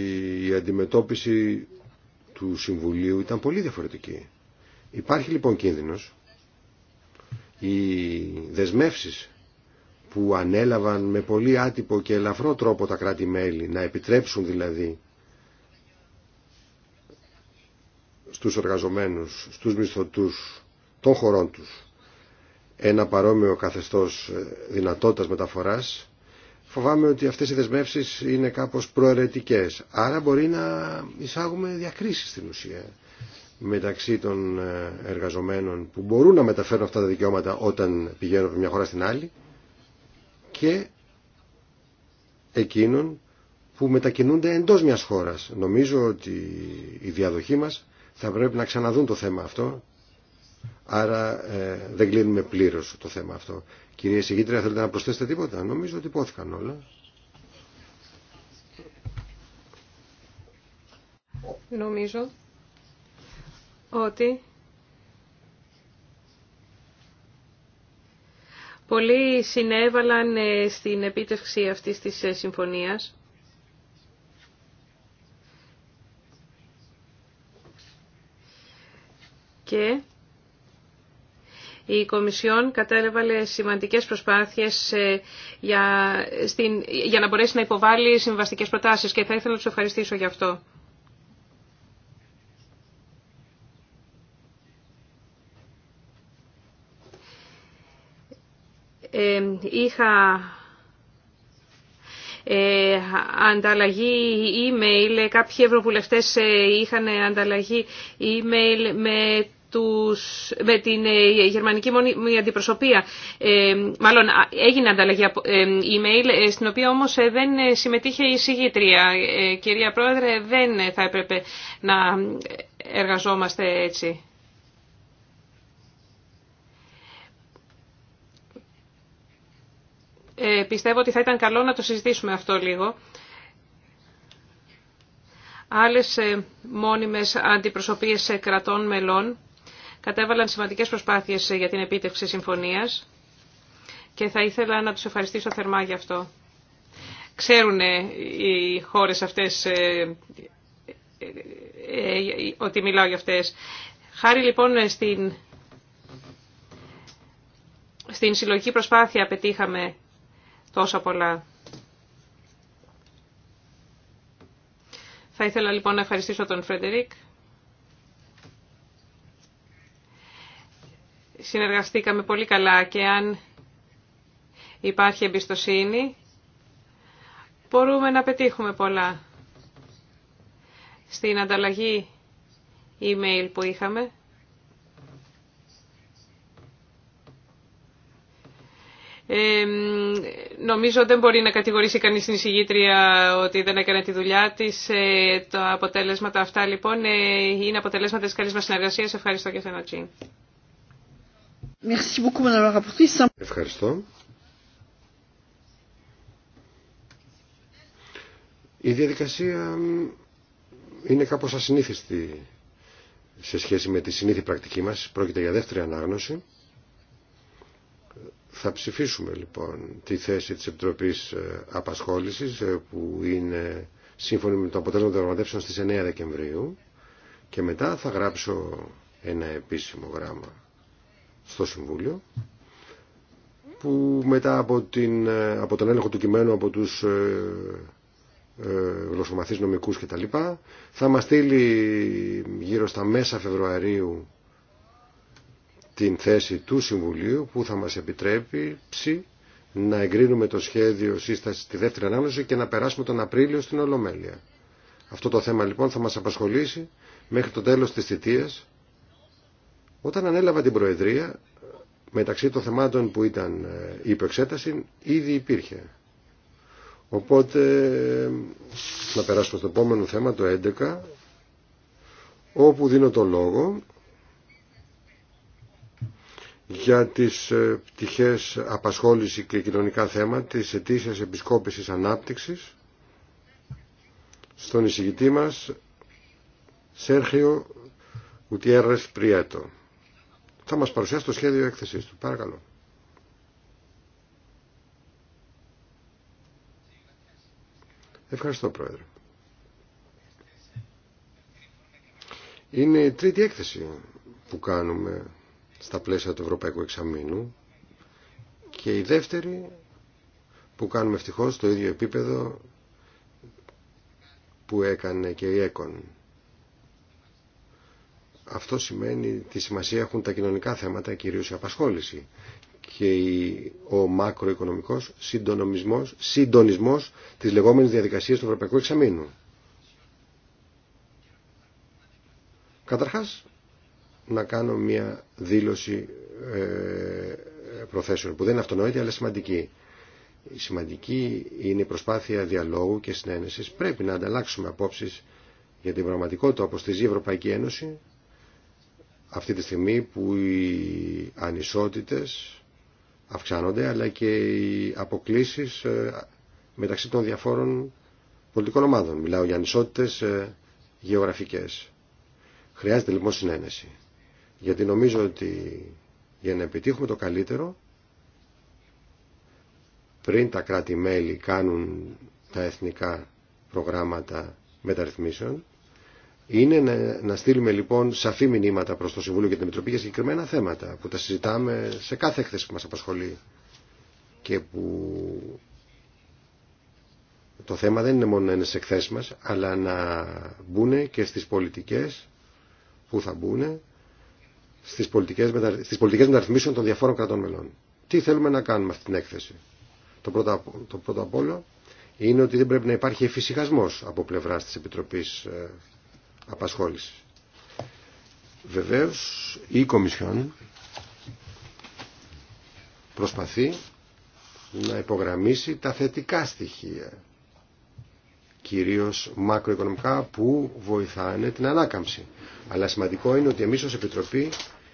η αντιμετώπιση του Συμβουλίου ήταν πολύ διαφορετική. Υπάρχει λοιπόν κίνδυνος οι δεσμεύσεις που ανέλαβαν με πολύ άτυπο και ελαφρό τρόπο τα κράτη-μέλη να επιτρέψουν δηλαδή στους εργαζομένους, στους μισθωτούς των χωρών τους ένα παρόμοιο καθεστώς ε, δυνατότητας μεταφοράς, φοβάμαι ότι αυτές οι δεσμεύσεις είναι κάπως προαιρετικές. Άρα μπορεί να εισάγουμε διακρίσεις στην ουσία μεταξύ των ε, εργαζομένων που μπορούν να μεταφέρουν αυτά τα δικαιώματα όταν πηγαίνουν από μια χώρα στην άλλη και εκείνων που μετακινούνται εντός μιας χώρας. Νομίζω ότι η διαδοχή μας θα πρέπει να ξαναδούν το θέμα αυτό Άρα ε, δεν κλείνουμε πλήρω το θέμα αυτό. Κυρία Συγήτρια, θέλετε να προσθέσετε τίποτα. Νομίζω ότι υπόθηκαν όλα. Νομίζω ότι πολλοί συνέβαλαν ε, στην επίτευξη αυτής της ε, συμφωνίας. Και η Κομισιόν κατέλαβε σημαντικές προσπάθειες ε, για, να μπορέσει να υποβάλει συμβαστικές προτάσεις και θα ήθελα να του ευχαριστήσω γι' αυτό. Ε, είχα ε, ανταλλαγή email, κάποιοι ευρωβουλευτές ε, είχαν ανταλλαγή email με τους, με την ε, γερμανική μια αντιπροσωπεία. Ε, μάλλον έγινε ανταλλαγή ε, email, στην οποία όμως δεν συμμετείχε η συγγήτρια. κυρία Πρόεδρε, δεν θα έπρεπε να εργαζόμαστε έτσι. πιστεύω ότι θα ήταν καλό να το συζητήσουμε αυτό λίγο. Άλλες μόνιμες αντιπροσωπείες κρατών μελών κατέβαλαν σημαντικές προσπάθειες για την επίτευξη συμφωνίας και θα ήθελα να τους ευχαριστήσω θερμά γι' αυτό. Ξέρουν ε, οι χώρες αυτές ε, ε, ότι μιλάω για αυτές. Χάρη λοιπόν στην, στην συλλογική προσπάθεια πετύχαμε τόσα πολλά. Θα ήθελα λοιπόν να ευχαριστήσω τον Φρεντερίκ. συνεργαστήκαμε πολύ καλά και αν υπάρχει εμπιστοσύνη, μπορούμε να πετύχουμε πολλά. Στην ανταλλαγή email που είχαμε, Ε, νομίζω δεν μπορεί να κατηγορήσει κανείς την εισηγήτρια ότι δεν έκανε τη δουλειά της. Ε, τα αποτελέσματα αυτά λοιπόν ε, είναι αποτελέσματα της καλής μας συνεργασίας. Ευχαριστώ και σένα, Τζιν. Ευχαριστώ. Η διαδικασία είναι κάπως ασυνήθιστη σε σχέση με τη συνήθη πρακτική μας. Πρόκειται για δεύτερη ανάγνωση. Θα ψηφίσουμε λοιπόν τη θέση της Επιτροπής ε, Απασχόλησης ε, που είναι σύμφωνη με το αποτέλεσμα των διαπραγματεύσεων στις 9 Δεκεμβρίου και μετά θα γράψω ένα επίσημο γράμμα στο Συμβούλιο που μετά από, την, ε, από τον έλεγχο του κειμένου από τους ε, ε, γλωσσομαθείς νομικούς λοιπά, θα μας στείλει γύρω στα μέσα Φεβρουαρίου την θέση του Συμβουλίου που θα μας επιτρέπει να εγκρίνουμε το σχέδιο σύσταση στη δεύτερη ανάγνωση και να περάσουμε τον Απρίλιο στην Ολομέλεια. Αυτό το θέμα λοιπόν θα μας απασχολήσει μέχρι το τέλος της θητείας όταν ανέλαβα την Προεδρία, μεταξύ των θεμάτων που ήταν ε, υποεξέταση, ήδη υπήρχε. Οπότε, να περάσω στο επόμενο θέμα, το 11, όπου δίνω το λόγο για τις ε, πτυχές απασχόληση και κοινωνικά θέματα της ετήσιας επισκόπησης ανάπτυξης στον εισηγητή μας Σέρχιο Ουτιέρες Πριέτο θα μας παρουσιάσει το σχέδιο έκθεσής του. Παρακαλώ. Ευχαριστώ Πρόεδρε. Είναι η τρίτη έκθεση που κάνουμε στα πλαίσια του Ευρωπαϊκού Εξαμήνου και η δεύτερη που κάνουμε ευτυχώς στο ίδιο επίπεδο που έκανε και η ΕΚΟΝ. Αυτό σημαίνει τη σημασία έχουν τα κοινωνικά θέματα, κυρίως η απασχόληση και ο μακροοικονομικός συντονισμός, συντονισμός της λεγόμενης διαδικασίας του Ευρωπαϊκού Εξαμήνου. Καταρχάς, να κάνω μια δήλωση ε, προθέσεων που δεν είναι αυτονόητη αλλά σημαντική. Η σημαντική είναι η προσπάθεια διαλόγου και συνένεσης. Πρέπει να ανταλλάξουμε απόψεις για την πραγματικότητα όπως τη ζει η Ευρωπαϊκή Ένωση αυτή τη στιγμή που οι ανισότητες αυξάνονται αλλά και οι αποκλίσεις ε, μεταξύ των διαφόρων πολιτικών ομάδων. Μιλάω για ανισότητες ε, γεωγραφικές. Χρειάζεται λοιπόν συνένεση. Γιατί νομίζω ότι για να επιτύχουμε το καλύτερο πριν τα κράτη-μέλη κάνουν τα εθνικά προγράμματα μεταρρυθμίσεων είναι να στείλουμε λοιπόν σαφή μηνύματα προς το Συμβούλιο και την Επιτροπή για συγκεκριμένα θέματα που τα συζητάμε σε κάθε έκθεση που μας απασχολεί και που το θέμα δεν είναι μόνο να είναι σε εκθέσεις μας αλλά να μπουν και στις πολιτικές που θα μπουν στις πολιτικές, μετα... στις πολιτικές μεταρρυθμίσεων των διαφόρων κρατών μελών. Τι θέλουμε να κάνουμε αυτή την έκθεση. Το πρώτο, το πρώτο απ' όλο είναι ότι δεν πρέπει να υπάρχει εφησυχασμός από πλευράς της Επιτροπής ε, Απασχόληση. Βεβαίως η Κομισιόν προσπαθεί να υπογραμμίσει τα θετικά στοιχεία κυρίως μακροοικονομικά που βοηθάνε την ανάκαμψη. Αλλά σημαντικό είναι ότι εμείς ως Επιτροπή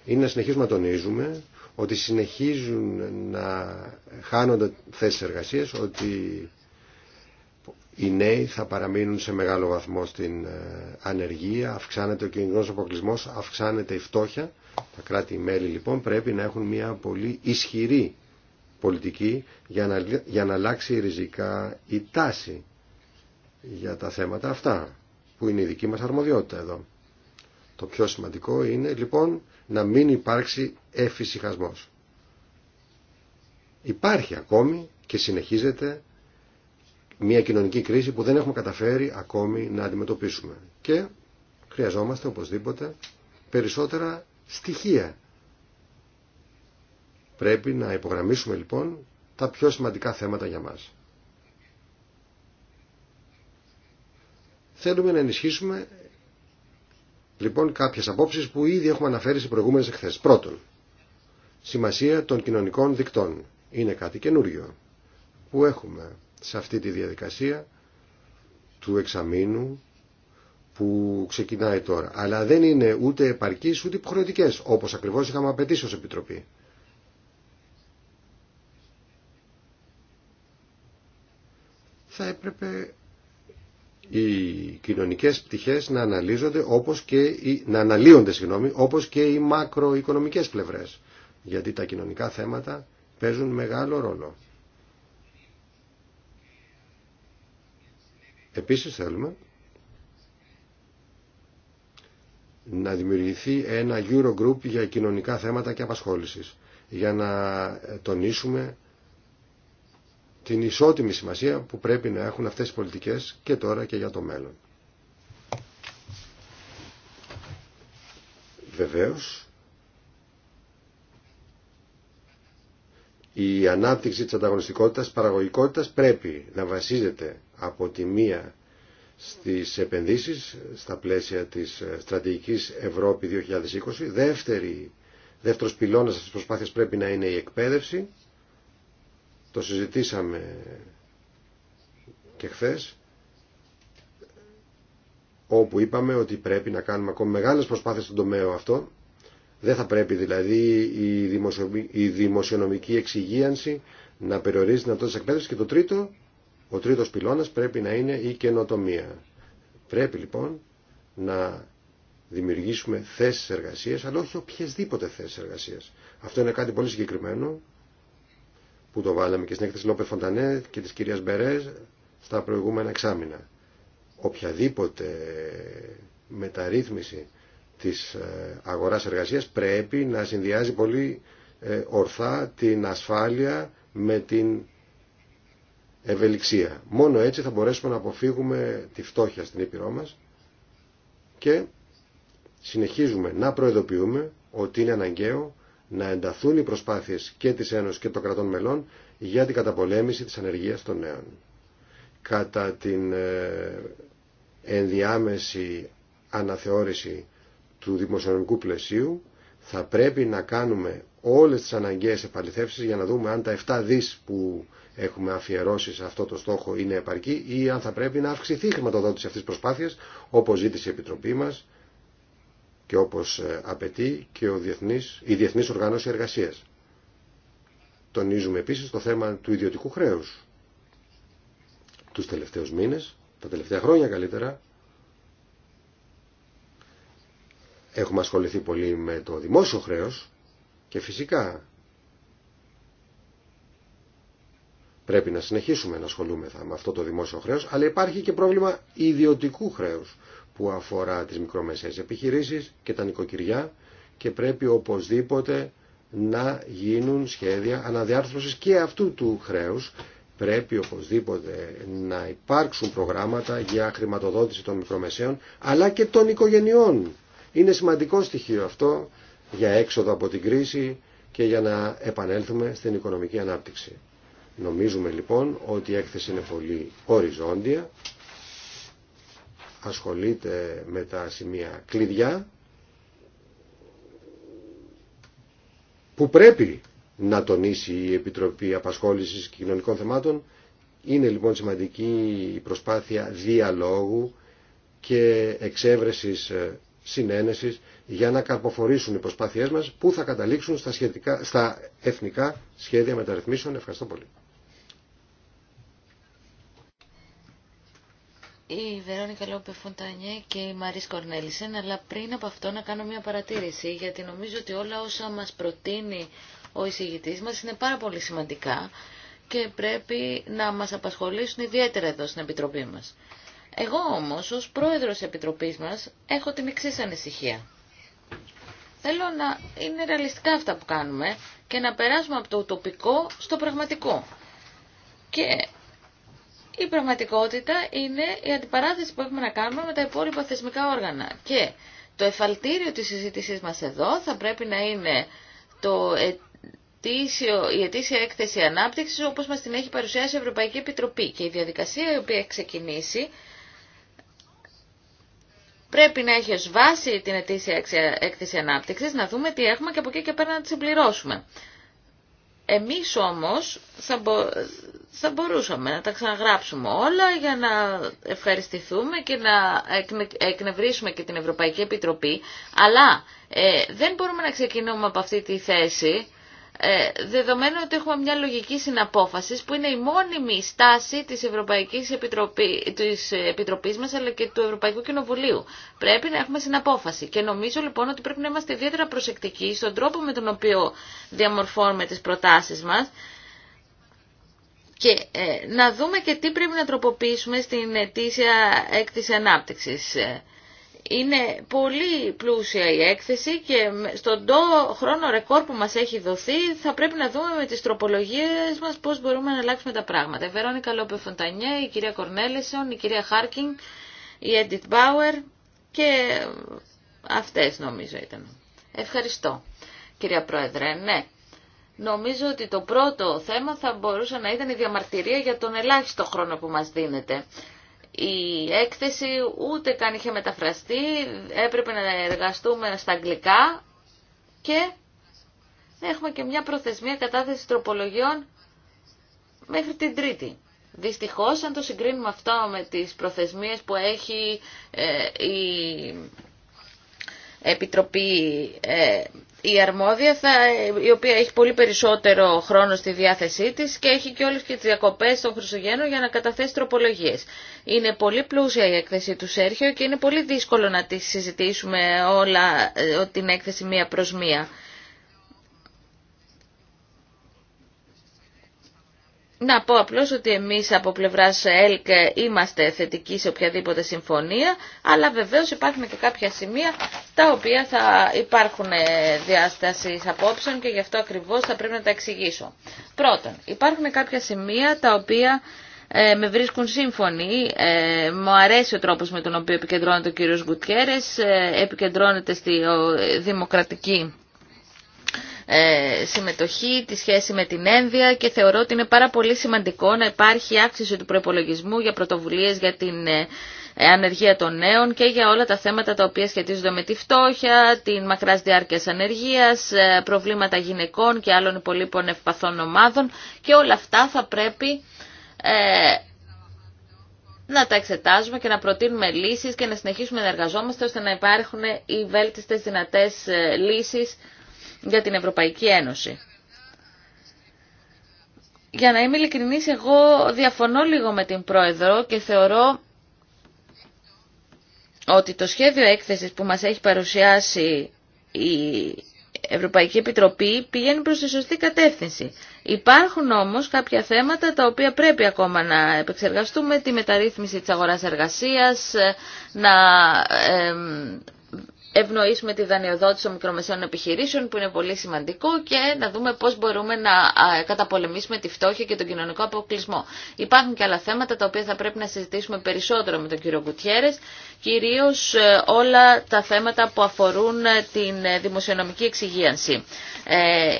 είναι να συνεχίζουμε να τονίζουμε ότι συνεχίζουν να χάνονται θέσεις εργασίας, ότι οι νέοι θα παραμείνουν σε μεγάλο βαθμό στην ε, ανεργία, αυξάνεται ο κοινωνικός αποκλεισμό, αυξάνεται η φτώχεια. Τα κράτη-μέλη λοιπόν πρέπει να έχουν μια πολύ ισχυρή πολιτική για να, για να αλλάξει ριζικά η τάση για τα θέματα αυτά, που είναι η δική μας αρμοδιότητα εδώ. Το πιο σημαντικό είναι λοιπόν να μην υπάρξει εφησυχασμός. Υπάρχει ακόμη και συνεχίζεται μια κοινωνική κρίση που δεν έχουμε καταφέρει ακόμη να αντιμετωπίσουμε. Και χρειαζόμαστε οπωσδήποτε περισσότερα στοιχεία. Πρέπει να υπογραμμίσουμε λοιπόν τα πιο σημαντικά θέματα για μας. Θέλουμε να ενισχύσουμε λοιπόν κάποιες απόψεις που ήδη έχουμε αναφέρει σε προηγούμενες εκθέσεις. Πρώτον, σημασία των κοινωνικών δικτών. Είναι κάτι καινούριο που έχουμε σε αυτή τη διαδικασία του εξαμήνου που ξεκινάει τώρα. Αλλά δεν είναι ούτε επαρκείς ούτε υποχρεωτικές, όπως ακριβώς είχαμε απαιτήσει ως Επιτροπή. Θα έπρεπε οι κοινωνικές πτυχές να αναλύονται όπως και οι, να αναλύονται όπως και οι μακροοικονομικές πλευρές γιατί τα κοινωνικά θέματα παίζουν μεγάλο ρόλο Επίσης θέλουμε να δημιουργηθεί ένα Eurogroup για κοινωνικά θέματα και απασχόλησης για να τονίσουμε την ισότιμη σημασία που πρέπει να έχουν αυτές οι πολιτικές και τώρα και για το μέλλον. Βεβαίως, η ανάπτυξη της ανταγωνιστικότητας παραγωγικότητας πρέπει να βασίζεται από τη μία στις επενδύσεις στα πλαίσια της στρατηγικής Ευρώπη 2020. Δεύτερη, δεύτερος πυλώνας της προσπάθειας πρέπει να είναι η εκπαίδευση. Το συζητήσαμε και χθε όπου είπαμε ότι πρέπει να κάνουμε ακόμη μεγάλες προσπάθειες στον τομέα αυτό δεν θα πρέπει δηλαδή η δημοσιονομική εξυγίανση να περιορίζει της εκπαίδευση. Και το τρίτο, ο τρίτος πυλώνας πρέπει να είναι η καινοτομία. Πρέπει λοιπόν να δημιουργήσουμε θέσεις εργασίας, αλλά όχι οποιασδήποτε θέσεις εργασίας. Αυτό είναι κάτι πολύ συγκεκριμένο, που το βάλαμε και στην έκθεση Λόπε Φοντανέ και της κυρίας Μπερές στα προηγούμενα εξάμεινα. Οποιαδήποτε μεταρρύθμιση της ε, αγοράς εργασίας πρέπει να συνδυάζει πολύ ε, ορθά την ασφάλεια με την ευελιξία. Μόνο έτσι θα μπορέσουμε να αποφύγουμε τη φτώχεια στην Ήπειρό μας και συνεχίζουμε να προειδοποιούμε ότι είναι αναγκαίο να ενταθούν οι προσπάθειες και της Ένωσης και των κρατών μελών για την καταπολέμηση της ανεργίας των νέων. Κατά την ε, ενδιάμεση αναθεώρηση του δημοσιονομικού πλαισίου θα πρέπει να κάνουμε όλες τις αναγκαίες επαληθεύσεις για να δούμε αν τα 7 δις που έχουμε αφιερώσει σε αυτό το στόχο είναι επαρκή ή αν θα πρέπει να αυξηθεί η χρηματοδότηση αυτής της προσπάθειας όπως ζήτησε η Επιτροπή μας και όπως ε, απαιτεί και ο διεθνής, η Διεθνής Οργάνωση Εργασίας. Τονίζουμε επίσης το θέμα του ιδιωτικού χρέους. Τους τελευταίους μήνες, τα τελευταία χρόνια καλύτερα, Έχουμε ασχοληθεί πολύ με το δημόσιο χρέος και φυσικά πρέπει να συνεχίσουμε να ασχολούμεθα με αυτό το δημόσιο χρέος, αλλά υπάρχει και πρόβλημα ιδιωτικού χρέους που αφορά τις μικρομεσαίες επιχειρήσεις και τα νοικοκυριά και πρέπει οπωσδήποτε να γίνουν σχέδια αναδιάρθρωσης και αυτού του χρέους. Πρέπει οπωσδήποτε να υπάρξουν προγράμματα για χρηματοδότηση των μικρομεσαίων αλλά και των οικογενειών είναι σημαντικό στοιχείο αυτό για έξοδο από την κρίση και για να επανέλθουμε στην οικονομική ανάπτυξη. Νομίζουμε λοιπόν ότι η έκθεση είναι πολύ οριζόντια, ασχολείται με τα σημεία κλειδιά που πρέπει να τονίσει η Επιτροπή Απασχόλησης Κοινωνικών Θεμάτων. Είναι λοιπόν σημαντική η προσπάθεια διαλόγου και εξέβρεσης συνένεσης για να καρποφορήσουν οι προσπάθειές μας που θα καταλήξουν στα, σχετικά, στα εθνικά σχέδια μεταρρυθμίσεων. Ευχαριστώ πολύ. η Βερόνικα Λόπε Φοντανιέ και η Μαρίς Κορνέλισεν, αλλά πριν από αυτό να κάνω μια παρατήρηση, γιατί νομίζω ότι όλα όσα μας προτείνει ο εισηγητής μας είναι πάρα πολύ σημαντικά και πρέπει να μας απασχολήσουν ιδιαίτερα εδώ στην Επιτροπή μας. Εγώ όμως, ως πρόεδρος επιτροπής μας, έχω την εξή ανησυχία. Θέλω να είναι ρεαλιστικά αυτά που κάνουμε και να περάσουμε από το τοπικό στο πραγματικό. Και η πραγματικότητα είναι η αντιπαράθεση που έχουμε να κάνουμε με τα υπόλοιπα θεσμικά όργανα. Και το εφαλτήριο της συζήτησής μας εδώ θα πρέπει να είναι το η ετήσια έκθεση ανάπτυξης όπως μας την έχει παρουσιάσει η Ευρωπαϊκή Επιτροπή και η διαδικασία η οποία έχει ξεκινήσει Πρέπει να έχει βάση την ετήσια έκθεση ανάπτυξης, να δούμε τι έχουμε και από εκεί και πέρα να τη συμπληρώσουμε. Εμείς όμως θα, θα μπορούσαμε να τα ξαναγράψουμε όλα για να ευχαριστηθούμε και να εκνευρίσουμε και την Ευρωπαϊκή Επιτροπή, αλλά ε, δεν μπορούμε να ξεκινούμε από αυτή τη θέση ε, δεδομένου ότι έχουμε μια λογική συναπόφαση που είναι η μόνιμη στάση της Ευρωπαϊκής Επιτροπή, της Επιτροπής μας αλλά και του Ευρωπαϊκού Κοινοβουλίου. Πρέπει να έχουμε συναπόφαση και νομίζω λοιπόν ότι πρέπει να είμαστε ιδιαίτερα προσεκτικοί στον τρόπο με τον οποίο διαμορφώνουμε τις προτάσεις μας και ε, να δούμε και τι πρέπει να τροποποιήσουμε στην ετήσια έκτηση ανάπτυξης. Ε, είναι πολύ πλούσια η έκθεση και στον τό χρόνο ρεκόρ που μας έχει δοθεί θα πρέπει να δούμε με τις τροπολογίες μας πώς μπορούμε να αλλάξουμε τα πράγματα. Η Βερόνικα Λόπε Φοντανιέ, η κυρία Κορνέλεσον, η κυρία Χάρκινγκ, η Έντιτ Μπάουερ και αυτές νομίζω ήταν. Ευχαριστώ κυρία Πρόεδρε. Ναι, νομίζω ότι το πρώτο θέμα θα μπορούσε να ήταν η διαμαρτυρία για τον ελάχιστο χρόνο που μας δίνεται η έκθεση ούτε καν είχε μεταφραστεί, έπρεπε να εργαστούμε στα αγγλικά και έχουμε και μια προθεσμία κατάθεση τροπολογιών μέχρι την Τρίτη. Δυστυχώς, αν το συγκρίνουμε αυτό με τις προθεσμίες που έχει ε, η Επιτροπή ε, η αρμόδια, η οποία έχει πολύ περισσότερο χρόνο στη διάθεσή της και έχει και όλες και τις διακοπές των Χριστουγέννων για να καταθέσει τροπολογίες. Είναι πολύ πλούσια η έκθεση του Σέρχιο και είναι πολύ δύσκολο να τη συζητήσουμε όλα ε, την έκθεση μία προς μία. Να πω απλώς ότι εμείς από πλευράς ΕΛΚ είμαστε θετικοί σε οποιαδήποτε συμφωνία, αλλά βεβαίως υπάρχουν και κάποια σημεία τα οποία θα υπάρχουν διάσταση απόψεων και γι' αυτό ακριβώς θα πρέπει να τα εξηγήσω. Πρώτον, υπάρχουν κάποια σημεία τα οποία ε, με βρίσκουν σύμφωνοι. Ε, μου αρέσει ο τρόπος με τον οποίο επικεντρώνεται ο κύριος Γκουτιέρες, ε, επικεντρώνεται στη δημοκρατική ε, συμμετοχή, τη σχέση με την ένδια και θεωρώ ότι είναι πάρα πολύ σημαντικό να υπάρχει αύξηση του προπολογισμού για πρωτοβουλίες για την ε, ε, ανεργία των νέων και για όλα τα θέματα τα οποία σχετίζονται με τη φτώχεια, την μακράς διάρκεια ανεργίας, προβλήματα γυναικών και άλλων υπολείπων ευπαθών ομάδων και όλα αυτά θα πρέπει να τα εξετάζουμε και να προτείνουμε λύσεις και να συνεχίσουμε να εργαζόμαστε ώστε να υπάρχουν οι βέλτιστε δυνατές λύσεις για την Ευρωπαϊκή Ένωση. Για να είμαι ειλικρινής, εγώ διαφωνώ λίγο με την Πρόεδρο και θεωρώ ότι το σχέδιο έκθεσης που μας έχει παρουσιάσει η Ευρωπαϊκή Επιτροπή πηγαίνει προς τη σωστή κατεύθυνση. Υπάρχουν όμως κάποια θέματα τα οποία πρέπει ακόμα να επεξεργαστούμε, τη μεταρρύθμιση της αγοράς εργασίας, να ευνοήσουμε τη δανειοδότηση των μικρομεσαίων επιχειρήσεων που είναι πολύ σημαντικό και να δούμε πώς μπορούμε να καταπολεμήσουμε τη φτώχεια και τον κοινωνικό αποκλεισμό. Υπάρχουν και άλλα θέματα τα οποία θα πρέπει να συζητήσουμε περισσότερο με τον κύριο Κουτιέρες, κυρίως ε, όλα τα θέματα που αφορούν ε, την ε, δημοσιονομική εξυγίανση.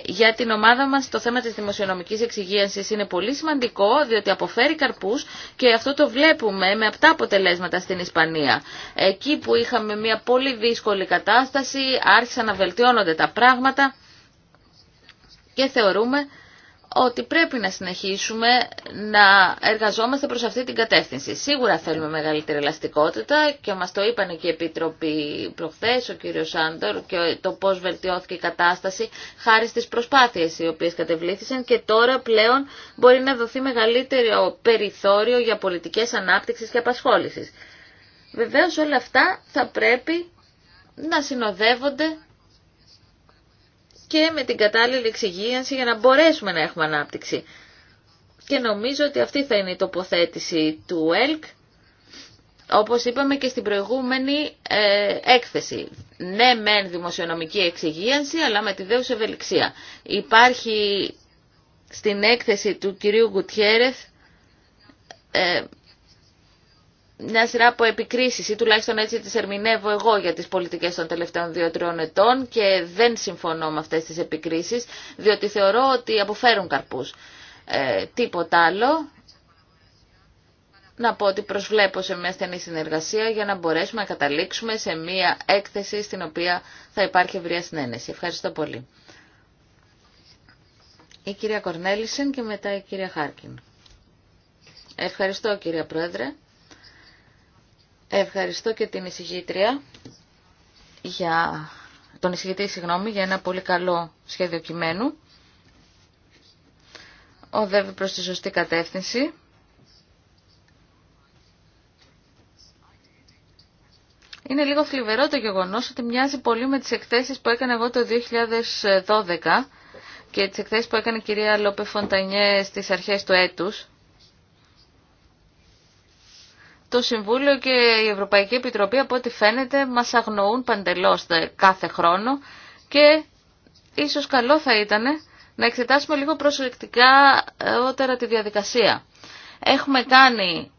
για την ομάδα μας το θέμα της δημοσιονομικής εξυγίανσης είναι πολύ σημαντικό διότι αποφέρει καρπούς και αυτό το βλέπουμε με αυτά αποτελέσματα στην Ισπανία. Εκεί που είχαμε μια πολύ δύσκολη κατάσταση, άρχισαν να βελτιώνονται τα πράγματα και θεωρούμε ότι πρέπει να συνεχίσουμε να εργαζόμαστε προς αυτή την κατεύθυνση. Σίγουρα θέλουμε μεγαλύτερη ελαστικότητα και μας το είπαν και οι Επίτροποι προχθές, ο κύριος Σάντορ, και το πώς βελτιώθηκε η κατάσταση χάρη στις προσπάθειες οι οποίες κατεβλήθησαν και τώρα πλέον μπορεί να δοθεί μεγαλύτερο περιθώριο για πολιτικές ανάπτυξης και απασχόλησης. Βεβαίως όλα αυτά θα πρέπει να συνοδεύονται και με την κατάλληλη εξυγίανση για να μπορέσουμε να έχουμε ανάπτυξη. Και νομίζω ότι αυτή θα είναι η τοποθέτηση του ΕΛΚ, όπως είπαμε και στην προηγούμενη ε, έκθεση. Ναι μεν δημοσιονομική εξυγίανση, αλλά με τη δέους ευελιξία. Υπάρχει στην έκθεση του κυρίου Γκουτιέρεθ ε, μια σειρά από επικρίσεις ή τουλάχιστον έτσι τις ερμηνεύω εγώ για τις πολιτικές των τελευταίων δύο-τριών ετών και δεν συμφωνώ με αυτές τις επικρίσεις διότι θεωρώ ότι αποφέρουν καρπούς. Ε, τίποτα άλλο. Να πω ότι προσβλέπω σε μια στενή συνεργασία για να μπορέσουμε να καταλήξουμε σε μια έκθεση στην οποία θα υπάρχει ευρεία συνένεση. Ευχαριστώ πολύ. Η κυρία Κορνέλησεν και μετά η κυρία Χάρκιν. Ευχαριστώ κυρία Πρόεδρε. Ευχαριστώ και την εισηγήτρια για τον εισηγητή, συγγνώμη, για ένα πολύ καλό σχέδιο κειμένου. Οδεύει προς τη σωστή κατεύθυνση. Είναι λίγο θλιβερό το γεγονός ότι μοιάζει πολύ με τις εκθέσεις που έκανα εγώ το 2012 και τις εκθέσεις που έκανε η κυρία Λόπε Φοντανιέ στις αρχές του έτους το Συμβούλιο και η Ευρωπαϊκή Επιτροπή από ό,τι φαίνεται μας αγνοούν παντελώς κάθε χρόνο και ίσως καλό θα ήταν να εξετάσουμε λίγο προσεκτικά ε, ότερα τη διαδικασία. Έχουμε κάνει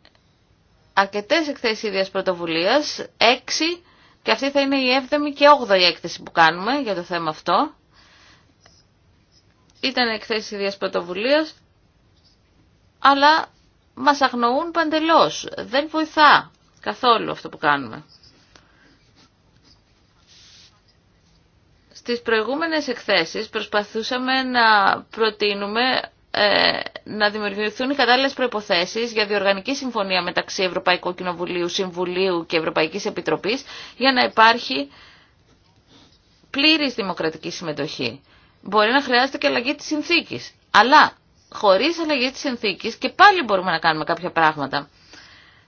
αρκετές εκθέσεις ίδιας πρωτοβουλίας, έξι και αυτή θα είναι η έβδομη και όγδοη έκθεση που κάνουμε για το θέμα αυτό. Ήταν εκθέσεις ίδιας πρωτοβουλίας, αλλά μας αγνοούν παντελώς. Δεν βοηθά καθόλου αυτό που κάνουμε. Στις προηγούμενες εκθέσεις προσπαθούσαμε να προτείνουμε ε, να δημιουργηθούν οι κατάλληλε προποθέσει για διοργανική συμφωνία μεταξύ Ευρωπαϊκού Κοινοβουλίου, Συμβουλίου και Ευρωπαϊκής Επιτροπής για να υπάρχει πλήρης δημοκρατική συμμετοχή. Μπορεί να χρειάζεται και αλλαγή της συνθήκης. Αλλά χωρίς αλλαγή της συνθήκης και πάλι μπορούμε να κάνουμε κάποια πράγματα.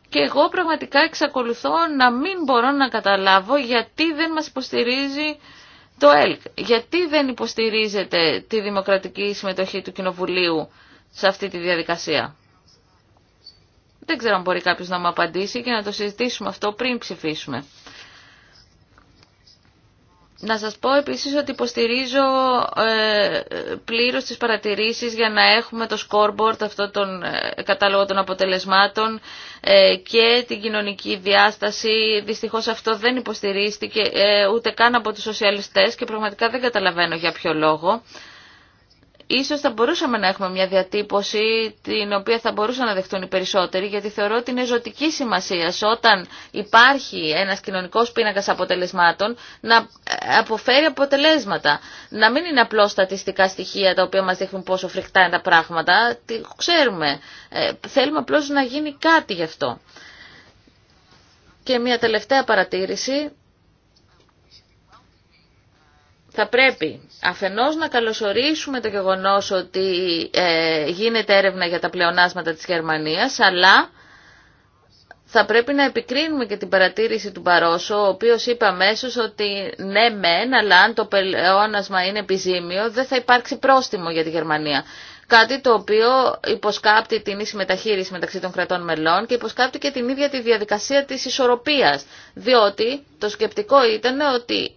Και εγώ πραγματικά εξακολουθώ να μην μπορώ να καταλάβω γιατί δεν μας υποστηρίζει το ΕΛΚ. Γιατί δεν υποστηρίζεται τη δημοκρατική συμμετοχή του Κοινοβουλίου σε αυτή τη διαδικασία. Δεν ξέρω αν μπορεί κάποιος να μου απαντήσει και να το συζητήσουμε αυτό πριν ψηφίσουμε. Να σας πω επίσης ότι υποστηρίζω ε, πλήρως τις παρατηρήσεις για να έχουμε το scoreboard, αυτό τον ε, κατάλογο των αποτελεσμάτων ε, και την κοινωνική διάσταση. Δυστυχώς αυτό δεν υποστηρίστηκε ε, ούτε καν από τους σοσιαλιστές και πραγματικά δεν καταλαβαίνω για ποιο λόγο. Ίσως θα μπορούσαμε να έχουμε μια διατύπωση την οποία θα μπορούσαν να δεχτούν οι περισσότεροι γιατί θεωρώ ότι είναι ζωτική σημασία όταν υπάρχει ένας κοινωνικός πίνακας αποτελεσμάτων να ε, αποφέρει αποτελέσματα. Να μην είναι απλώς στατιστικά στοιχεία τα οποία μας δείχνουν πόσο φρικτά είναι τα πράγματα. Τι ξέρουμε. Ε, θέλουμε απλώς να γίνει κάτι γι' αυτό. Και μια τελευταία παρατήρηση θα πρέπει αφενός να καλωσορίσουμε το γεγονός ότι ε, γίνεται έρευνα για τα πλεονάσματα της Γερμανίας, αλλά θα πρέπει να επικρίνουμε και την παρατήρηση του Μπαρόσο ο οποίος είπε αμέσως ότι ναι μεν, αλλά αν το πλεόνασμα είναι επιζήμιο, δεν θα υπάρξει πρόστιμο για τη Γερμανία. Κάτι το οποίο υποσκάπτει την ίση μεταχείριση μεταξύ των κρατών μελών και υποσκάπτει και την ίδια τη διαδικασία της ισορροπίας. Διότι το σκεπτικό ήταν ότι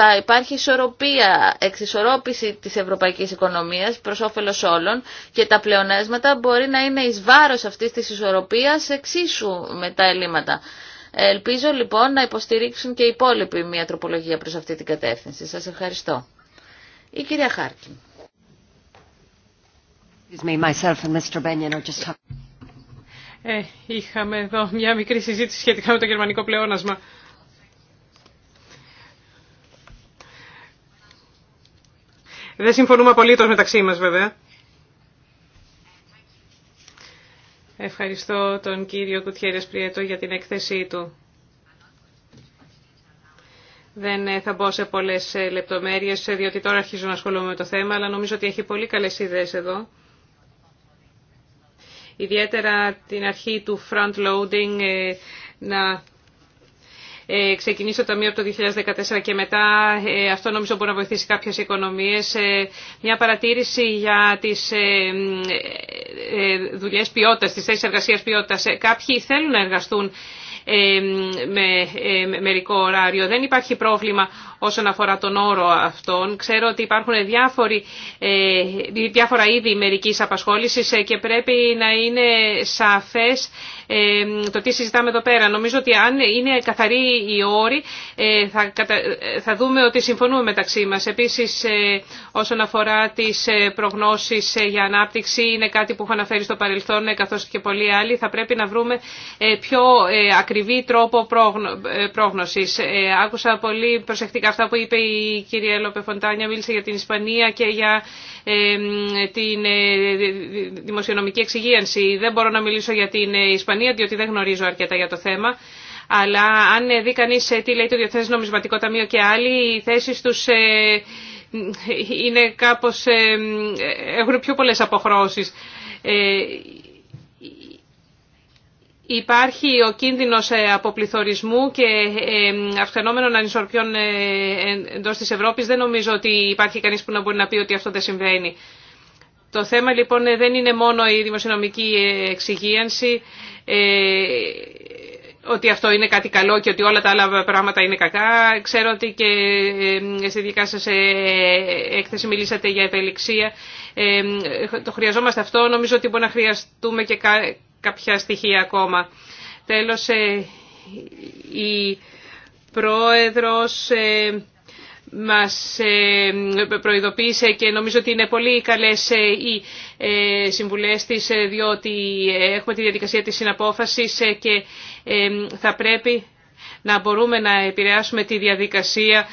θα υπάρχει ισορροπία, εξισορρόπηση της ευρωπαϊκής οικονομίας προς όφελος όλων και τα πλεονέσματα μπορεί να είναι εις βάρος αυτής της ισορροπίας εξίσου με τα ελλείμματα. Ελπίζω λοιπόν να υποστηρίξουν και οι υπόλοιποι μια τροπολογία προς αυτή την κατεύθυνση. Σας ευχαριστώ. Η κυρία Χάρκιν. Ε, είχαμε εδώ μια μικρή συζήτηση σχετικά με το γερμανικό πλεόνασμα. Δεν συμφωνούμε απολύτως μεταξύ μα, βέβαια. Ευχαριστώ τον κύριο Κουτιέρες Πριέτο για την έκθεσή του. Δεν ε, θα μπω σε πολλές ε, λεπτομέρειες, ε, διότι τώρα αρχίζω να ασχολούμαι με το θέμα, αλλά νομίζω ότι έχει πολύ καλές ιδέες εδώ. Ιδιαίτερα την αρχή του front-loading να ε, ξεκινήσει το Ταμείο από το 2014 και μετά. Ε, αυτό νομίζω μπορεί να βοηθήσει κάποιες οικονομίες. Ε, μια παρατήρηση για τις δουλειές ποιότητας, τις θέσεις εργασίας ποιότητας. Κάποιοι θέλουν να εργαστούν με μερικό ωράριο. Δεν υπάρχει πρόβλημα όσον αφορά τον όρο αυτόν. Ξέρω ότι υπάρχουν διάφοροι, ε, διάφορα είδη μερικής απασχόλησης ε, και πρέπει να είναι σαφές το τι συζητάμε εδώ πέρα. Νομίζω ότι αν είναι καθαροί οι όροι ε, θα δούμε ότι συμφωνούμε μεταξύ μας. Επίσης όσον αφορά τις προγνώσεις για ανάπτυξη είναι κάτι που έχω αναφέρει στο παρελθόν καθώς και πολλοί άλλοι. Θα πρέπει να βρούμε πιο ακριβώς ακριβή τρόπο ε, πρόγνωσης. Ε, άκουσα πολύ προσεκτικά αυτά που είπε η κυρία Λόπε Φοντάνια, μίλησε για την Ισπανία και για ε, την δημοσιονομική εξυγίανση. Δεν μπορώ να μιλήσω για την Ισπανία, διότι δεν γνωρίζω αρκετά για το θέμα. Αλλά αν δει κανεί τι λέει το Διεθνέ Νομισματικό Ταμείο και άλλοι, οι θέσει του είναι κάπως, έχουν πιο πολλές αποχρώσεις. Υπάρχει ο κίνδυνος ε, αποπληθωρισμού και ε, αυξανόμενων ανισορπιών ε, εντός της Ευρώπης. Δεν νομίζω ότι υπάρχει κανείς που να μπορεί να πει ότι αυτό δεν συμβαίνει. Το θέμα λοιπόν δεν είναι μόνο η δημοσιονομική εξυγίανση, ότι αυτό είναι κάτι καλό και ότι όλα τα άλλα πράγματα είναι κακά. Ξέρω ότι και στη δικά σας έκθεση μιλήσατε για ευελιξία. Το χρειαζόμαστε αυτό. Νομίζω ότι μπορεί να χρειαστούμε και κάποια στοιχεία ακόμα. Τέλος, ε, η πρόεδρος ε, μας ε, προειδοποίησε και νομίζω ότι είναι πολύ καλές οι συμβουλές της διότι έχουμε τη διαδικασία της συναπόφασης και θα πρέπει να μπορούμε να επηρεάσουμε τη διαδικασία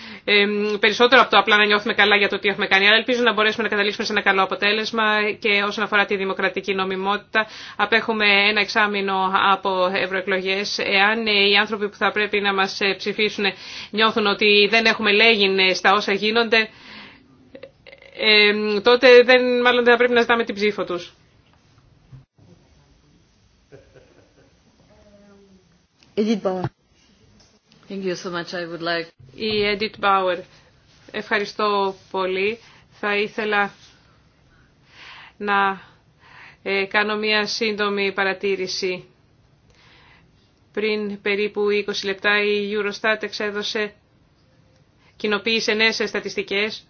περισσότερο από το απλά να νιώθουμε καλά για το τι έχουμε κάνει. Αλλά ελπίζω να μπορέσουμε να καταλήξουμε σε ένα καλό αποτέλεσμα και όσον αφορά τη δημοκρατική νομιμότητα απέχουμε ένα εξάμεινο από ευρωεκλογέ. Εάν οι άνθρωποι που θα πρέπει να μας ψηφίσουν νιώθουν ότι δεν έχουμε λέγει στα όσα γίνονται, ε, τότε δεν, μάλλον δεν θα πρέπει να ζητάμε την ψήφο τους. Thank you so much. I would like... Η Edith Bauer. Ευχαριστώ πολύ. Θα ήθελα να ε, κάνω μία σύντομη παρατήρηση. Πριν περίπου 20 λεπτά η Eurostat εξέδωσε, κοινοποίησε νέες στατιστικές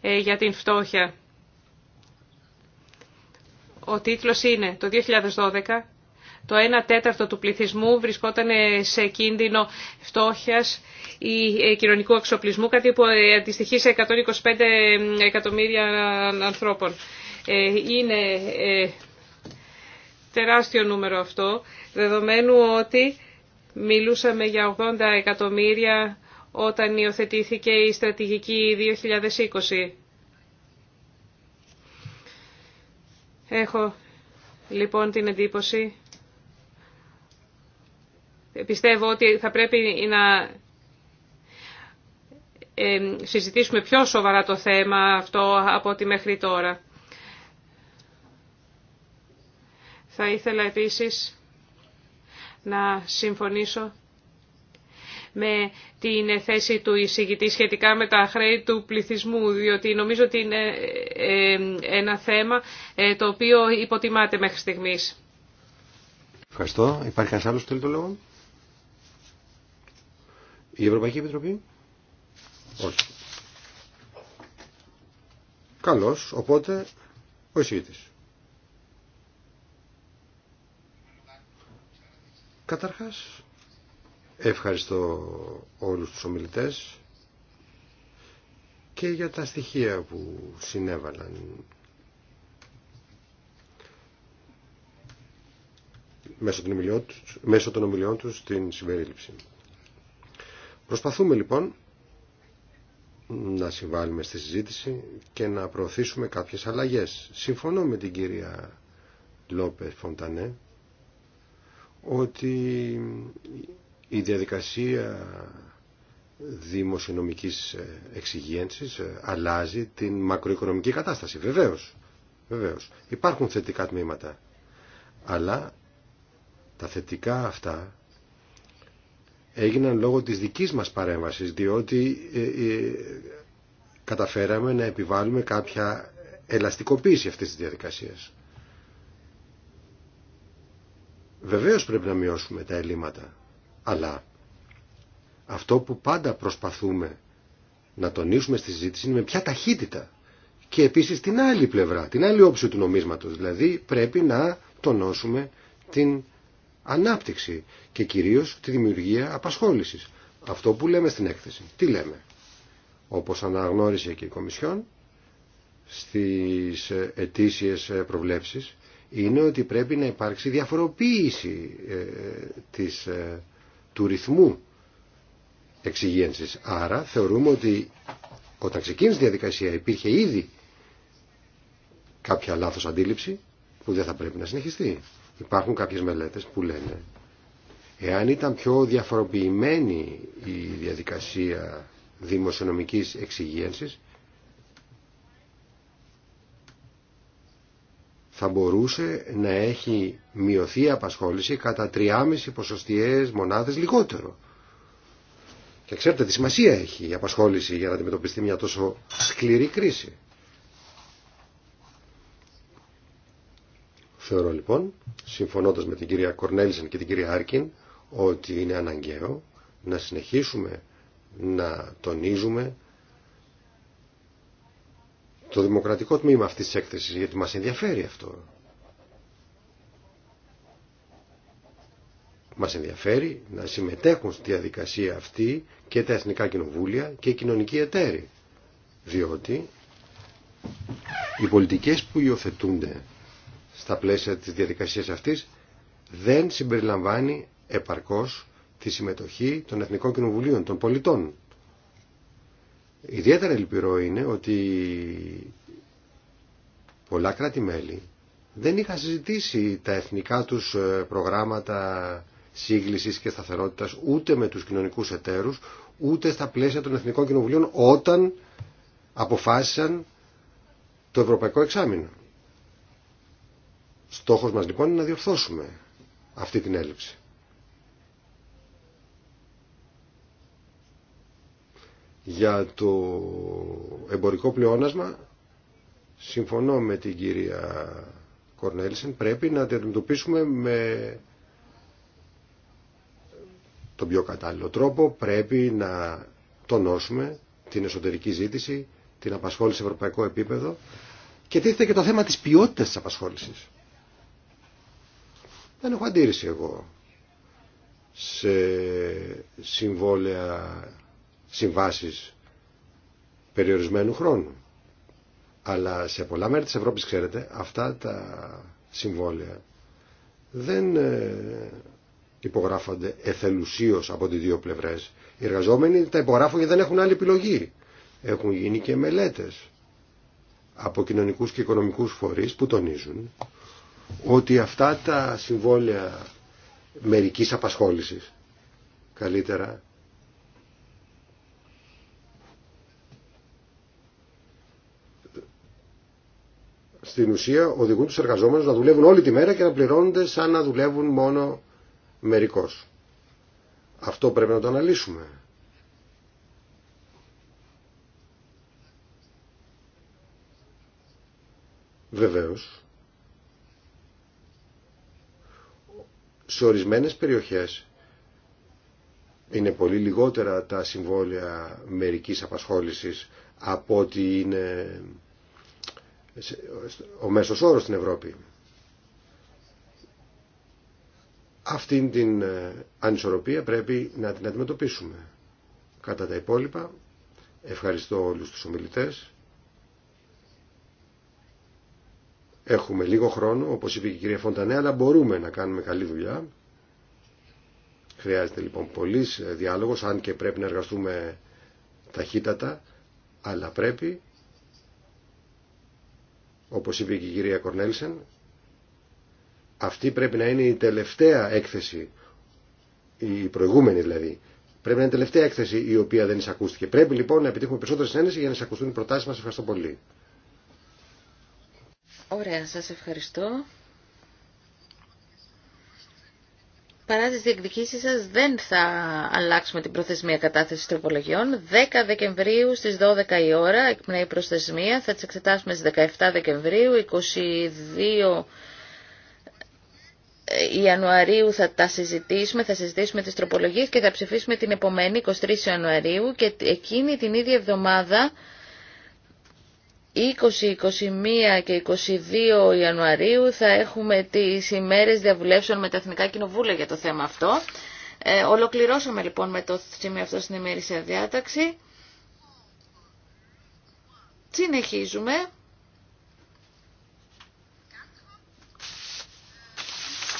ε, για την φτώχεια. Ο τίτλος είναι το 2012 το 1 τέταρτο του πληθυσμού βρισκόταν σε κίνδυνο φτώχειας ή ε, κοινωνικού εξοπλισμού, κάτι που ε, αντιστοιχεί σε 125 εκατομμύρια ανθρώπων. Ε, είναι τεράστιο νούμερο αυτό, δεδομένου ότι μιλούσαμε για 80 εκατομμύρια όταν υιοθετήθηκε η στρατηγική 2020. Έχω λοιπόν την εντύπωση πιστεύω ότι θα πρέπει να συζητήσουμε πιο σοβαρά το θέμα αυτό από ό,τι μέχρι τώρα. Θα ήθελα επίσης να συμφωνήσω με την θέση του εισηγητή σχετικά με τα χρέη του πληθυσμού, διότι νομίζω ότι είναι ε, ένα θέμα ε, το οποίο υποτιμάται μέχρι στιγμής. Ευχαριστώ. Υπάρχει ένας άλλος που θέλει το λόγο. Η Ευρωπαϊκή Επιτροπή. Όχι. Καλώς, οπότε ο εισηγητής. Καταρχάς, ευχαριστώ όλους τους ομιλητές και για τα στοιχεία που συνέβαλαν. Μέσω των ομιλιών τους, τους στην συμπερίληψη. Προσπαθούμε λοιπόν να συμβάλλουμε στη συζήτηση και να προωθήσουμε κάποιες αλλαγές. Συμφωνώ με την κυρία Λόπε Φοντανέ ότι η διαδικασία δημοσιονομικής εξυγένσης αλλάζει την μακροοικονομική κατάσταση. Βεβαίως, βεβαίως. Υπάρχουν θετικά τμήματα, αλλά τα θετικά αυτά έγιναν λόγω της δικής μας παρέμβασης, διότι ε, ε, καταφέραμε να επιβάλλουμε κάποια ελαστικοποίηση αυτής της διαδικασίας. Βεβαίως πρέπει να μειώσουμε τα ελλείμματα, αλλά αυτό που πάντα προσπαθούμε να τονίσουμε στη συζήτηση είναι με ποια ταχύτητα και επίσης την άλλη πλευρά, την άλλη όψη του νομίσματος. Δηλαδή πρέπει να τονώσουμε την ανάπτυξη και κυρίως τη δημιουργία απασχόλησης. Αυτό που λέμε στην έκθεση. Τι λέμε. Όπως αναγνώρισε και η Κομισιόν στις ετήσιες προβλέψεις είναι ότι πρέπει να υπάρξει διαφοροποίηση ε, της, ε, του ρυθμού εξυγένσης. Άρα θεωρούμε ότι όταν ξεκίνησε η διαδικασία υπήρχε ήδη κάποια λάθος αντίληψη που δεν θα πρέπει να συνεχιστεί. Υπάρχουν κάποιες μελέτες που λένε εάν ήταν πιο διαφοροποιημένη η διαδικασία δημοσιονομικής εξυγίανσης θα μπορούσε να έχει μειωθεί η απασχόληση κατά 3,5 ποσοστιαίες μονάδες λιγότερο. Και ξέρετε τι σημασία έχει η απασχόληση για να αντιμετωπιστεί μια τόσο σκληρή κρίση. Θεωρώ λοιπόν, συμφωνώντας με την κυρία Κορνέλισεν και την κυρία Άρκιν, ότι είναι αναγκαίο να συνεχίσουμε να τονίζουμε το δημοκρατικό τμήμα αυτής της έκθεσης, γιατί μας ενδιαφέρει αυτό. Μας ενδιαφέρει να συμμετέχουν στη διαδικασία αυτή και τα εθνικά κοινοβούλια και οι κοινωνικοί εταίροι. Διότι οι πολιτικές που υιοθετούνται στα πλαίσια της διαδικασίας αυτής δεν συμπεριλαμβάνει επαρκώς τη συμμετοχή των Εθνικών Κοινοβουλίων, των πολιτών. Ιδιαίτερα ελπιρό είναι ότι πολλά κράτη-μέλη δεν είχαν συζητήσει τα εθνικά τους ε, προγράμματα σύγκλησης και σταθερότητας ούτε με τους κοινωνικούς εταίρους, ούτε στα πλαίσια των Εθνικών Κοινοβουλίων όταν αποφάσισαν το Ευρωπαϊκό Εξάμεινο. Στόχος μας λοιπόν είναι να διορθώσουμε αυτή την έλλειψη. Για το εμπορικό πλεόνασμα, συμφωνώ με την κυρία Κορνέλσεν. πρέπει να αντιμετωπίσουμε με τον πιο κατάλληλο τρόπο, πρέπει να τονώσουμε την εσωτερική ζήτηση, την απασχόληση σε ευρωπαϊκό επίπεδο και τίθεται και το θέμα της ποιότητας της απασχόλησης. Δεν έχω αντίρρηση εγώ σε συμβόλαια συμβάσεις περιορισμένου χρόνου. Αλλά σε πολλά μέρη της Ευρώπης, ξέρετε, αυτά τα συμβόλαια δεν ε, υπογράφονται εθελουσίως από τις δύο πλευρές. Οι εργαζόμενοι τα υπογράφουν γιατί δεν έχουν άλλη επιλογή. Έχουν γίνει και μελέτες από κοινωνικούς και οικονομικούς φορείς που τονίζουν ότι αυτά τα συμβόλαια μερικής απασχόλησης καλύτερα στην ουσία οδηγούν τους εργαζόμενους να δουλεύουν όλη τη μέρα και να πληρώνονται σαν να δουλεύουν μόνο μερικώς. Αυτό πρέπει να το αναλύσουμε. Βεβαίως, σε ορισμένες περιοχές είναι πολύ λιγότερα τα συμβόλαια μερικής απασχόλησης από ότι είναι ο μέσος όρος στην Ευρώπη. Αυτήν την ε, ανισορροπία πρέπει να την αντιμετωπίσουμε. Κατά τα υπόλοιπα, ευχαριστώ όλους τους ομιλητές Έχουμε λίγο χρόνο, όπως είπε και η κυρία Φοντανέ, αλλά μπορούμε να κάνουμε καλή δουλειά. Χρειάζεται λοιπόν πολλή ε, διάλογος, αν και πρέπει να εργαστούμε ταχύτατα, αλλά πρέπει, όπως είπε και η κυρία Κορνέλσεν, αυτή πρέπει να είναι η τελευταία έκθεση, η προηγούμενη δηλαδή, Πρέπει να είναι η τελευταία έκθεση η οποία δεν εισακούστηκε. Πρέπει λοιπόν να επιτύχουμε περισσότερη συνένεση για να εισακουστούν οι προτάσεις μας Ευχαριστώ πολύ. Ωραία, σας ευχαριστώ. Παρά τις διεκδικήσεις σας δεν θα αλλάξουμε την προθεσμία κατάθεση τροπολογιών. 10 Δεκεμβρίου στις 12 η ώρα εκπνέει η προθεσμία. Θα τις εξετάσουμε στις 17 Δεκεμβρίου, 22 Ιανουαρίου θα τα συζητήσουμε, θα συζητήσουμε τις τροπολογίες και θα ψηφίσουμε την επομένη 23 Ιανουαρίου και εκείνη την ίδια εβδομάδα 20, 21 και 22 Ιανουαρίου θα έχουμε τις ημέρες διαβουλεύσεων με τα Εθνικά Κοινοβούλια για το θέμα αυτό. Ε, ολοκληρώσαμε λοιπόν με το σημείο αυτό στην σε διάταξη. Συνεχίζουμε.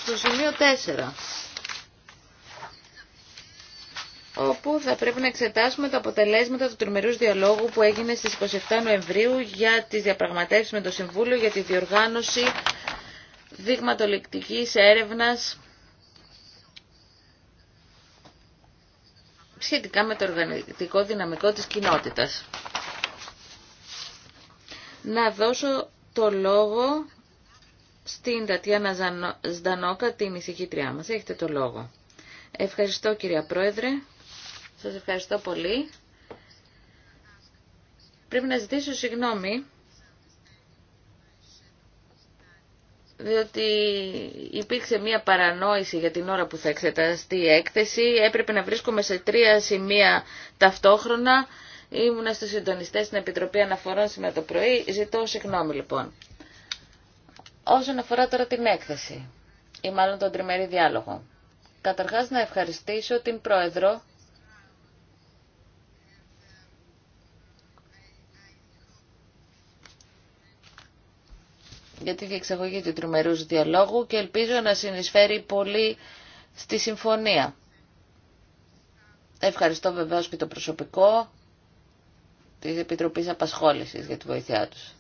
Στο σημείο 4 όπου θα πρέπει να εξετάσουμε τα αποτελέσματα του τριμερούς διαλόγου που έγινε στις 27 Νοεμβρίου για τις διαπραγματεύσεις με το Συμβούλιο για τη διοργάνωση δειγματοληπτικής έρευνας σχετικά με το οργανωτικό δυναμικό της κοινότητας. Να δώσω το λόγο στην Τατιάνα Ζανόκα, την ησυχήτριά μας. Έχετε το λόγο. Ευχαριστώ κυρία Πρόεδρε. Σας ευχαριστώ πολύ. Πρέπει να ζητήσω συγγνώμη, διότι υπήρξε μία παρανόηση για την ώρα που θα εξεταστεί η έκθεση. Έπρεπε να βρίσκομαι σε τρία σημεία ταυτόχρονα. Ήμουν στους συντονιστές στην Επιτροπή Αναφορών σήμερα το πρωί. Ζητώ συγγνώμη λοιπόν. Όσον αφορά τώρα την έκθεση ή μάλλον τον τριμερή διάλογο. Καταρχάς να ευχαριστήσω την Πρόεδρο για τη διεξαγωγή του τρομερού διαλόγου και ελπίζω να συνεισφέρει πολύ στη συμφωνία. Ευχαριστώ βεβαίως και το προσωπικό της Επιτροπής Απασχόλησης για τη βοήθειά τους.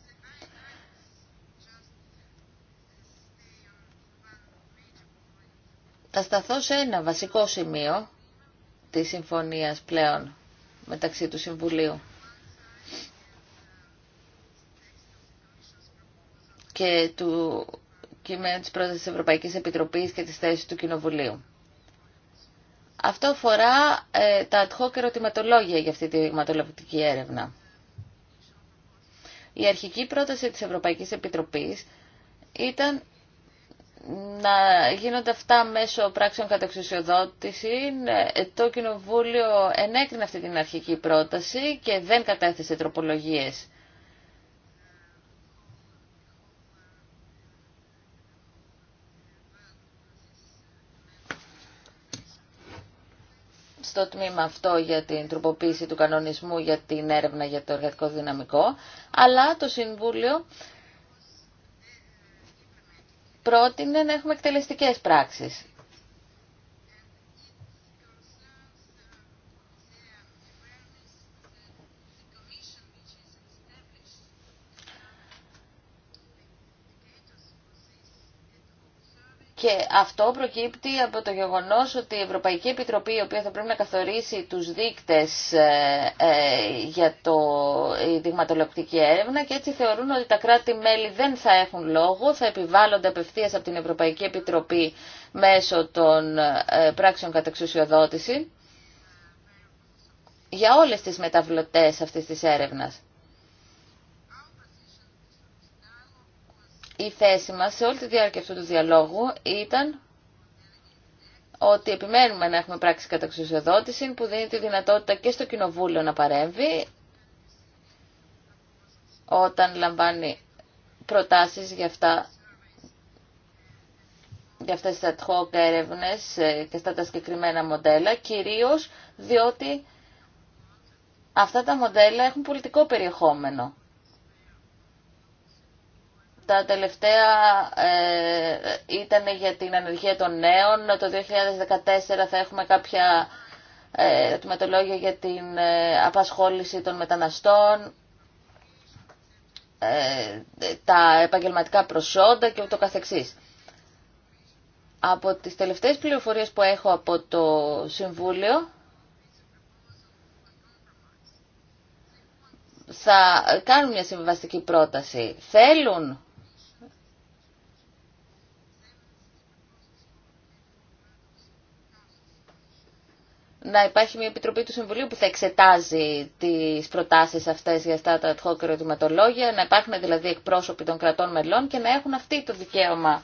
Θα σταθώ σε ένα βασικό σημείο της συμφωνίας πλέον μεταξύ του Συμβουλίου και του κειμένου της πρότασης της Ευρωπαϊκής Επιτροπής και της θέσης του Κοινοβουλίου. Αυτό αφορά ε, τα ad hoc ερωτηματολόγια για αυτή τη δειγματολογική έρευνα. Η αρχική πρόταση της Ευρωπαϊκής Επιτροπής ήταν να γίνονται αυτά μέσω πράξεων κατεξουσιοδότηση. Ναι, το Κοινοβούλιο ενέκρινε αυτή την αρχική πρόταση και δεν κατέθεσε τροπολογίες στο τμήμα αυτό για την τροποποίηση του κανονισμού για την έρευνα για το εργατικό δυναμικό, αλλά το Συμβούλιο πρότεινε να έχουμε εκτελεστικές πράξεις. Και αυτό προκύπτει από το γεγονός ότι η Ευρωπαϊκή Επιτροπή, η οποία θα πρέπει να καθορίσει τους δείκτες ε, ε, για το, η έρευνα και έτσι θεωρούν ότι τα κράτη-μέλη δεν θα έχουν λόγο, θα επιβάλλονται απευθείας από την Ευρωπαϊκή Επιτροπή μέσω των ε, πράξεων κατεξουσιοδότηση για όλες τις μεταβλωτές αυτής της έρευνας. η θέση μας σε όλη τη διάρκεια αυτού του διαλόγου ήταν ότι επιμένουμε να έχουμε πράξη καταξουσιοδότηση που δίνει τη δυνατότητα και στο Κοινοβούλιο να παρέμβει όταν λαμβάνει προτάσεις για αυτά για αυτές τις ad έρευνες ε, και αυτά τα συγκεκριμένα μοντέλα, κυρίως διότι αυτά τα μοντέλα έχουν πολιτικό περιεχόμενο. Τα τελευταία ε, ήταν για την ανεργία των νέων. Το 2014 θα έχουμε κάποια ε, ερωτηματολόγια για την ε, απασχόληση των μεταναστών, ε, τα επαγγελματικά προσόντα και ούτω καθεξής. Από τις τελευταίες πληροφορίες που έχω από το Συμβούλιο, θα κάνουν μια συμβαστική πρόταση. Θέλουν να υπάρχει μια επιτροπή του Συμβουλίου που θα εξετάζει τις προτάσεις αυτές για αυτά τα ad hoc ερωτηματολόγια, να υπάρχουν δηλαδή εκπρόσωποι των κρατών μελών και να έχουν αυτοί το δικαίωμα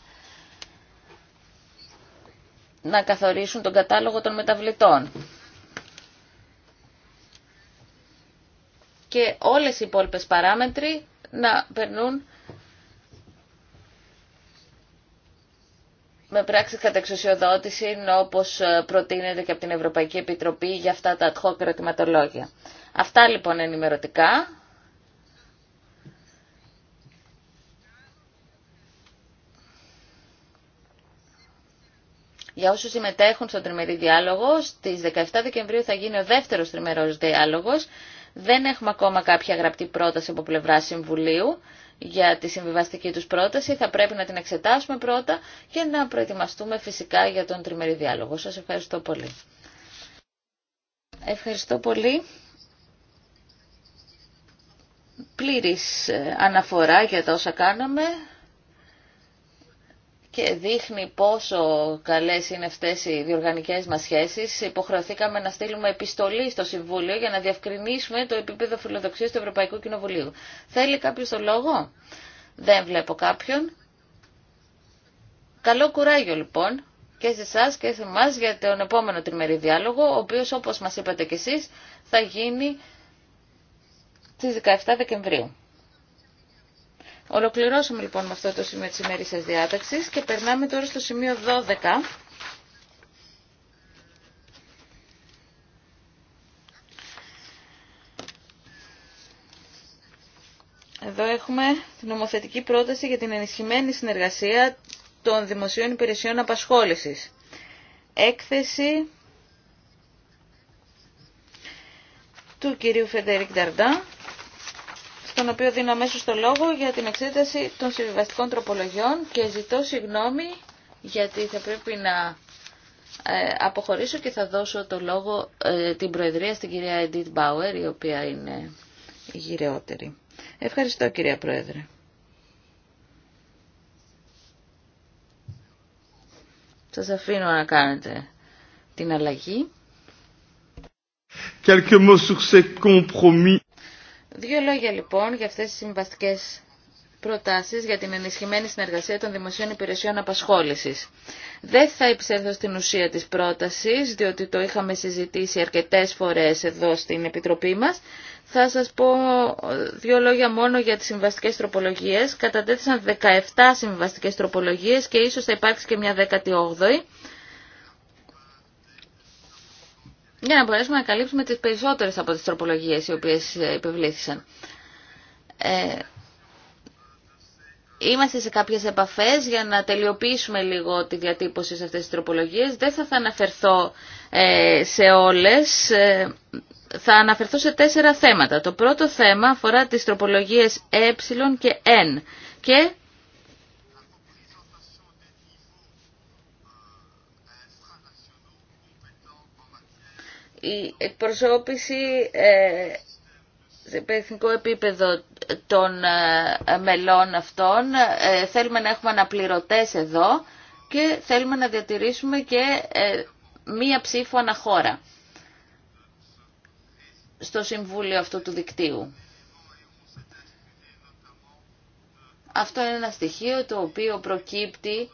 να καθορίσουν τον κατάλογο των μεταβλητών. Και όλες οι υπόλοιπες παράμετροι να περνούν με πράξη κατεξουσιοδότηση όπως ε, προτείνεται και από την Ευρωπαϊκή Επιτροπή για αυτά τα ad hoc ερωτηματολόγια. Αυτά λοιπόν ενημερωτικά. Για όσους συμμετέχουν στον τριμερή διάλογο, στις 17 Δεκεμβρίου θα γίνει ο δεύτερος τριμερός διάλογος. Δεν έχουμε ακόμα κάποια γραπτή πρόταση από πλευρά Συμβουλίου για τη συμβιβαστική τους πρόταση. Θα πρέπει να την εξετάσουμε πρώτα και να προετοιμαστούμε φυσικά για τον τριμερή διάλογο. Σας ευχαριστώ πολύ. Ευχαριστώ πολύ. Πλήρης ε, αναφορά για τα όσα κάναμε και δείχνει πόσο καλές είναι αυτές οι διοργανικές μας σχέσεις. Υποχρεωθήκαμε να στείλουμε επιστολή στο Συμβούλιο για να διευκρινίσουμε το επίπεδο φιλοδοξίας του Ευρωπαϊκού Κοινοβουλίου. Θέλει κάποιος το λόγο? Δεν βλέπω κάποιον. Καλό κουράγιο λοιπόν και σε εσά και σε εμά για τον επόμενο τριμερή διάλογο, ο οποίο, όπως μας είπατε κι εσείς θα γίνει στις 17 Δεκεμβρίου. Ολοκληρώσαμε λοιπόν με αυτό το σημείο της σας διάταξης και περνάμε τώρα στο σημείο 12. Εδώ έχουμε την νομοθετική πρόταση για την ενισχυμένη συνεργασία των δημοσίων υπηρεσιών απασχόλησης. Έκθεση του κυρίου Φεντερικ Νταρντά στον οποίο δίνω αμέσως το λόγο για την εξέταση των συμβιβαστικών τροπολογιών και ζητώ συγγνώμη γιατί θα πρέπει να ε, αποχωρήσω και θα δώσω το λόγο ε, την Προεδρία στην κυρία Edith Bauer, η οποία είναι η γυρεότερη. Ευχαριστώ κυρία Πρόεδρε. Σας αφήνω να κάνετε την αλλαγή. Quelques mots sur ces compromis. Δύο λόγια λοιπόν για αυτές τις συμβαστικές προτάσεις για την ενισχυμένη συνεργασία των δημοσίων υπηρεσιών απασχόλησης. Δεν θα υψέλθω στην ουσία της πρότασης, διότι το είχαμε συζητήσει αρκετές φορές εδώ στην Επιτροπή μας. Θα σας πω δύο λόγια μόνο για τις συμβαστικές τροπολογίες. Κατατέθησαν 17 συμβαστικές τροπολογίες και ίσως θα υπάρξει και μια 18η. για να μπορέσουμε να καλύψουμε τις περισσότερες από τις τροπολογίες οι οποίες υπευλήθησαν. Ε, ε, Είμαστε σε κάποιες επαφές για να τελειοποιήσουμε λίγο τη διατύπωση σε αυτές τις τροπολογίες. Δεν θα, θα αναφερθώ ε, σε όλες, ε, θα αναφερθώ σε τέσσερα θέματα. Το πρώτο θέμα αφορά τις τροπολογίες ε και ν και η εκπροσώπηση ε, σε εθνικό επίπεδο των ε, μελών αυτών. Ε, θέλουμε να έχουμε αναπληρωτές εδώ και θέλουμε να διατηρήσουμε και μία ψήφο αναχώρα στο Συμβούλιο αυτού του δικτύου. Αυτό είναι ένα στοιχείο το οποίο προκύπτει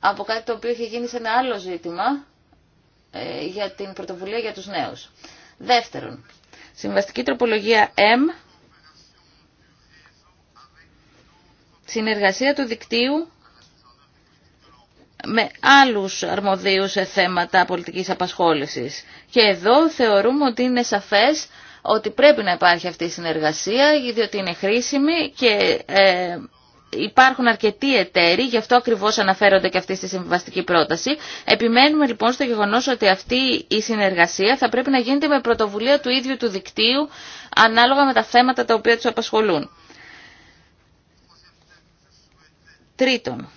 από κάτι το οποίο έχει γίνει σε ένα άλλο ζήτημα ε, για την πρωτοβουλία για τους νέους. Δεύτερον, συμβαστική τροπολογία M, συνεργασία του δικτύου με άλλους αρμοδίους σε θέματα πολιτικής απασχόλησης. Και εδώ θεωρούμε ότι είναι σαφές ότι πρέπει να υπάρχει αυτή η συνεργασία, διότι είναι χρήσιμη και ε, υπάρχουν αρκετοί εταίροι, γι' αυτό ακριβώς αναφέρονται και αυτοί στη συμβαστική πρόταση. Επιμένουμε λοιπόν στο γεγονό ότι αυτή η συνεργασία θα πρέπει να γίνεται με πρωτοβουλία του ίδιου του δικτύου, ανάλογα με τα θέματα τα οποία τους απασχολούν. Τρίτον,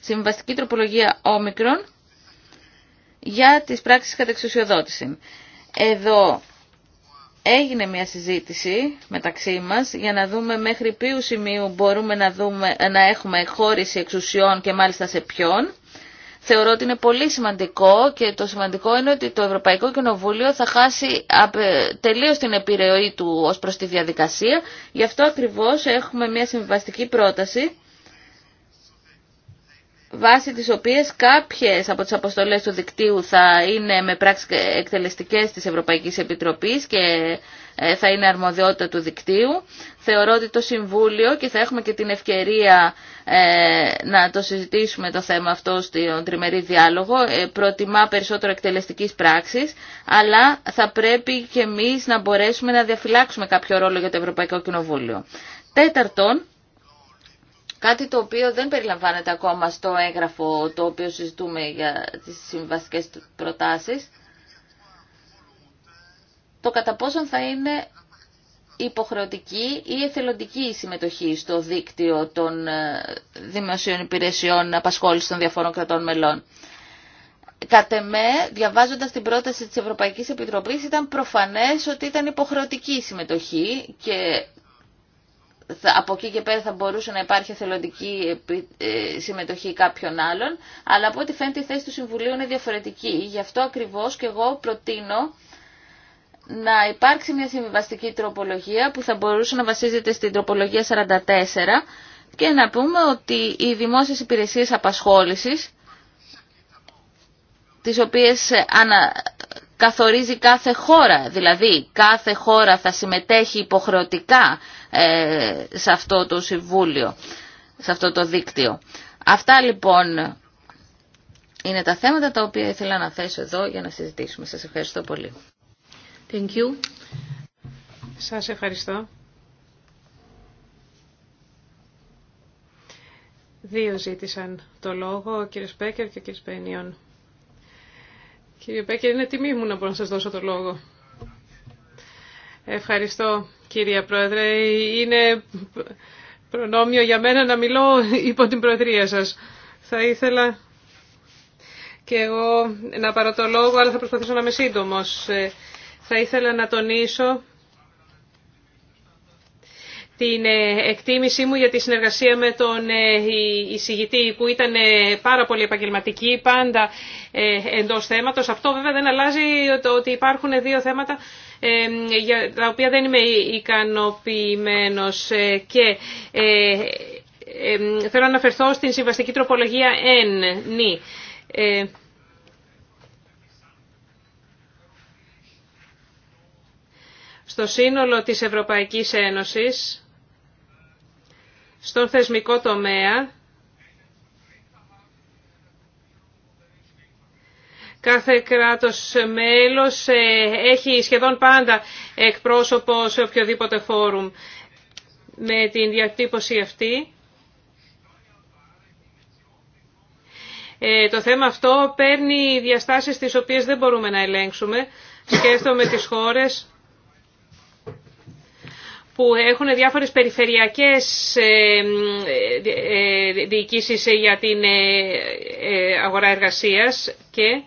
συμβαστική τροπολογία όμικρον για τις πράξεις κατεξουσιοδότηση. Εδώ Έγινε μια συζήτηση μεταξύ μας για να δούμε μέχρι ποιου σημείου μπορούμε να, δούμε, να έχουμε χώριση εξουσιών και μάλιστα σε ποιον. Θεωρώ ότι είναι πολύ σημαντικό και το σημαντικό είναι ότι το Ευρωπαϊκό Κοινοβούλιο θα χάσει τελείως την επιρροή του ως προς τη διαδικασία. Γι' αυτό ακριβώς έχουμε μια συμβαστική πρόταση βάσει τις οποίες κάποιες από τις αποστολές του δικτύου θα είναι με πράξεις εκτελεστικές της Ευρωπαϊκής Επιτροπής και ε, θα είναι αρμοδιότητα του δικτύου. Θεωρώ ότι το Συμβούλιο και θα έχουμε και την ευκαιρία ε, να το συζητήσουμε το θέμα αυτό στον τριμερή διάλογο ε, προτιμά περισσότερο εκτελεστικής πράξης αλλά θα πρέπει και εμείς να μπορέσουμε να διαφυλάξουμε κάποιο ρόλο για το Ευρωπαϊκό Κοινοβούλιο. Τέταρτον, Κάτι το οποίο δεν περιλαμβάνεται ακόμα στο έγγραφο το οποίο συζητούμε για τις συμβαστικές προτάσεις. Το κατά πόσον θα είναι υποχρεωτική ή εθελοντική η συμμετοχή στο δίκτυο των ε, δημοσίων υπηρεσιών απασχόλησης των διαφόρων κρατών μελών. Κατ' εμέ, διαβάζοντα την πρόταση τη Ευρωπαϊκή Επιτροπή, ήταν προφανέ ότι ήταν υποχρεωτική η συμμετοχή και από εκεί και πέρα θα μπορούσε να υπάρχει θελοντική ε, συμμετοχή κάποιων άλλων, αλλά από ό,τι φαίνεται η θέση του Συμβουλίου είναι διαφορετική. Γι' αυτό ακριβώς και εγώ προτείνω να υπάρξει μια συμβιβαστική τροπολογία που θα μπορούσε να βασίζεται στην τροπολογία 44 και να πούμε ότι οι δημόσιες υπηρεσίες απασχόλησης, τις οποίες ανα, καθορίζει κάθε χώρα. Δηλαδή κάθε χώρα θα συμμετέχει υποχρεωτικά ε, σε αυτό το συμβούλιο, σε αυτό το δίκτυο. Αυτά λοιπόν είναι τα θέματα τα οποία ήθελα να θέσω εδώ για να συζητήσουμε. Σας ευχαριστώ πολύ. Thank you. Σας ευχαριστώ. Δύο ζήτησαν το λόγο, ο κύριος Πέκερ και ο κύριος Πένιον. Κύριε Πέκερ, είναι τιμή μου να μπορώ να σας δώσω το λόγο. Ευχαριστώ κύριε Πρόεδρε. Είναι προνόμιο για μένα να μιλώ υπό την Προεδρία σας. Θα ήθελα και εγώ να πάρω το λόγο, αλλά θα προσπαθήσω να είμαι σύντομος. Ε, θα ήθελα να τονίσω την ε, εκτίμησή μου για τη συνεργασία με τον ε, εισηγητή που ήταν ε, πάρα πολύ επαγγελματική, πάντα εντός θέματος. Αυτό βέβαια δεν αλλάζει ότι υπάρχουν δύο θέματα για τα οποία δεν είμαι ικανοποιημένος και θέλω να αναφερθώ στην συμβαστική τροπολογία N, στο σύνολο της Ευρωπαϊκής Ένωσης στον θεσμικό τομέα Κάθε κράτος μέλος ε, έχει σχεδόν πάντα εκπρόσωπο σε οποιοδήποτε φόρουμ. Με την διατύπωση αυτή, ε, το θέμα αυτό παίρνει διαστάσεις τις οποίες δεν μπορούμε να ελέγξουμε. Σκέφτομαι τις χώρες που έχουν διάφορες περιφερειακές ε, ε, ε, διοικήσεις για την αγορά εργασίας και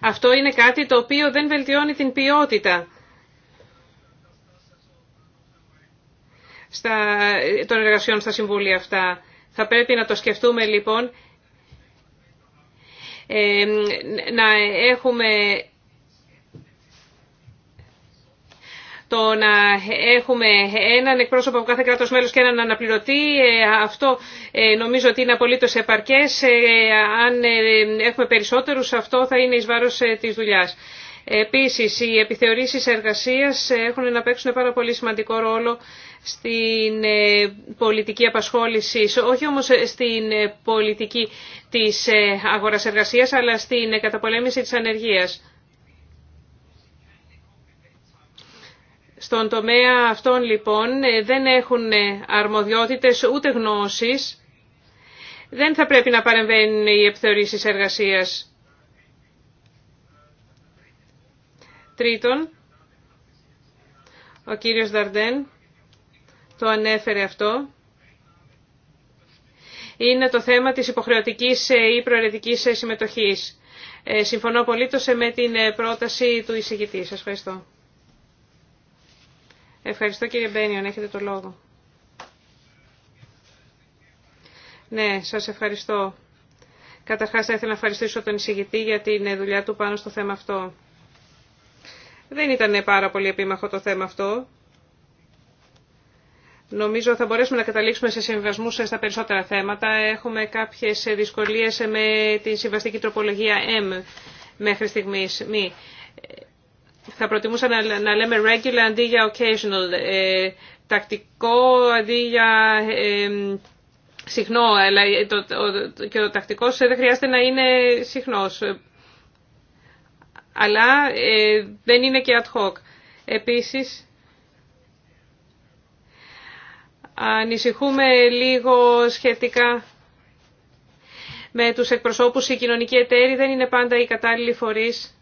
αυτό είναι κάτι το οποίο δεν βελτιώνει την ποιότητα των εργασιών στα συμβούλια αυτά. Θα πρέπει να το σκεφτούμε λοιπόν να έχουμε Το να έχουμε έναν εκπρόσωπο από κάθε κράτος μέλος και έναν αναπληρωτή, ε, αυτό ε, νομίζω ότι είναι απολύτως επαρκές. Ε, αν έχουμε περισσότερους, αυτό θα είναι εις βάρος της δουλειάς. Επίσης, οι επιθεωρήσεις εργασίας έχουν να παίξουν πάρα πολύ σημαντικό ρόλο στην πολιτική απασχόληση, όχι όμως στην πολιτική της αγοράς εργασίας, αλλά στην καταπολέμηση της ανεργίας. Στον τομέα αυτών λοιπόν ε, δεν έχουν ε, αρμοδιότητες ούτε γνώσεις. Δεν θα πρέπει να παρεμβαίνουν οι επιθεωρήσεις εργασίας. Τρίτον, ο κύριος Δαρντέν το ανέφερε αυτό. Είναι το θέμα της υποχρεωτικής ε, ή προαιρετικής συμμετοχής. Συμφωνώ απολύτως με την πρόταση του εισηγητή. Σας ευχαριστώ. Ευχαριστώ κύριε Μπένιον, έχετε το λόγο. Ναι, σας ευχαριστώ. Καταρχάς θα ήθελα να ευχαριστήσω τον εισηγητή για την ε, δουλειά του πάνω στο θέμα αυτό. Δεν ήταν πάρα πολύ επίμαχο το θέμα αυτό. Νομίζω θα μπορέσουμε να καταλήξουμε σε συμβασμούς στα περισσότερα θέματα. Έχουμε κάποιες δυσκολίες με τη συμβαστική τροπολογία M μέχρι στιγμής. Μη θα προτιμούσα να, λέμε regular αντί για occasional, ε, τακτικό αντί για ε, συχνό, αλλά το, το, και ο τακτικός ε, δεν χρειάζεται να είναι συχνός. Αλλά ε, δεν είναι και ad hoc. Επίσης, ανησυχούμε λίγο σχετικά με τους εκπροσώπους. Οι κοινωνικοί εταίροι δεν είναι πάντα οι κατάλληλοι φορείς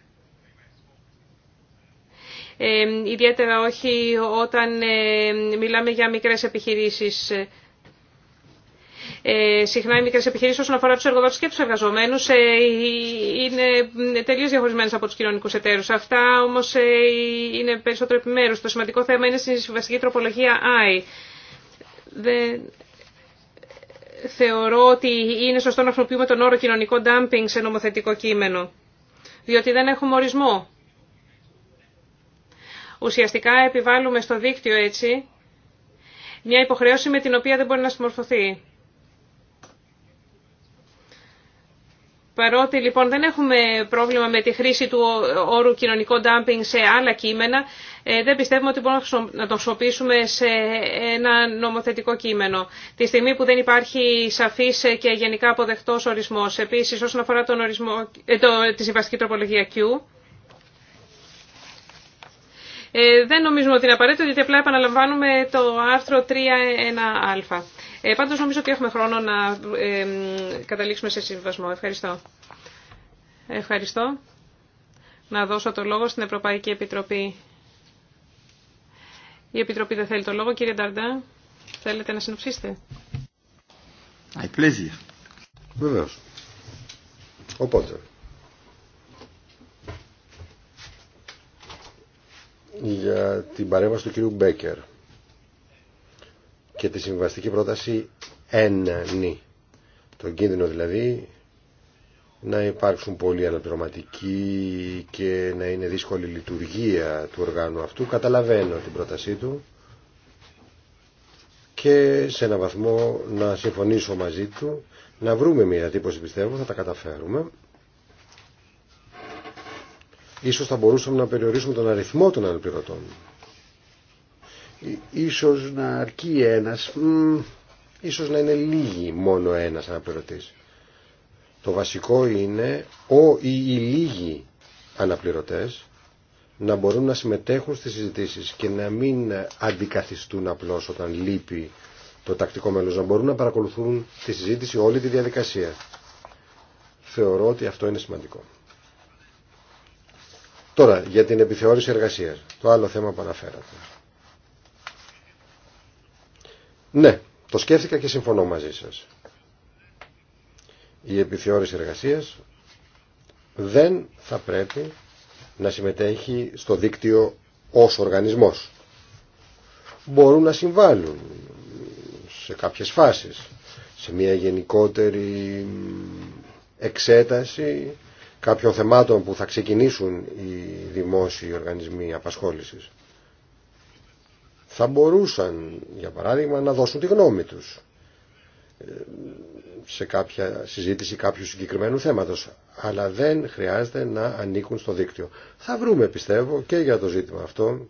ιδιαίτερα όχι όταν ε, μιλάμε για μικρές επιχειρήσεις. Ε, συχνά οι μικρές επιχειρήσεις όσον αφορά τους εργοδότες και τους εργαζομένους ε, είναι τελείως διαχωρισμένες από τους κοινωνικούς εταίρους. Αυτά όμως είναι περισσότερο επιμέρους. Το σημαντικό θέμα είναι στη συμβαστική τροπολογία I. θεωρώ ότι είναι σωστό να χρησιμοποιούμε τον όρο κοινωνικό dumping σε νομοθετικό κείμενο, διότι δεν έχουμε ορισμό ουσιαστικά επιβάλλουμε στο δίκτυο έτσι μια υποχρέωση με την οποία δεν μπορεί να συμμορφωθεί. Παρότι λοιπόν δεν έχουμε πρόβλημα με τη χρήση του όρου κοινωνικό ντάμπινγκ σε άλλα κείμενα, ε, δεν πιστεύουμε ότι μπορούμε να το χρησιμοποιήσουμε σε ένα νομοθετικό κείμενο. Τη στιγμή που δεν υπάρχει σαφής και γενικά αποδεκτός ορισμός. Επίσης, όσον αφορά τον ορισμό, ε, το, τη συμβαστική τροπολογία Q, ε, δεν νομίζουμε ότι είναι απαραίτητο, γιατί απλά επαναλαμβάνουμε το άρθρο 3.1α. Ε, πάντως νομίζω ότι έχουμε χρόνο να ε, καταλήξουμε σε συμβασμό. Ευχαριστώ. Ευχαριστώ. Να δώσω το λόγο στην Ευρωπαϊκή Επιτροπή. Η Επιτροπή δεν θέλει το λόγο. Κύριε Νταρντά, θέλετε να συνοψίσετε. Avec Βεβαίως. Οπότε, για την παρέμβαση του κυρίου Μπέκερ και τη συμβαστική πρόταση ένανι. Τον κίνδυνο δηλαδή να υπάρξουν πολλοί αναπληρωματικοί και να είναι δύσκολη λειτουργία του οργάνου αυτού. Καταλαβαίνω την πρότασή του και σε έναν βαθμό να συμφωνήσω μαζί του, να βρούμε μια τύπωση πιστεύω, θα τα καταφέρουμε. Ίσως θα μπορούσαμε να περιορίσουμε τον αριθμό των αναπληρωτών. Ε, ίσως να αρκεί ένας, μ, ίσως να είναι λίγοι μόνο ένας αναπληρωτής. Το βασικό είναι ο ή οι λίγοι αναπληρωτές να μπορούν να συμμετέχουν στις συζητήσεις και να μην αντικαθιστούν απλώς όταν λείπει το τακτικό μέλος, να μπορούν να παρακολουθούν τη συζήτηση όλη τη διαδικασία. Θεωρώ ότι αυτό είναι σημαντικό. Τώρα, για την επιθεώρηση εργασίας. Το άλλο θέμα που αναφέρατε. Ναι, το σκέφτηκα και συμφωνώ μαζί σας. Η επιθεώρηση εργασίας δεν θα πρέπει να συμμετέχει στο δίκτυο ως οργανισμός. Μπορούν να συμβάλλουν σε κάποιες φάσεις, σε μια γενικότερη εξέταση κάποιων θεμάτων που θα ξεκινήσουν οι δημόσιοι οργανισμοί απασχόλησης θα μπορούσαν για παράδειγμα να δώσουν τη γνώμη τους ε, σε κάποια συζήτηση κάποιου συγκεκριμένου θέματος αλλά δεν χρειάζεται να ανήκουν στο δίκτυο. Θα βρούμε πιστεύω και για το ζήτημα αυτό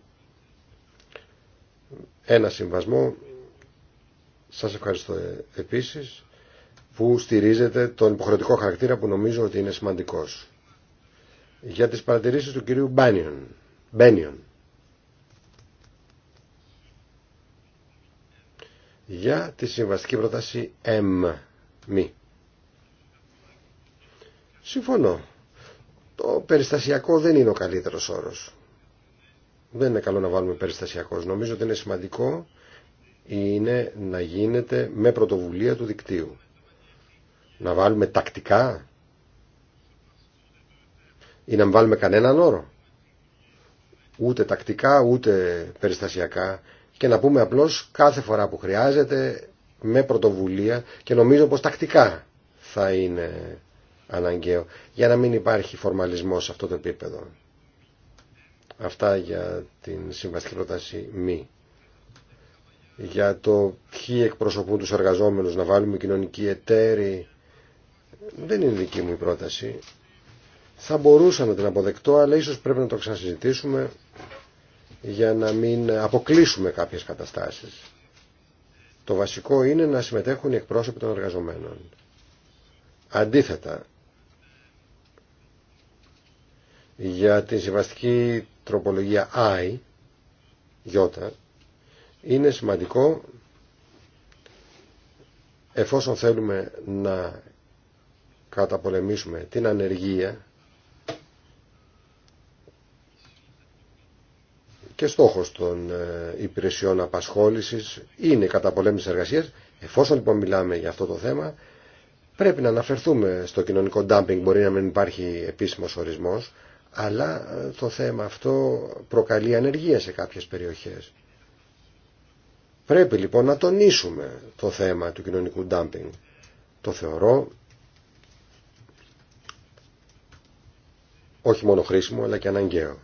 ένα συμβασμό. Σας ευχαριστώ ε, επίσης που στηρίζεται τον υποχρεωτικό χαρακτήρα που νομίζω ότι είναι σημαντικός. Για τις παρατηρήσεις του κυρίου Μπένιον. Για τη συμβαστική πρόταση M, Συμφωνώ. Το περιστασιακό δεν είναι ο καλύτερος όρος. Δεν είναι καλό να βάλουμε περιστασιακό. Νομίζω ότι είναι σημαντικό είναι να γίνεται με πρωτοβουλία του δικτύου. Να βάλουμε τακτικά ή να μην βάλουμε κανέναν όρο. Ούτε τακτικά, ούτε περιστασιακά. Και να πούμε απλώς κάθε φορά που χρειάζεται με πρωτοβουλία και νομίζω πως τακτικά θα είναι αναγκαίο για να μην υπάρχει φορμαλισμός σε αυτό το επίπεδο. Αυτά για την συμβαστική πρόταση μη. Για το ποιοι εκπροσωπούν τους εργαζόμενους, να βάλουμε κοινωνική εταίρη δεν είναι δική μου η πρόταση. Θα μπορούσα να την αποδεκτώ, αλλά ίσως πρέπει να το ξανασυζητήσουμε για να μην αποκλείσουμε κάποιες καταστάσεις. Το βασικό είναι να συμμετέχουν οι εκπρόσωποι των εργαζομένων. Αντίθετα, για την συμβαστική τροπολογία I, Ι, είναι σημαντικό εφόσον θέλουμε να καταπολεμήσουμε την ανεργία και στόχος των ε, υπηρεσιών απασχόλησης είναι η καταπολέμηση της εργασίας. Εφόσον λοιπόν μιλάμε για αυτό το θέμα, πρέπει να αναφερθούμε στο κοινωνικό ντάμπινγκ, μπορεί να μην υπάρχει επίσημος ορισμός, αλλά ε, το θέμα αυτό προκαλεί ανεργία σε κάποιες περιοχές. Πρέπει λοιπόν να τονίσουμε το θέμα του κοινωνικού ντάμπινγκ. Το θεωρώ όχι μόνο χρήσιμο αλλά και αναγκαίο.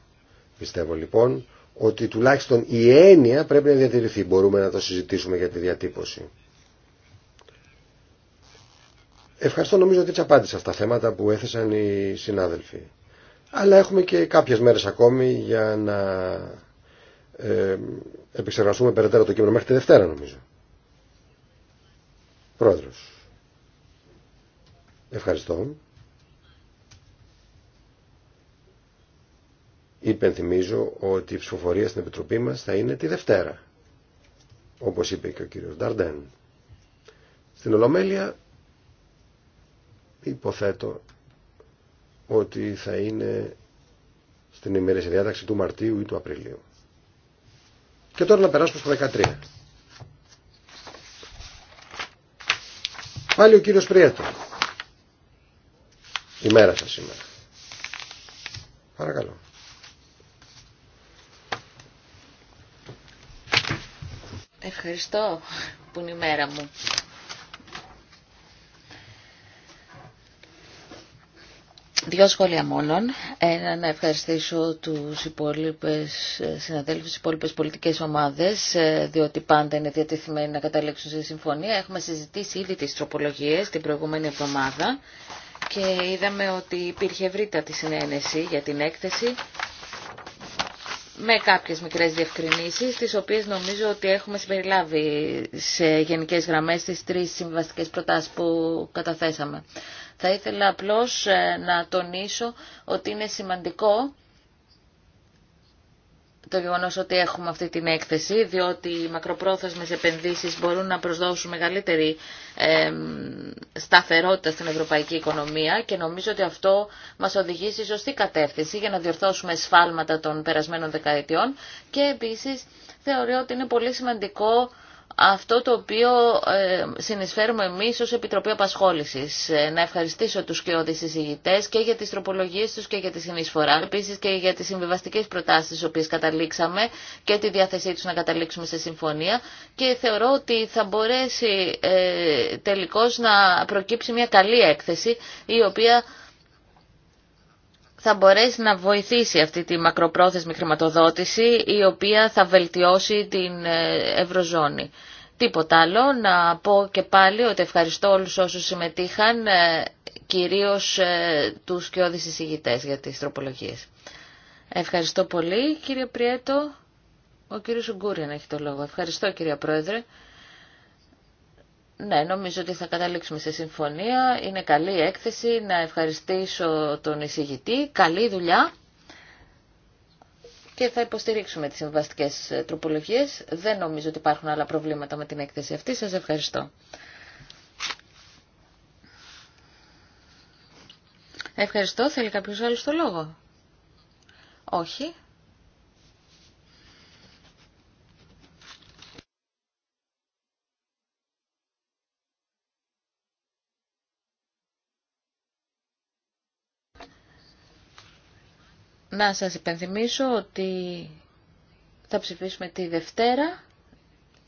Πιστεύω λοιπόν ότι τουλάχιστον η έννοια πρέπει να διατηρηθεί. Μπορούμε να το συζητήσουμε για τη διατύπωση. Ευχαριστώ νομίζω ότι έτσι απάντησα αυτά τα θέματα που έθεσαν οι συνάδελφοι. Αλλά έχουμε και κάποιες μέρες ακόμη για να ε, επεξεργαστούμε περαιτέρω το κείμενο μέχρι τη Δευτέρα νομίζω. Πρόεδρος. Ευχαριστώ. Υπενθυμίζω ότι η ψηφοφορία στην Επιτροπή μας θα είναι τη Δευτέρα, όπως είπε και ο κύριος Νταρντέν. Στην Ολομέλεια υποθέτω ότι θα είναι στην ημερήσια διάταξη του Μαρτίου ή του Απριλίου. Και τώρα να περάσουμε στο 13. Πάλι ο κύριος Πριέτο. Η μέρα σας σήμερα. Παρακαλώ. Ευχαριστώ που είναι η μέρα μου. Δύο σχόλια μόνον. Ένα να ευχαριστήσω τους υπόλοιπες συναδέλφους, τις υπόλοιπες πολιτικές ομάδες, διότι πάντα είναι διατεθειμένοι να καταλήξουν σε συμφωνία. Έχουμε συζητήσει ήδη τις τροπολογίες την προηγούμενη εβδομάδα και είδαμε ότι υπήρχε ευρύτατη συνένεση για την έκθεση με κάποιες μικρές διευκρινήσεις, τις οποίες νομίζω ότι έχουμε συμπεριλάβει σε γενικές γραμμές τις τρεις συμβαστικές προτάσεις που καταθέσαμε. Θα ήθελα απλώς ε, να τονίσω ότι είναι σημαντικό το γεγονό ότι έχουμε αυτή την έκθεση, διότι οι μακροπρόθεσμες επενδύσεις μπορούν να προσδώσουν μεγαλύτερη σταθερότητα στην ευρωπαϊκή οικονομία και νομίζω ότι αυτό μας οδηγεί στη σωστή κατεύθυνση για να διορθώσουμε σφάλματα των περασμένων δεκαετιών και επίσης θεωρώ ότι είναι πολύ σημαντικό αυτό το οποίο ε, συνεισφέρουμε εμείς ως Επιτροπή Απασχόλησης. Ε, να ευχαριστήσω τους και συζητητές και για τις τροπολογίες τους και για τη συνεισφορά, επίσης και για τις συμβιβαστικές προτάσεις τις οποίες καταλήξαμε και τη διάθεσή τους να καταλήξουμε σε συμφωνία και θεωρώ ότι θα μπορέσει ε, τελικώς να προκύψει μια καλή έκθεση η οποία θα μπορέσει να βοηθήσει αυτή τη μακροπρόθεσμη χρηματοδότηση η οποία θα βελτιώσει την ε, Ευρωζώνη. Τίποτα άλλο, να πω και πάλι ότι ευχαριστώ όλους όσους συμμετείχαν, ε, κυρίως ε, τους και ηγετές για τις τροπολογίες. Ευχαριστώ πολύ κύριε Πριέτο. Ο κύριος Ογκούριαν έχει το λόγο. Ευχαριστώ κύριε Πρόεδρε. Ναι, νομίζω ότι θα καταλήξουμε σε συμφωνία. Είναι καλή έκθεση. Να ευχαριστήσω τον εισηγητή. Καλή δουλειά. Και θα υποστηρίξουμε τις συμβαστικές ε, τροπολογίες. Δεν νομίζω ότι υπάρχουν άλλα προβλήματα με την έκθεση αυτή. Σας ευχαριστώ. Ευχαριστώ. Θέλει κάποιος άλλος το λόγο. Όχι. Να σας υπενθυμίσω ότι θα ψηφίσουμε τη Δευτέρα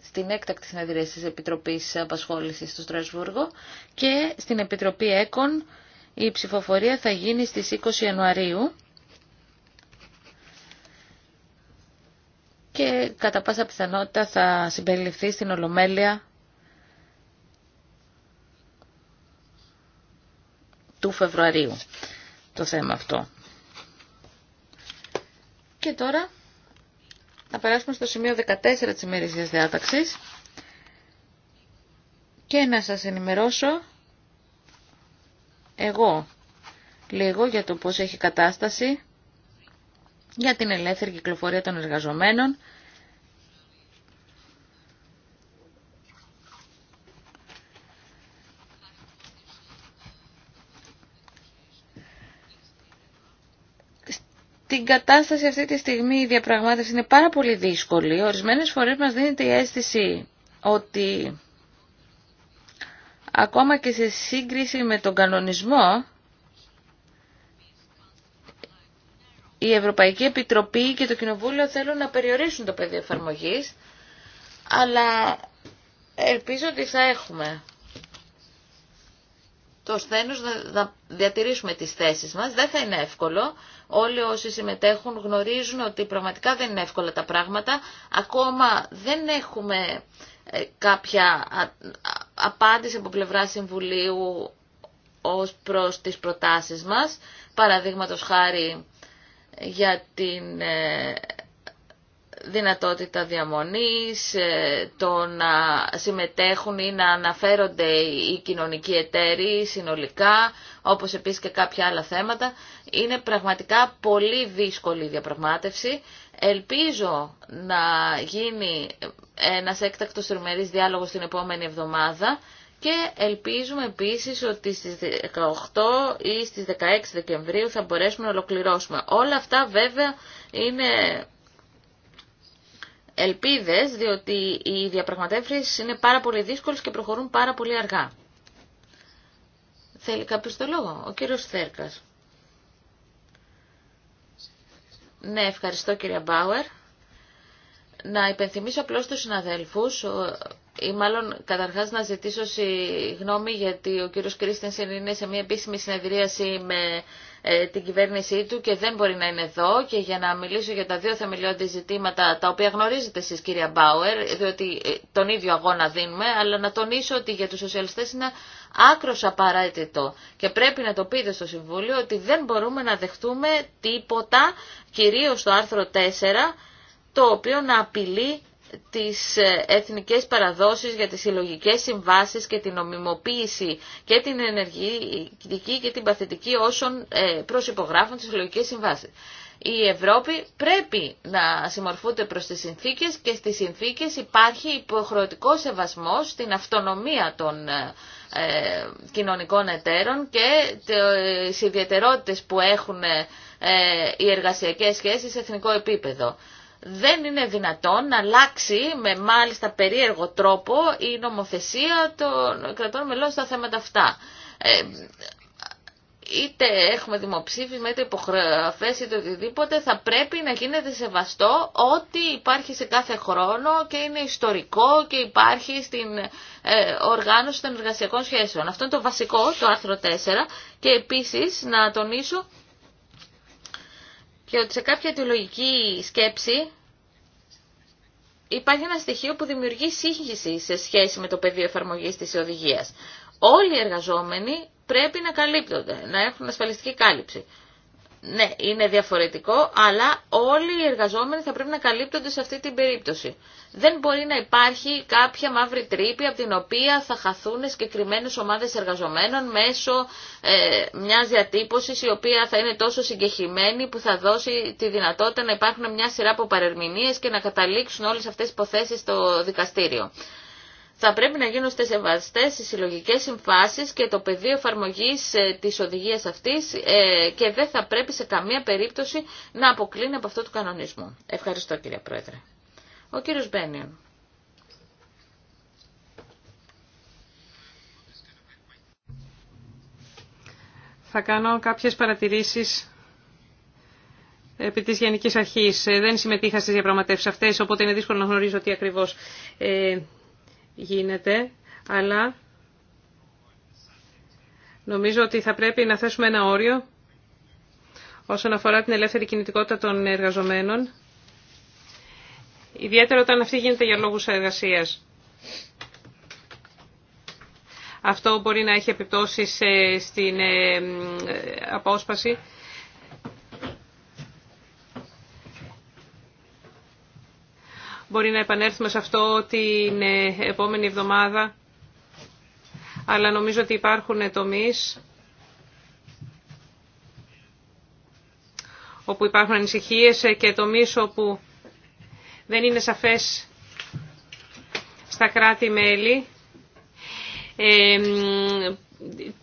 στην έκτακτη συνεδρία της Επιτροπής Απασχόλησης στο Στρασβούργο και στην Επιτροπή ΕΚΟΝ η ψηφοφορία θα γίνει στις 20 Ιανουαρίου και κατά πάσα πιθανότητα θα συμπεριληφθεί στην Ολομέλεια του Φεβρουαρίου το θέμα αυτό. Και τώρα θα περάσουμε στο σημείο 14 της ημερησίας διάταξης και να σας ενημερώσω εγώ λίγο για το πώς έχει κατάσταση για την ελεύθερη κυκλοφορία των εργαζομένων την κατάσταση αυτή τη στιγμή η διαπραγμάτευση είναι πάρα πολύ δύσκολη. Ορισμένες φορές μας δίνεται η αίσθηση ότι ακόμα και σε σύγκριση με τον κανονισμό η Ευρωπαϊκή Επιτροπή και το Κοινοβούλιο θέλουν να περιορίσουν το πεδίο εφαρμογής αλλά ελπίζω ότι θα έχουμε το να, να διατηρήσουμε τις θέσεις μας. Δεν θα είναι εύκολο. Όλοι όσοι συμμετέχουν γνωρίζουν ότι πραγματικά δεν είναι εύκολα τα πράγματα. Ακόμα δεν έχουμε ε, κάποια απάντηση από πλευρά Συμβουλίου ως προς τις προτάσεις μας. Παραδείγματος χάρη για την ε, δυνατότητα διαμονής, ε, το να συμμετέχουν ή να αναφέρονται οι κοινωνικοί εταίροι συνολικά, όπως επίσης και κάποια άλλα θέματα. Είναι πραγματικά πολύ δύσκολη η διαπραγμάτευση. Ελπίζω να γίνει ένας έκτακτος τριμερής διάλογος την επόμενη εβδομάδα και ελπίζουμε επίσης ότι στις 18 ή στις 16 Δεκεμβρίου θα μπορέσουμε να ολοκληρώσουμε. Όλα αυτά βέβαια είναι ελπίδες, διότι οι διαπραγματεύσεις είναι πάρα πολύ δύσκολες και προχωρούν πάρα πολύ αργά. Θέλει κάποιος το λόγο, ο κύριος Θέρκας. Ναι, ευχαριστώ κύριε Μπάουερ. Να υπενθυμίσω απλώς τους συναδέλφους, ή μάλλον καταρχάς να ζητήσω συγγνώμη γιατί ο κύριος Κρίστενσεν είναι σε μια επίσημη συνεδρίαση με ε, την κυβέρνησή του και δεν μπορεί να είναι εδώ και για να μιλήσω για τα δύο θεμελιώδη ζητήματα τα οποία γνωρίζετε εσείς κυρία Μπάουερ διότι ε, τον ίδιο αγώνα δίνουμε αλλά να τονίσω ότι για τους σοσιαλιστές είναι άκρος απαραίτητο και πρέπει να το πείτε στο Συμβούλιο ότι δεν μπορούμε να δεχτούμε τίποτα κυρίως το άρθρο 4 το οποίο να απειλεί τις ε, εθνικές παραδόσεις για τις συλλογικέ συμβάσεις και την νομιμοποίηση και την ενεργητική και την παθητική όσων ε, προσυπογράφουν τις συλλογικέ συμβάσεις. Η Ευρώπη πρέπει να συμμορφούνται προς τις συνθήκες και στις συνθήκες υπάρχει υποχρεωτικό σεβασμός στην αυτονομία των ε, κοινωνικών εταίρων και τις ιδιαιτερότητες που έχουν οι εργασιακές σχέσεις σε εθνικό επίπεδο δεν είναι δυνατόν να αλλάξει με μάλιστα περίεργο τρόπο η νομοθεσία των κρατών μελών στα θέματα αυτά. Ε, είτε έχουμε δημοψήφισμα, είτε υποχρεωθές είτε οτιδήποτε, θα πρέπει να γίνεται σεβαστό ότι υπάρχει σε κάθε χρόνο και είναι ιστορικό και υπάρχει στην ε, οργάνωση των εργασιακών σχέσεων. Αυτό είναι το βασικό, το άρθρο 4 και επίσης να τονίσω και ότι σε κάποια αιτιολογική σκέψη υπάρχει ένα στοιχείο που δημιουργεί σύγχυση σε σχέση με το πεδίο εφαρμογή της οδηγίας. Όλοι οι εργαζόμενοι πρέπει να καλύπτονται, να έχουν ασφαλιστική κάλυψη. Ναι, είναι διαφορετικό, αλλά όλοι οι εργαζόμενοι θα πρέπει να καλύπτονται σε αυτή την περίπτωση. Δεν μπορεί να υπάρχει κάποια μαύρη τρύπη από την οποία θα χαθούν συγκεκριμένε ομάδες εργαζομένων μέσω ε, μιας διατύπωσης η οποία θα είναι τόσο συγκεχημένη που θα δώσει τη δυνατότητα να υπάρχουν μια σειρά από παρερμηνίες και να καταλήξουν όλες αυτές οι υποθέσεις στο δικαστήριο θα πρέπει να γίνουν σεβαστές οι συλλογικέ συμφάσεις και το πεδίο εφαρμογή ε, της οδηγίας αυτής ε, και δεν θα πρέπει σε καμία περίπτωση να αποκλίνει από αυτό το κανονισμό. Ευχαριστώ κύριε Πρόεδρε. Ο κύριος Μπένιον. Θα κάνω κάποιες παρατηρήσεις επί της Γενικής Αρχής. Ε, δεν συμμετείχα στις διαπραγματεύσεις αυτές, οπότε είναι δύσκολο να γνωρίζω τι ακριβώς γίνεται, αλλά νομίζω ότι θα πρέπει να θέσουμε ένα όριο όσον αφορά την ελεύθερη κινητικότητα των εργαζομένων, ιδιαίτερα όταν αυτή γίνεται για λόγους εργασίας. Αυτό μπορεί να έχει επιπτώσεις ε, στην ε, απόσπαση Μπορεί να επανέλθουμε σε αυτό την ε, επόμενη εβδομάδα, αλλά νομίζω ότι υπάρχουν τομείς όπου υπάρχουν ανησυχίες και τομείς όπου δεν είναι σαφές στα κράτη-μέλη ε,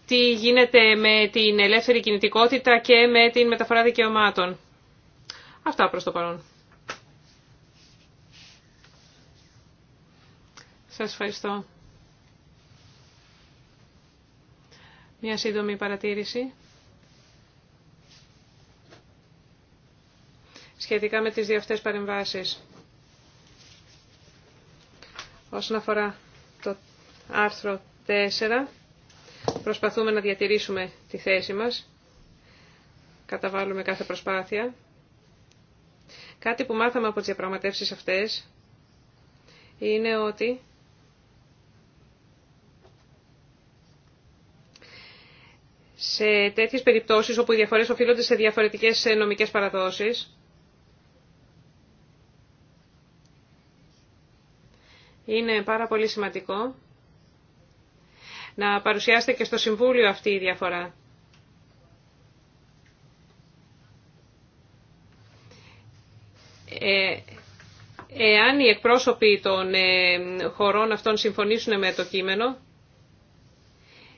τι γίνεται με την ελεύθερη κινητικότητα και με την μεταφορά δικαιωμάτων. Αυτά προς το παρόν. Σας ευχαριστώ. Μια σύντομη παρατήρηση. Σχετικά με τις δύο αυτές παρεμβάσεις. Όσον αφορά το άρθρο 4, προσπαθούμε να διατηρήσουμε τη θέση μας. Καταβάλουμε κάθε προσπάθεια. Κάτι που μάθαμε από τις διαπραγματεύσεις αυτές είναι ότι σε τέτοιε περιπτώσεις όπου οι διαφορέ οφείλονται σε διαφορετικές ε, νομικές παραδόσει. είναι πάρα πολύ σημαντικό να παρουσιάσετε και στο Συμβούλιο αυτή η διαφορά. Ε, εάν οι εκπρόσωποι των ε, χωρών αυτών συμφωνήσουν με το κείμενο,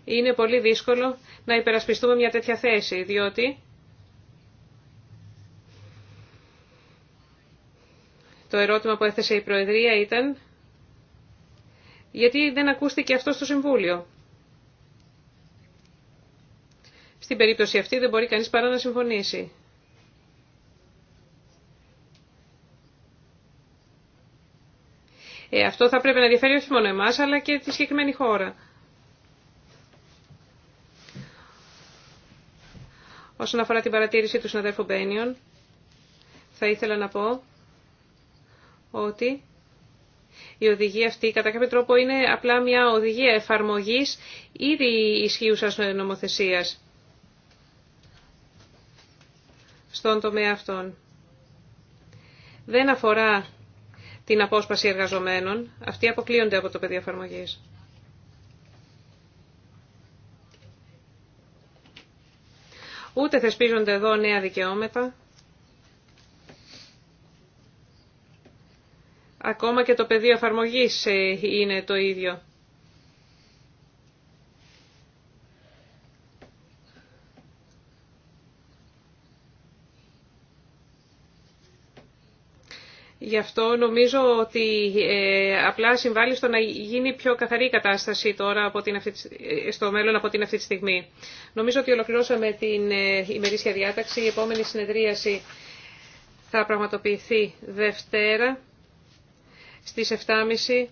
είναι πολύ δύσκολο να υπερασπιστούμε μια τέτοια θέση, διότι το ερώτημα που έθεσε η Προεδρία ήταν γιατί δεν ακούστηκε αυτό στο Συμβούλιο. Στην περίπτωση αυτή δεν μπορεί κανείς παρά να συμφωνήσει. Ε, αυτό θα πρέπει να ενδιαφέρει όχι μόνο εμάς, αλλά και τη συγκεκριμένη χώρα. Όσον αφορά την παρατήρηση του συναδέλφου Μπένιον, θα ήθελα να πω ότι η οδηγία αυτή κατά κάποιο τρόπο είναι απλά μια οδηγία εφαρμογής ήδη ισχύουσας νομοθεσίας στον τομέα αυτών. Δεν αφορά την απόσπαση εργαζομένων, αυτοί αποκλείονται από το πεδίο εφαρμογής. ούτε θεσπίζονται εδώ νέα δικαιώματα. Ακόμα και το πεδίο εφαρμογή ε, είναι το ίδιο. Γι' αυτό νομίζω ότι ε, απλά συμβάλλει στο να γίνει πιο καθαρή η κατάσταση τώρα από την αυτή, ε, στο μέλλον από την αυτή τη στιγμή. Νομίζω ότι ολοκληρώσαμε την ε, ημερήσια διάταξη. Η επόμενη συνεδρίαση θα πραγματοποιηθεί Δευτέρα στις 7.30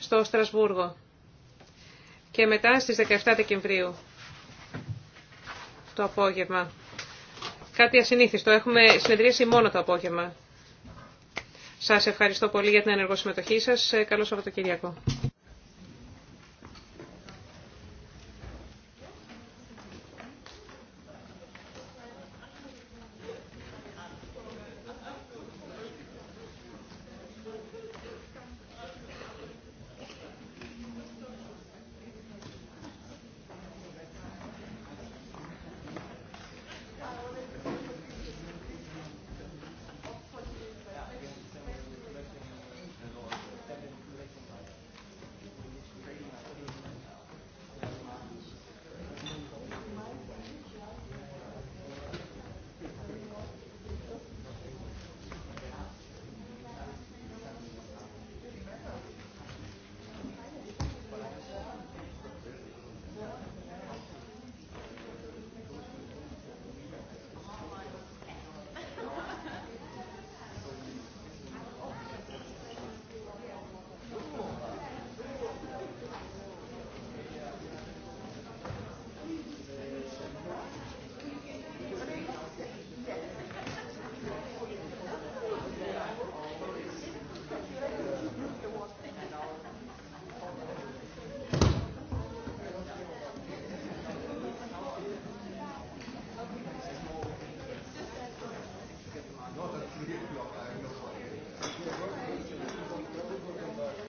στο Στρασβούργο και μετά στις 17 Δεκεμβρίου το απόγευμα. Κάτι ασυνήθιστο. Έχουμε συνεδρίαση μόνο το απόγευμα. Σας ευχαριστώ πολύ για την ενεργό συμμετοχή σας. Ε, καλό Σαββατοκυριακό.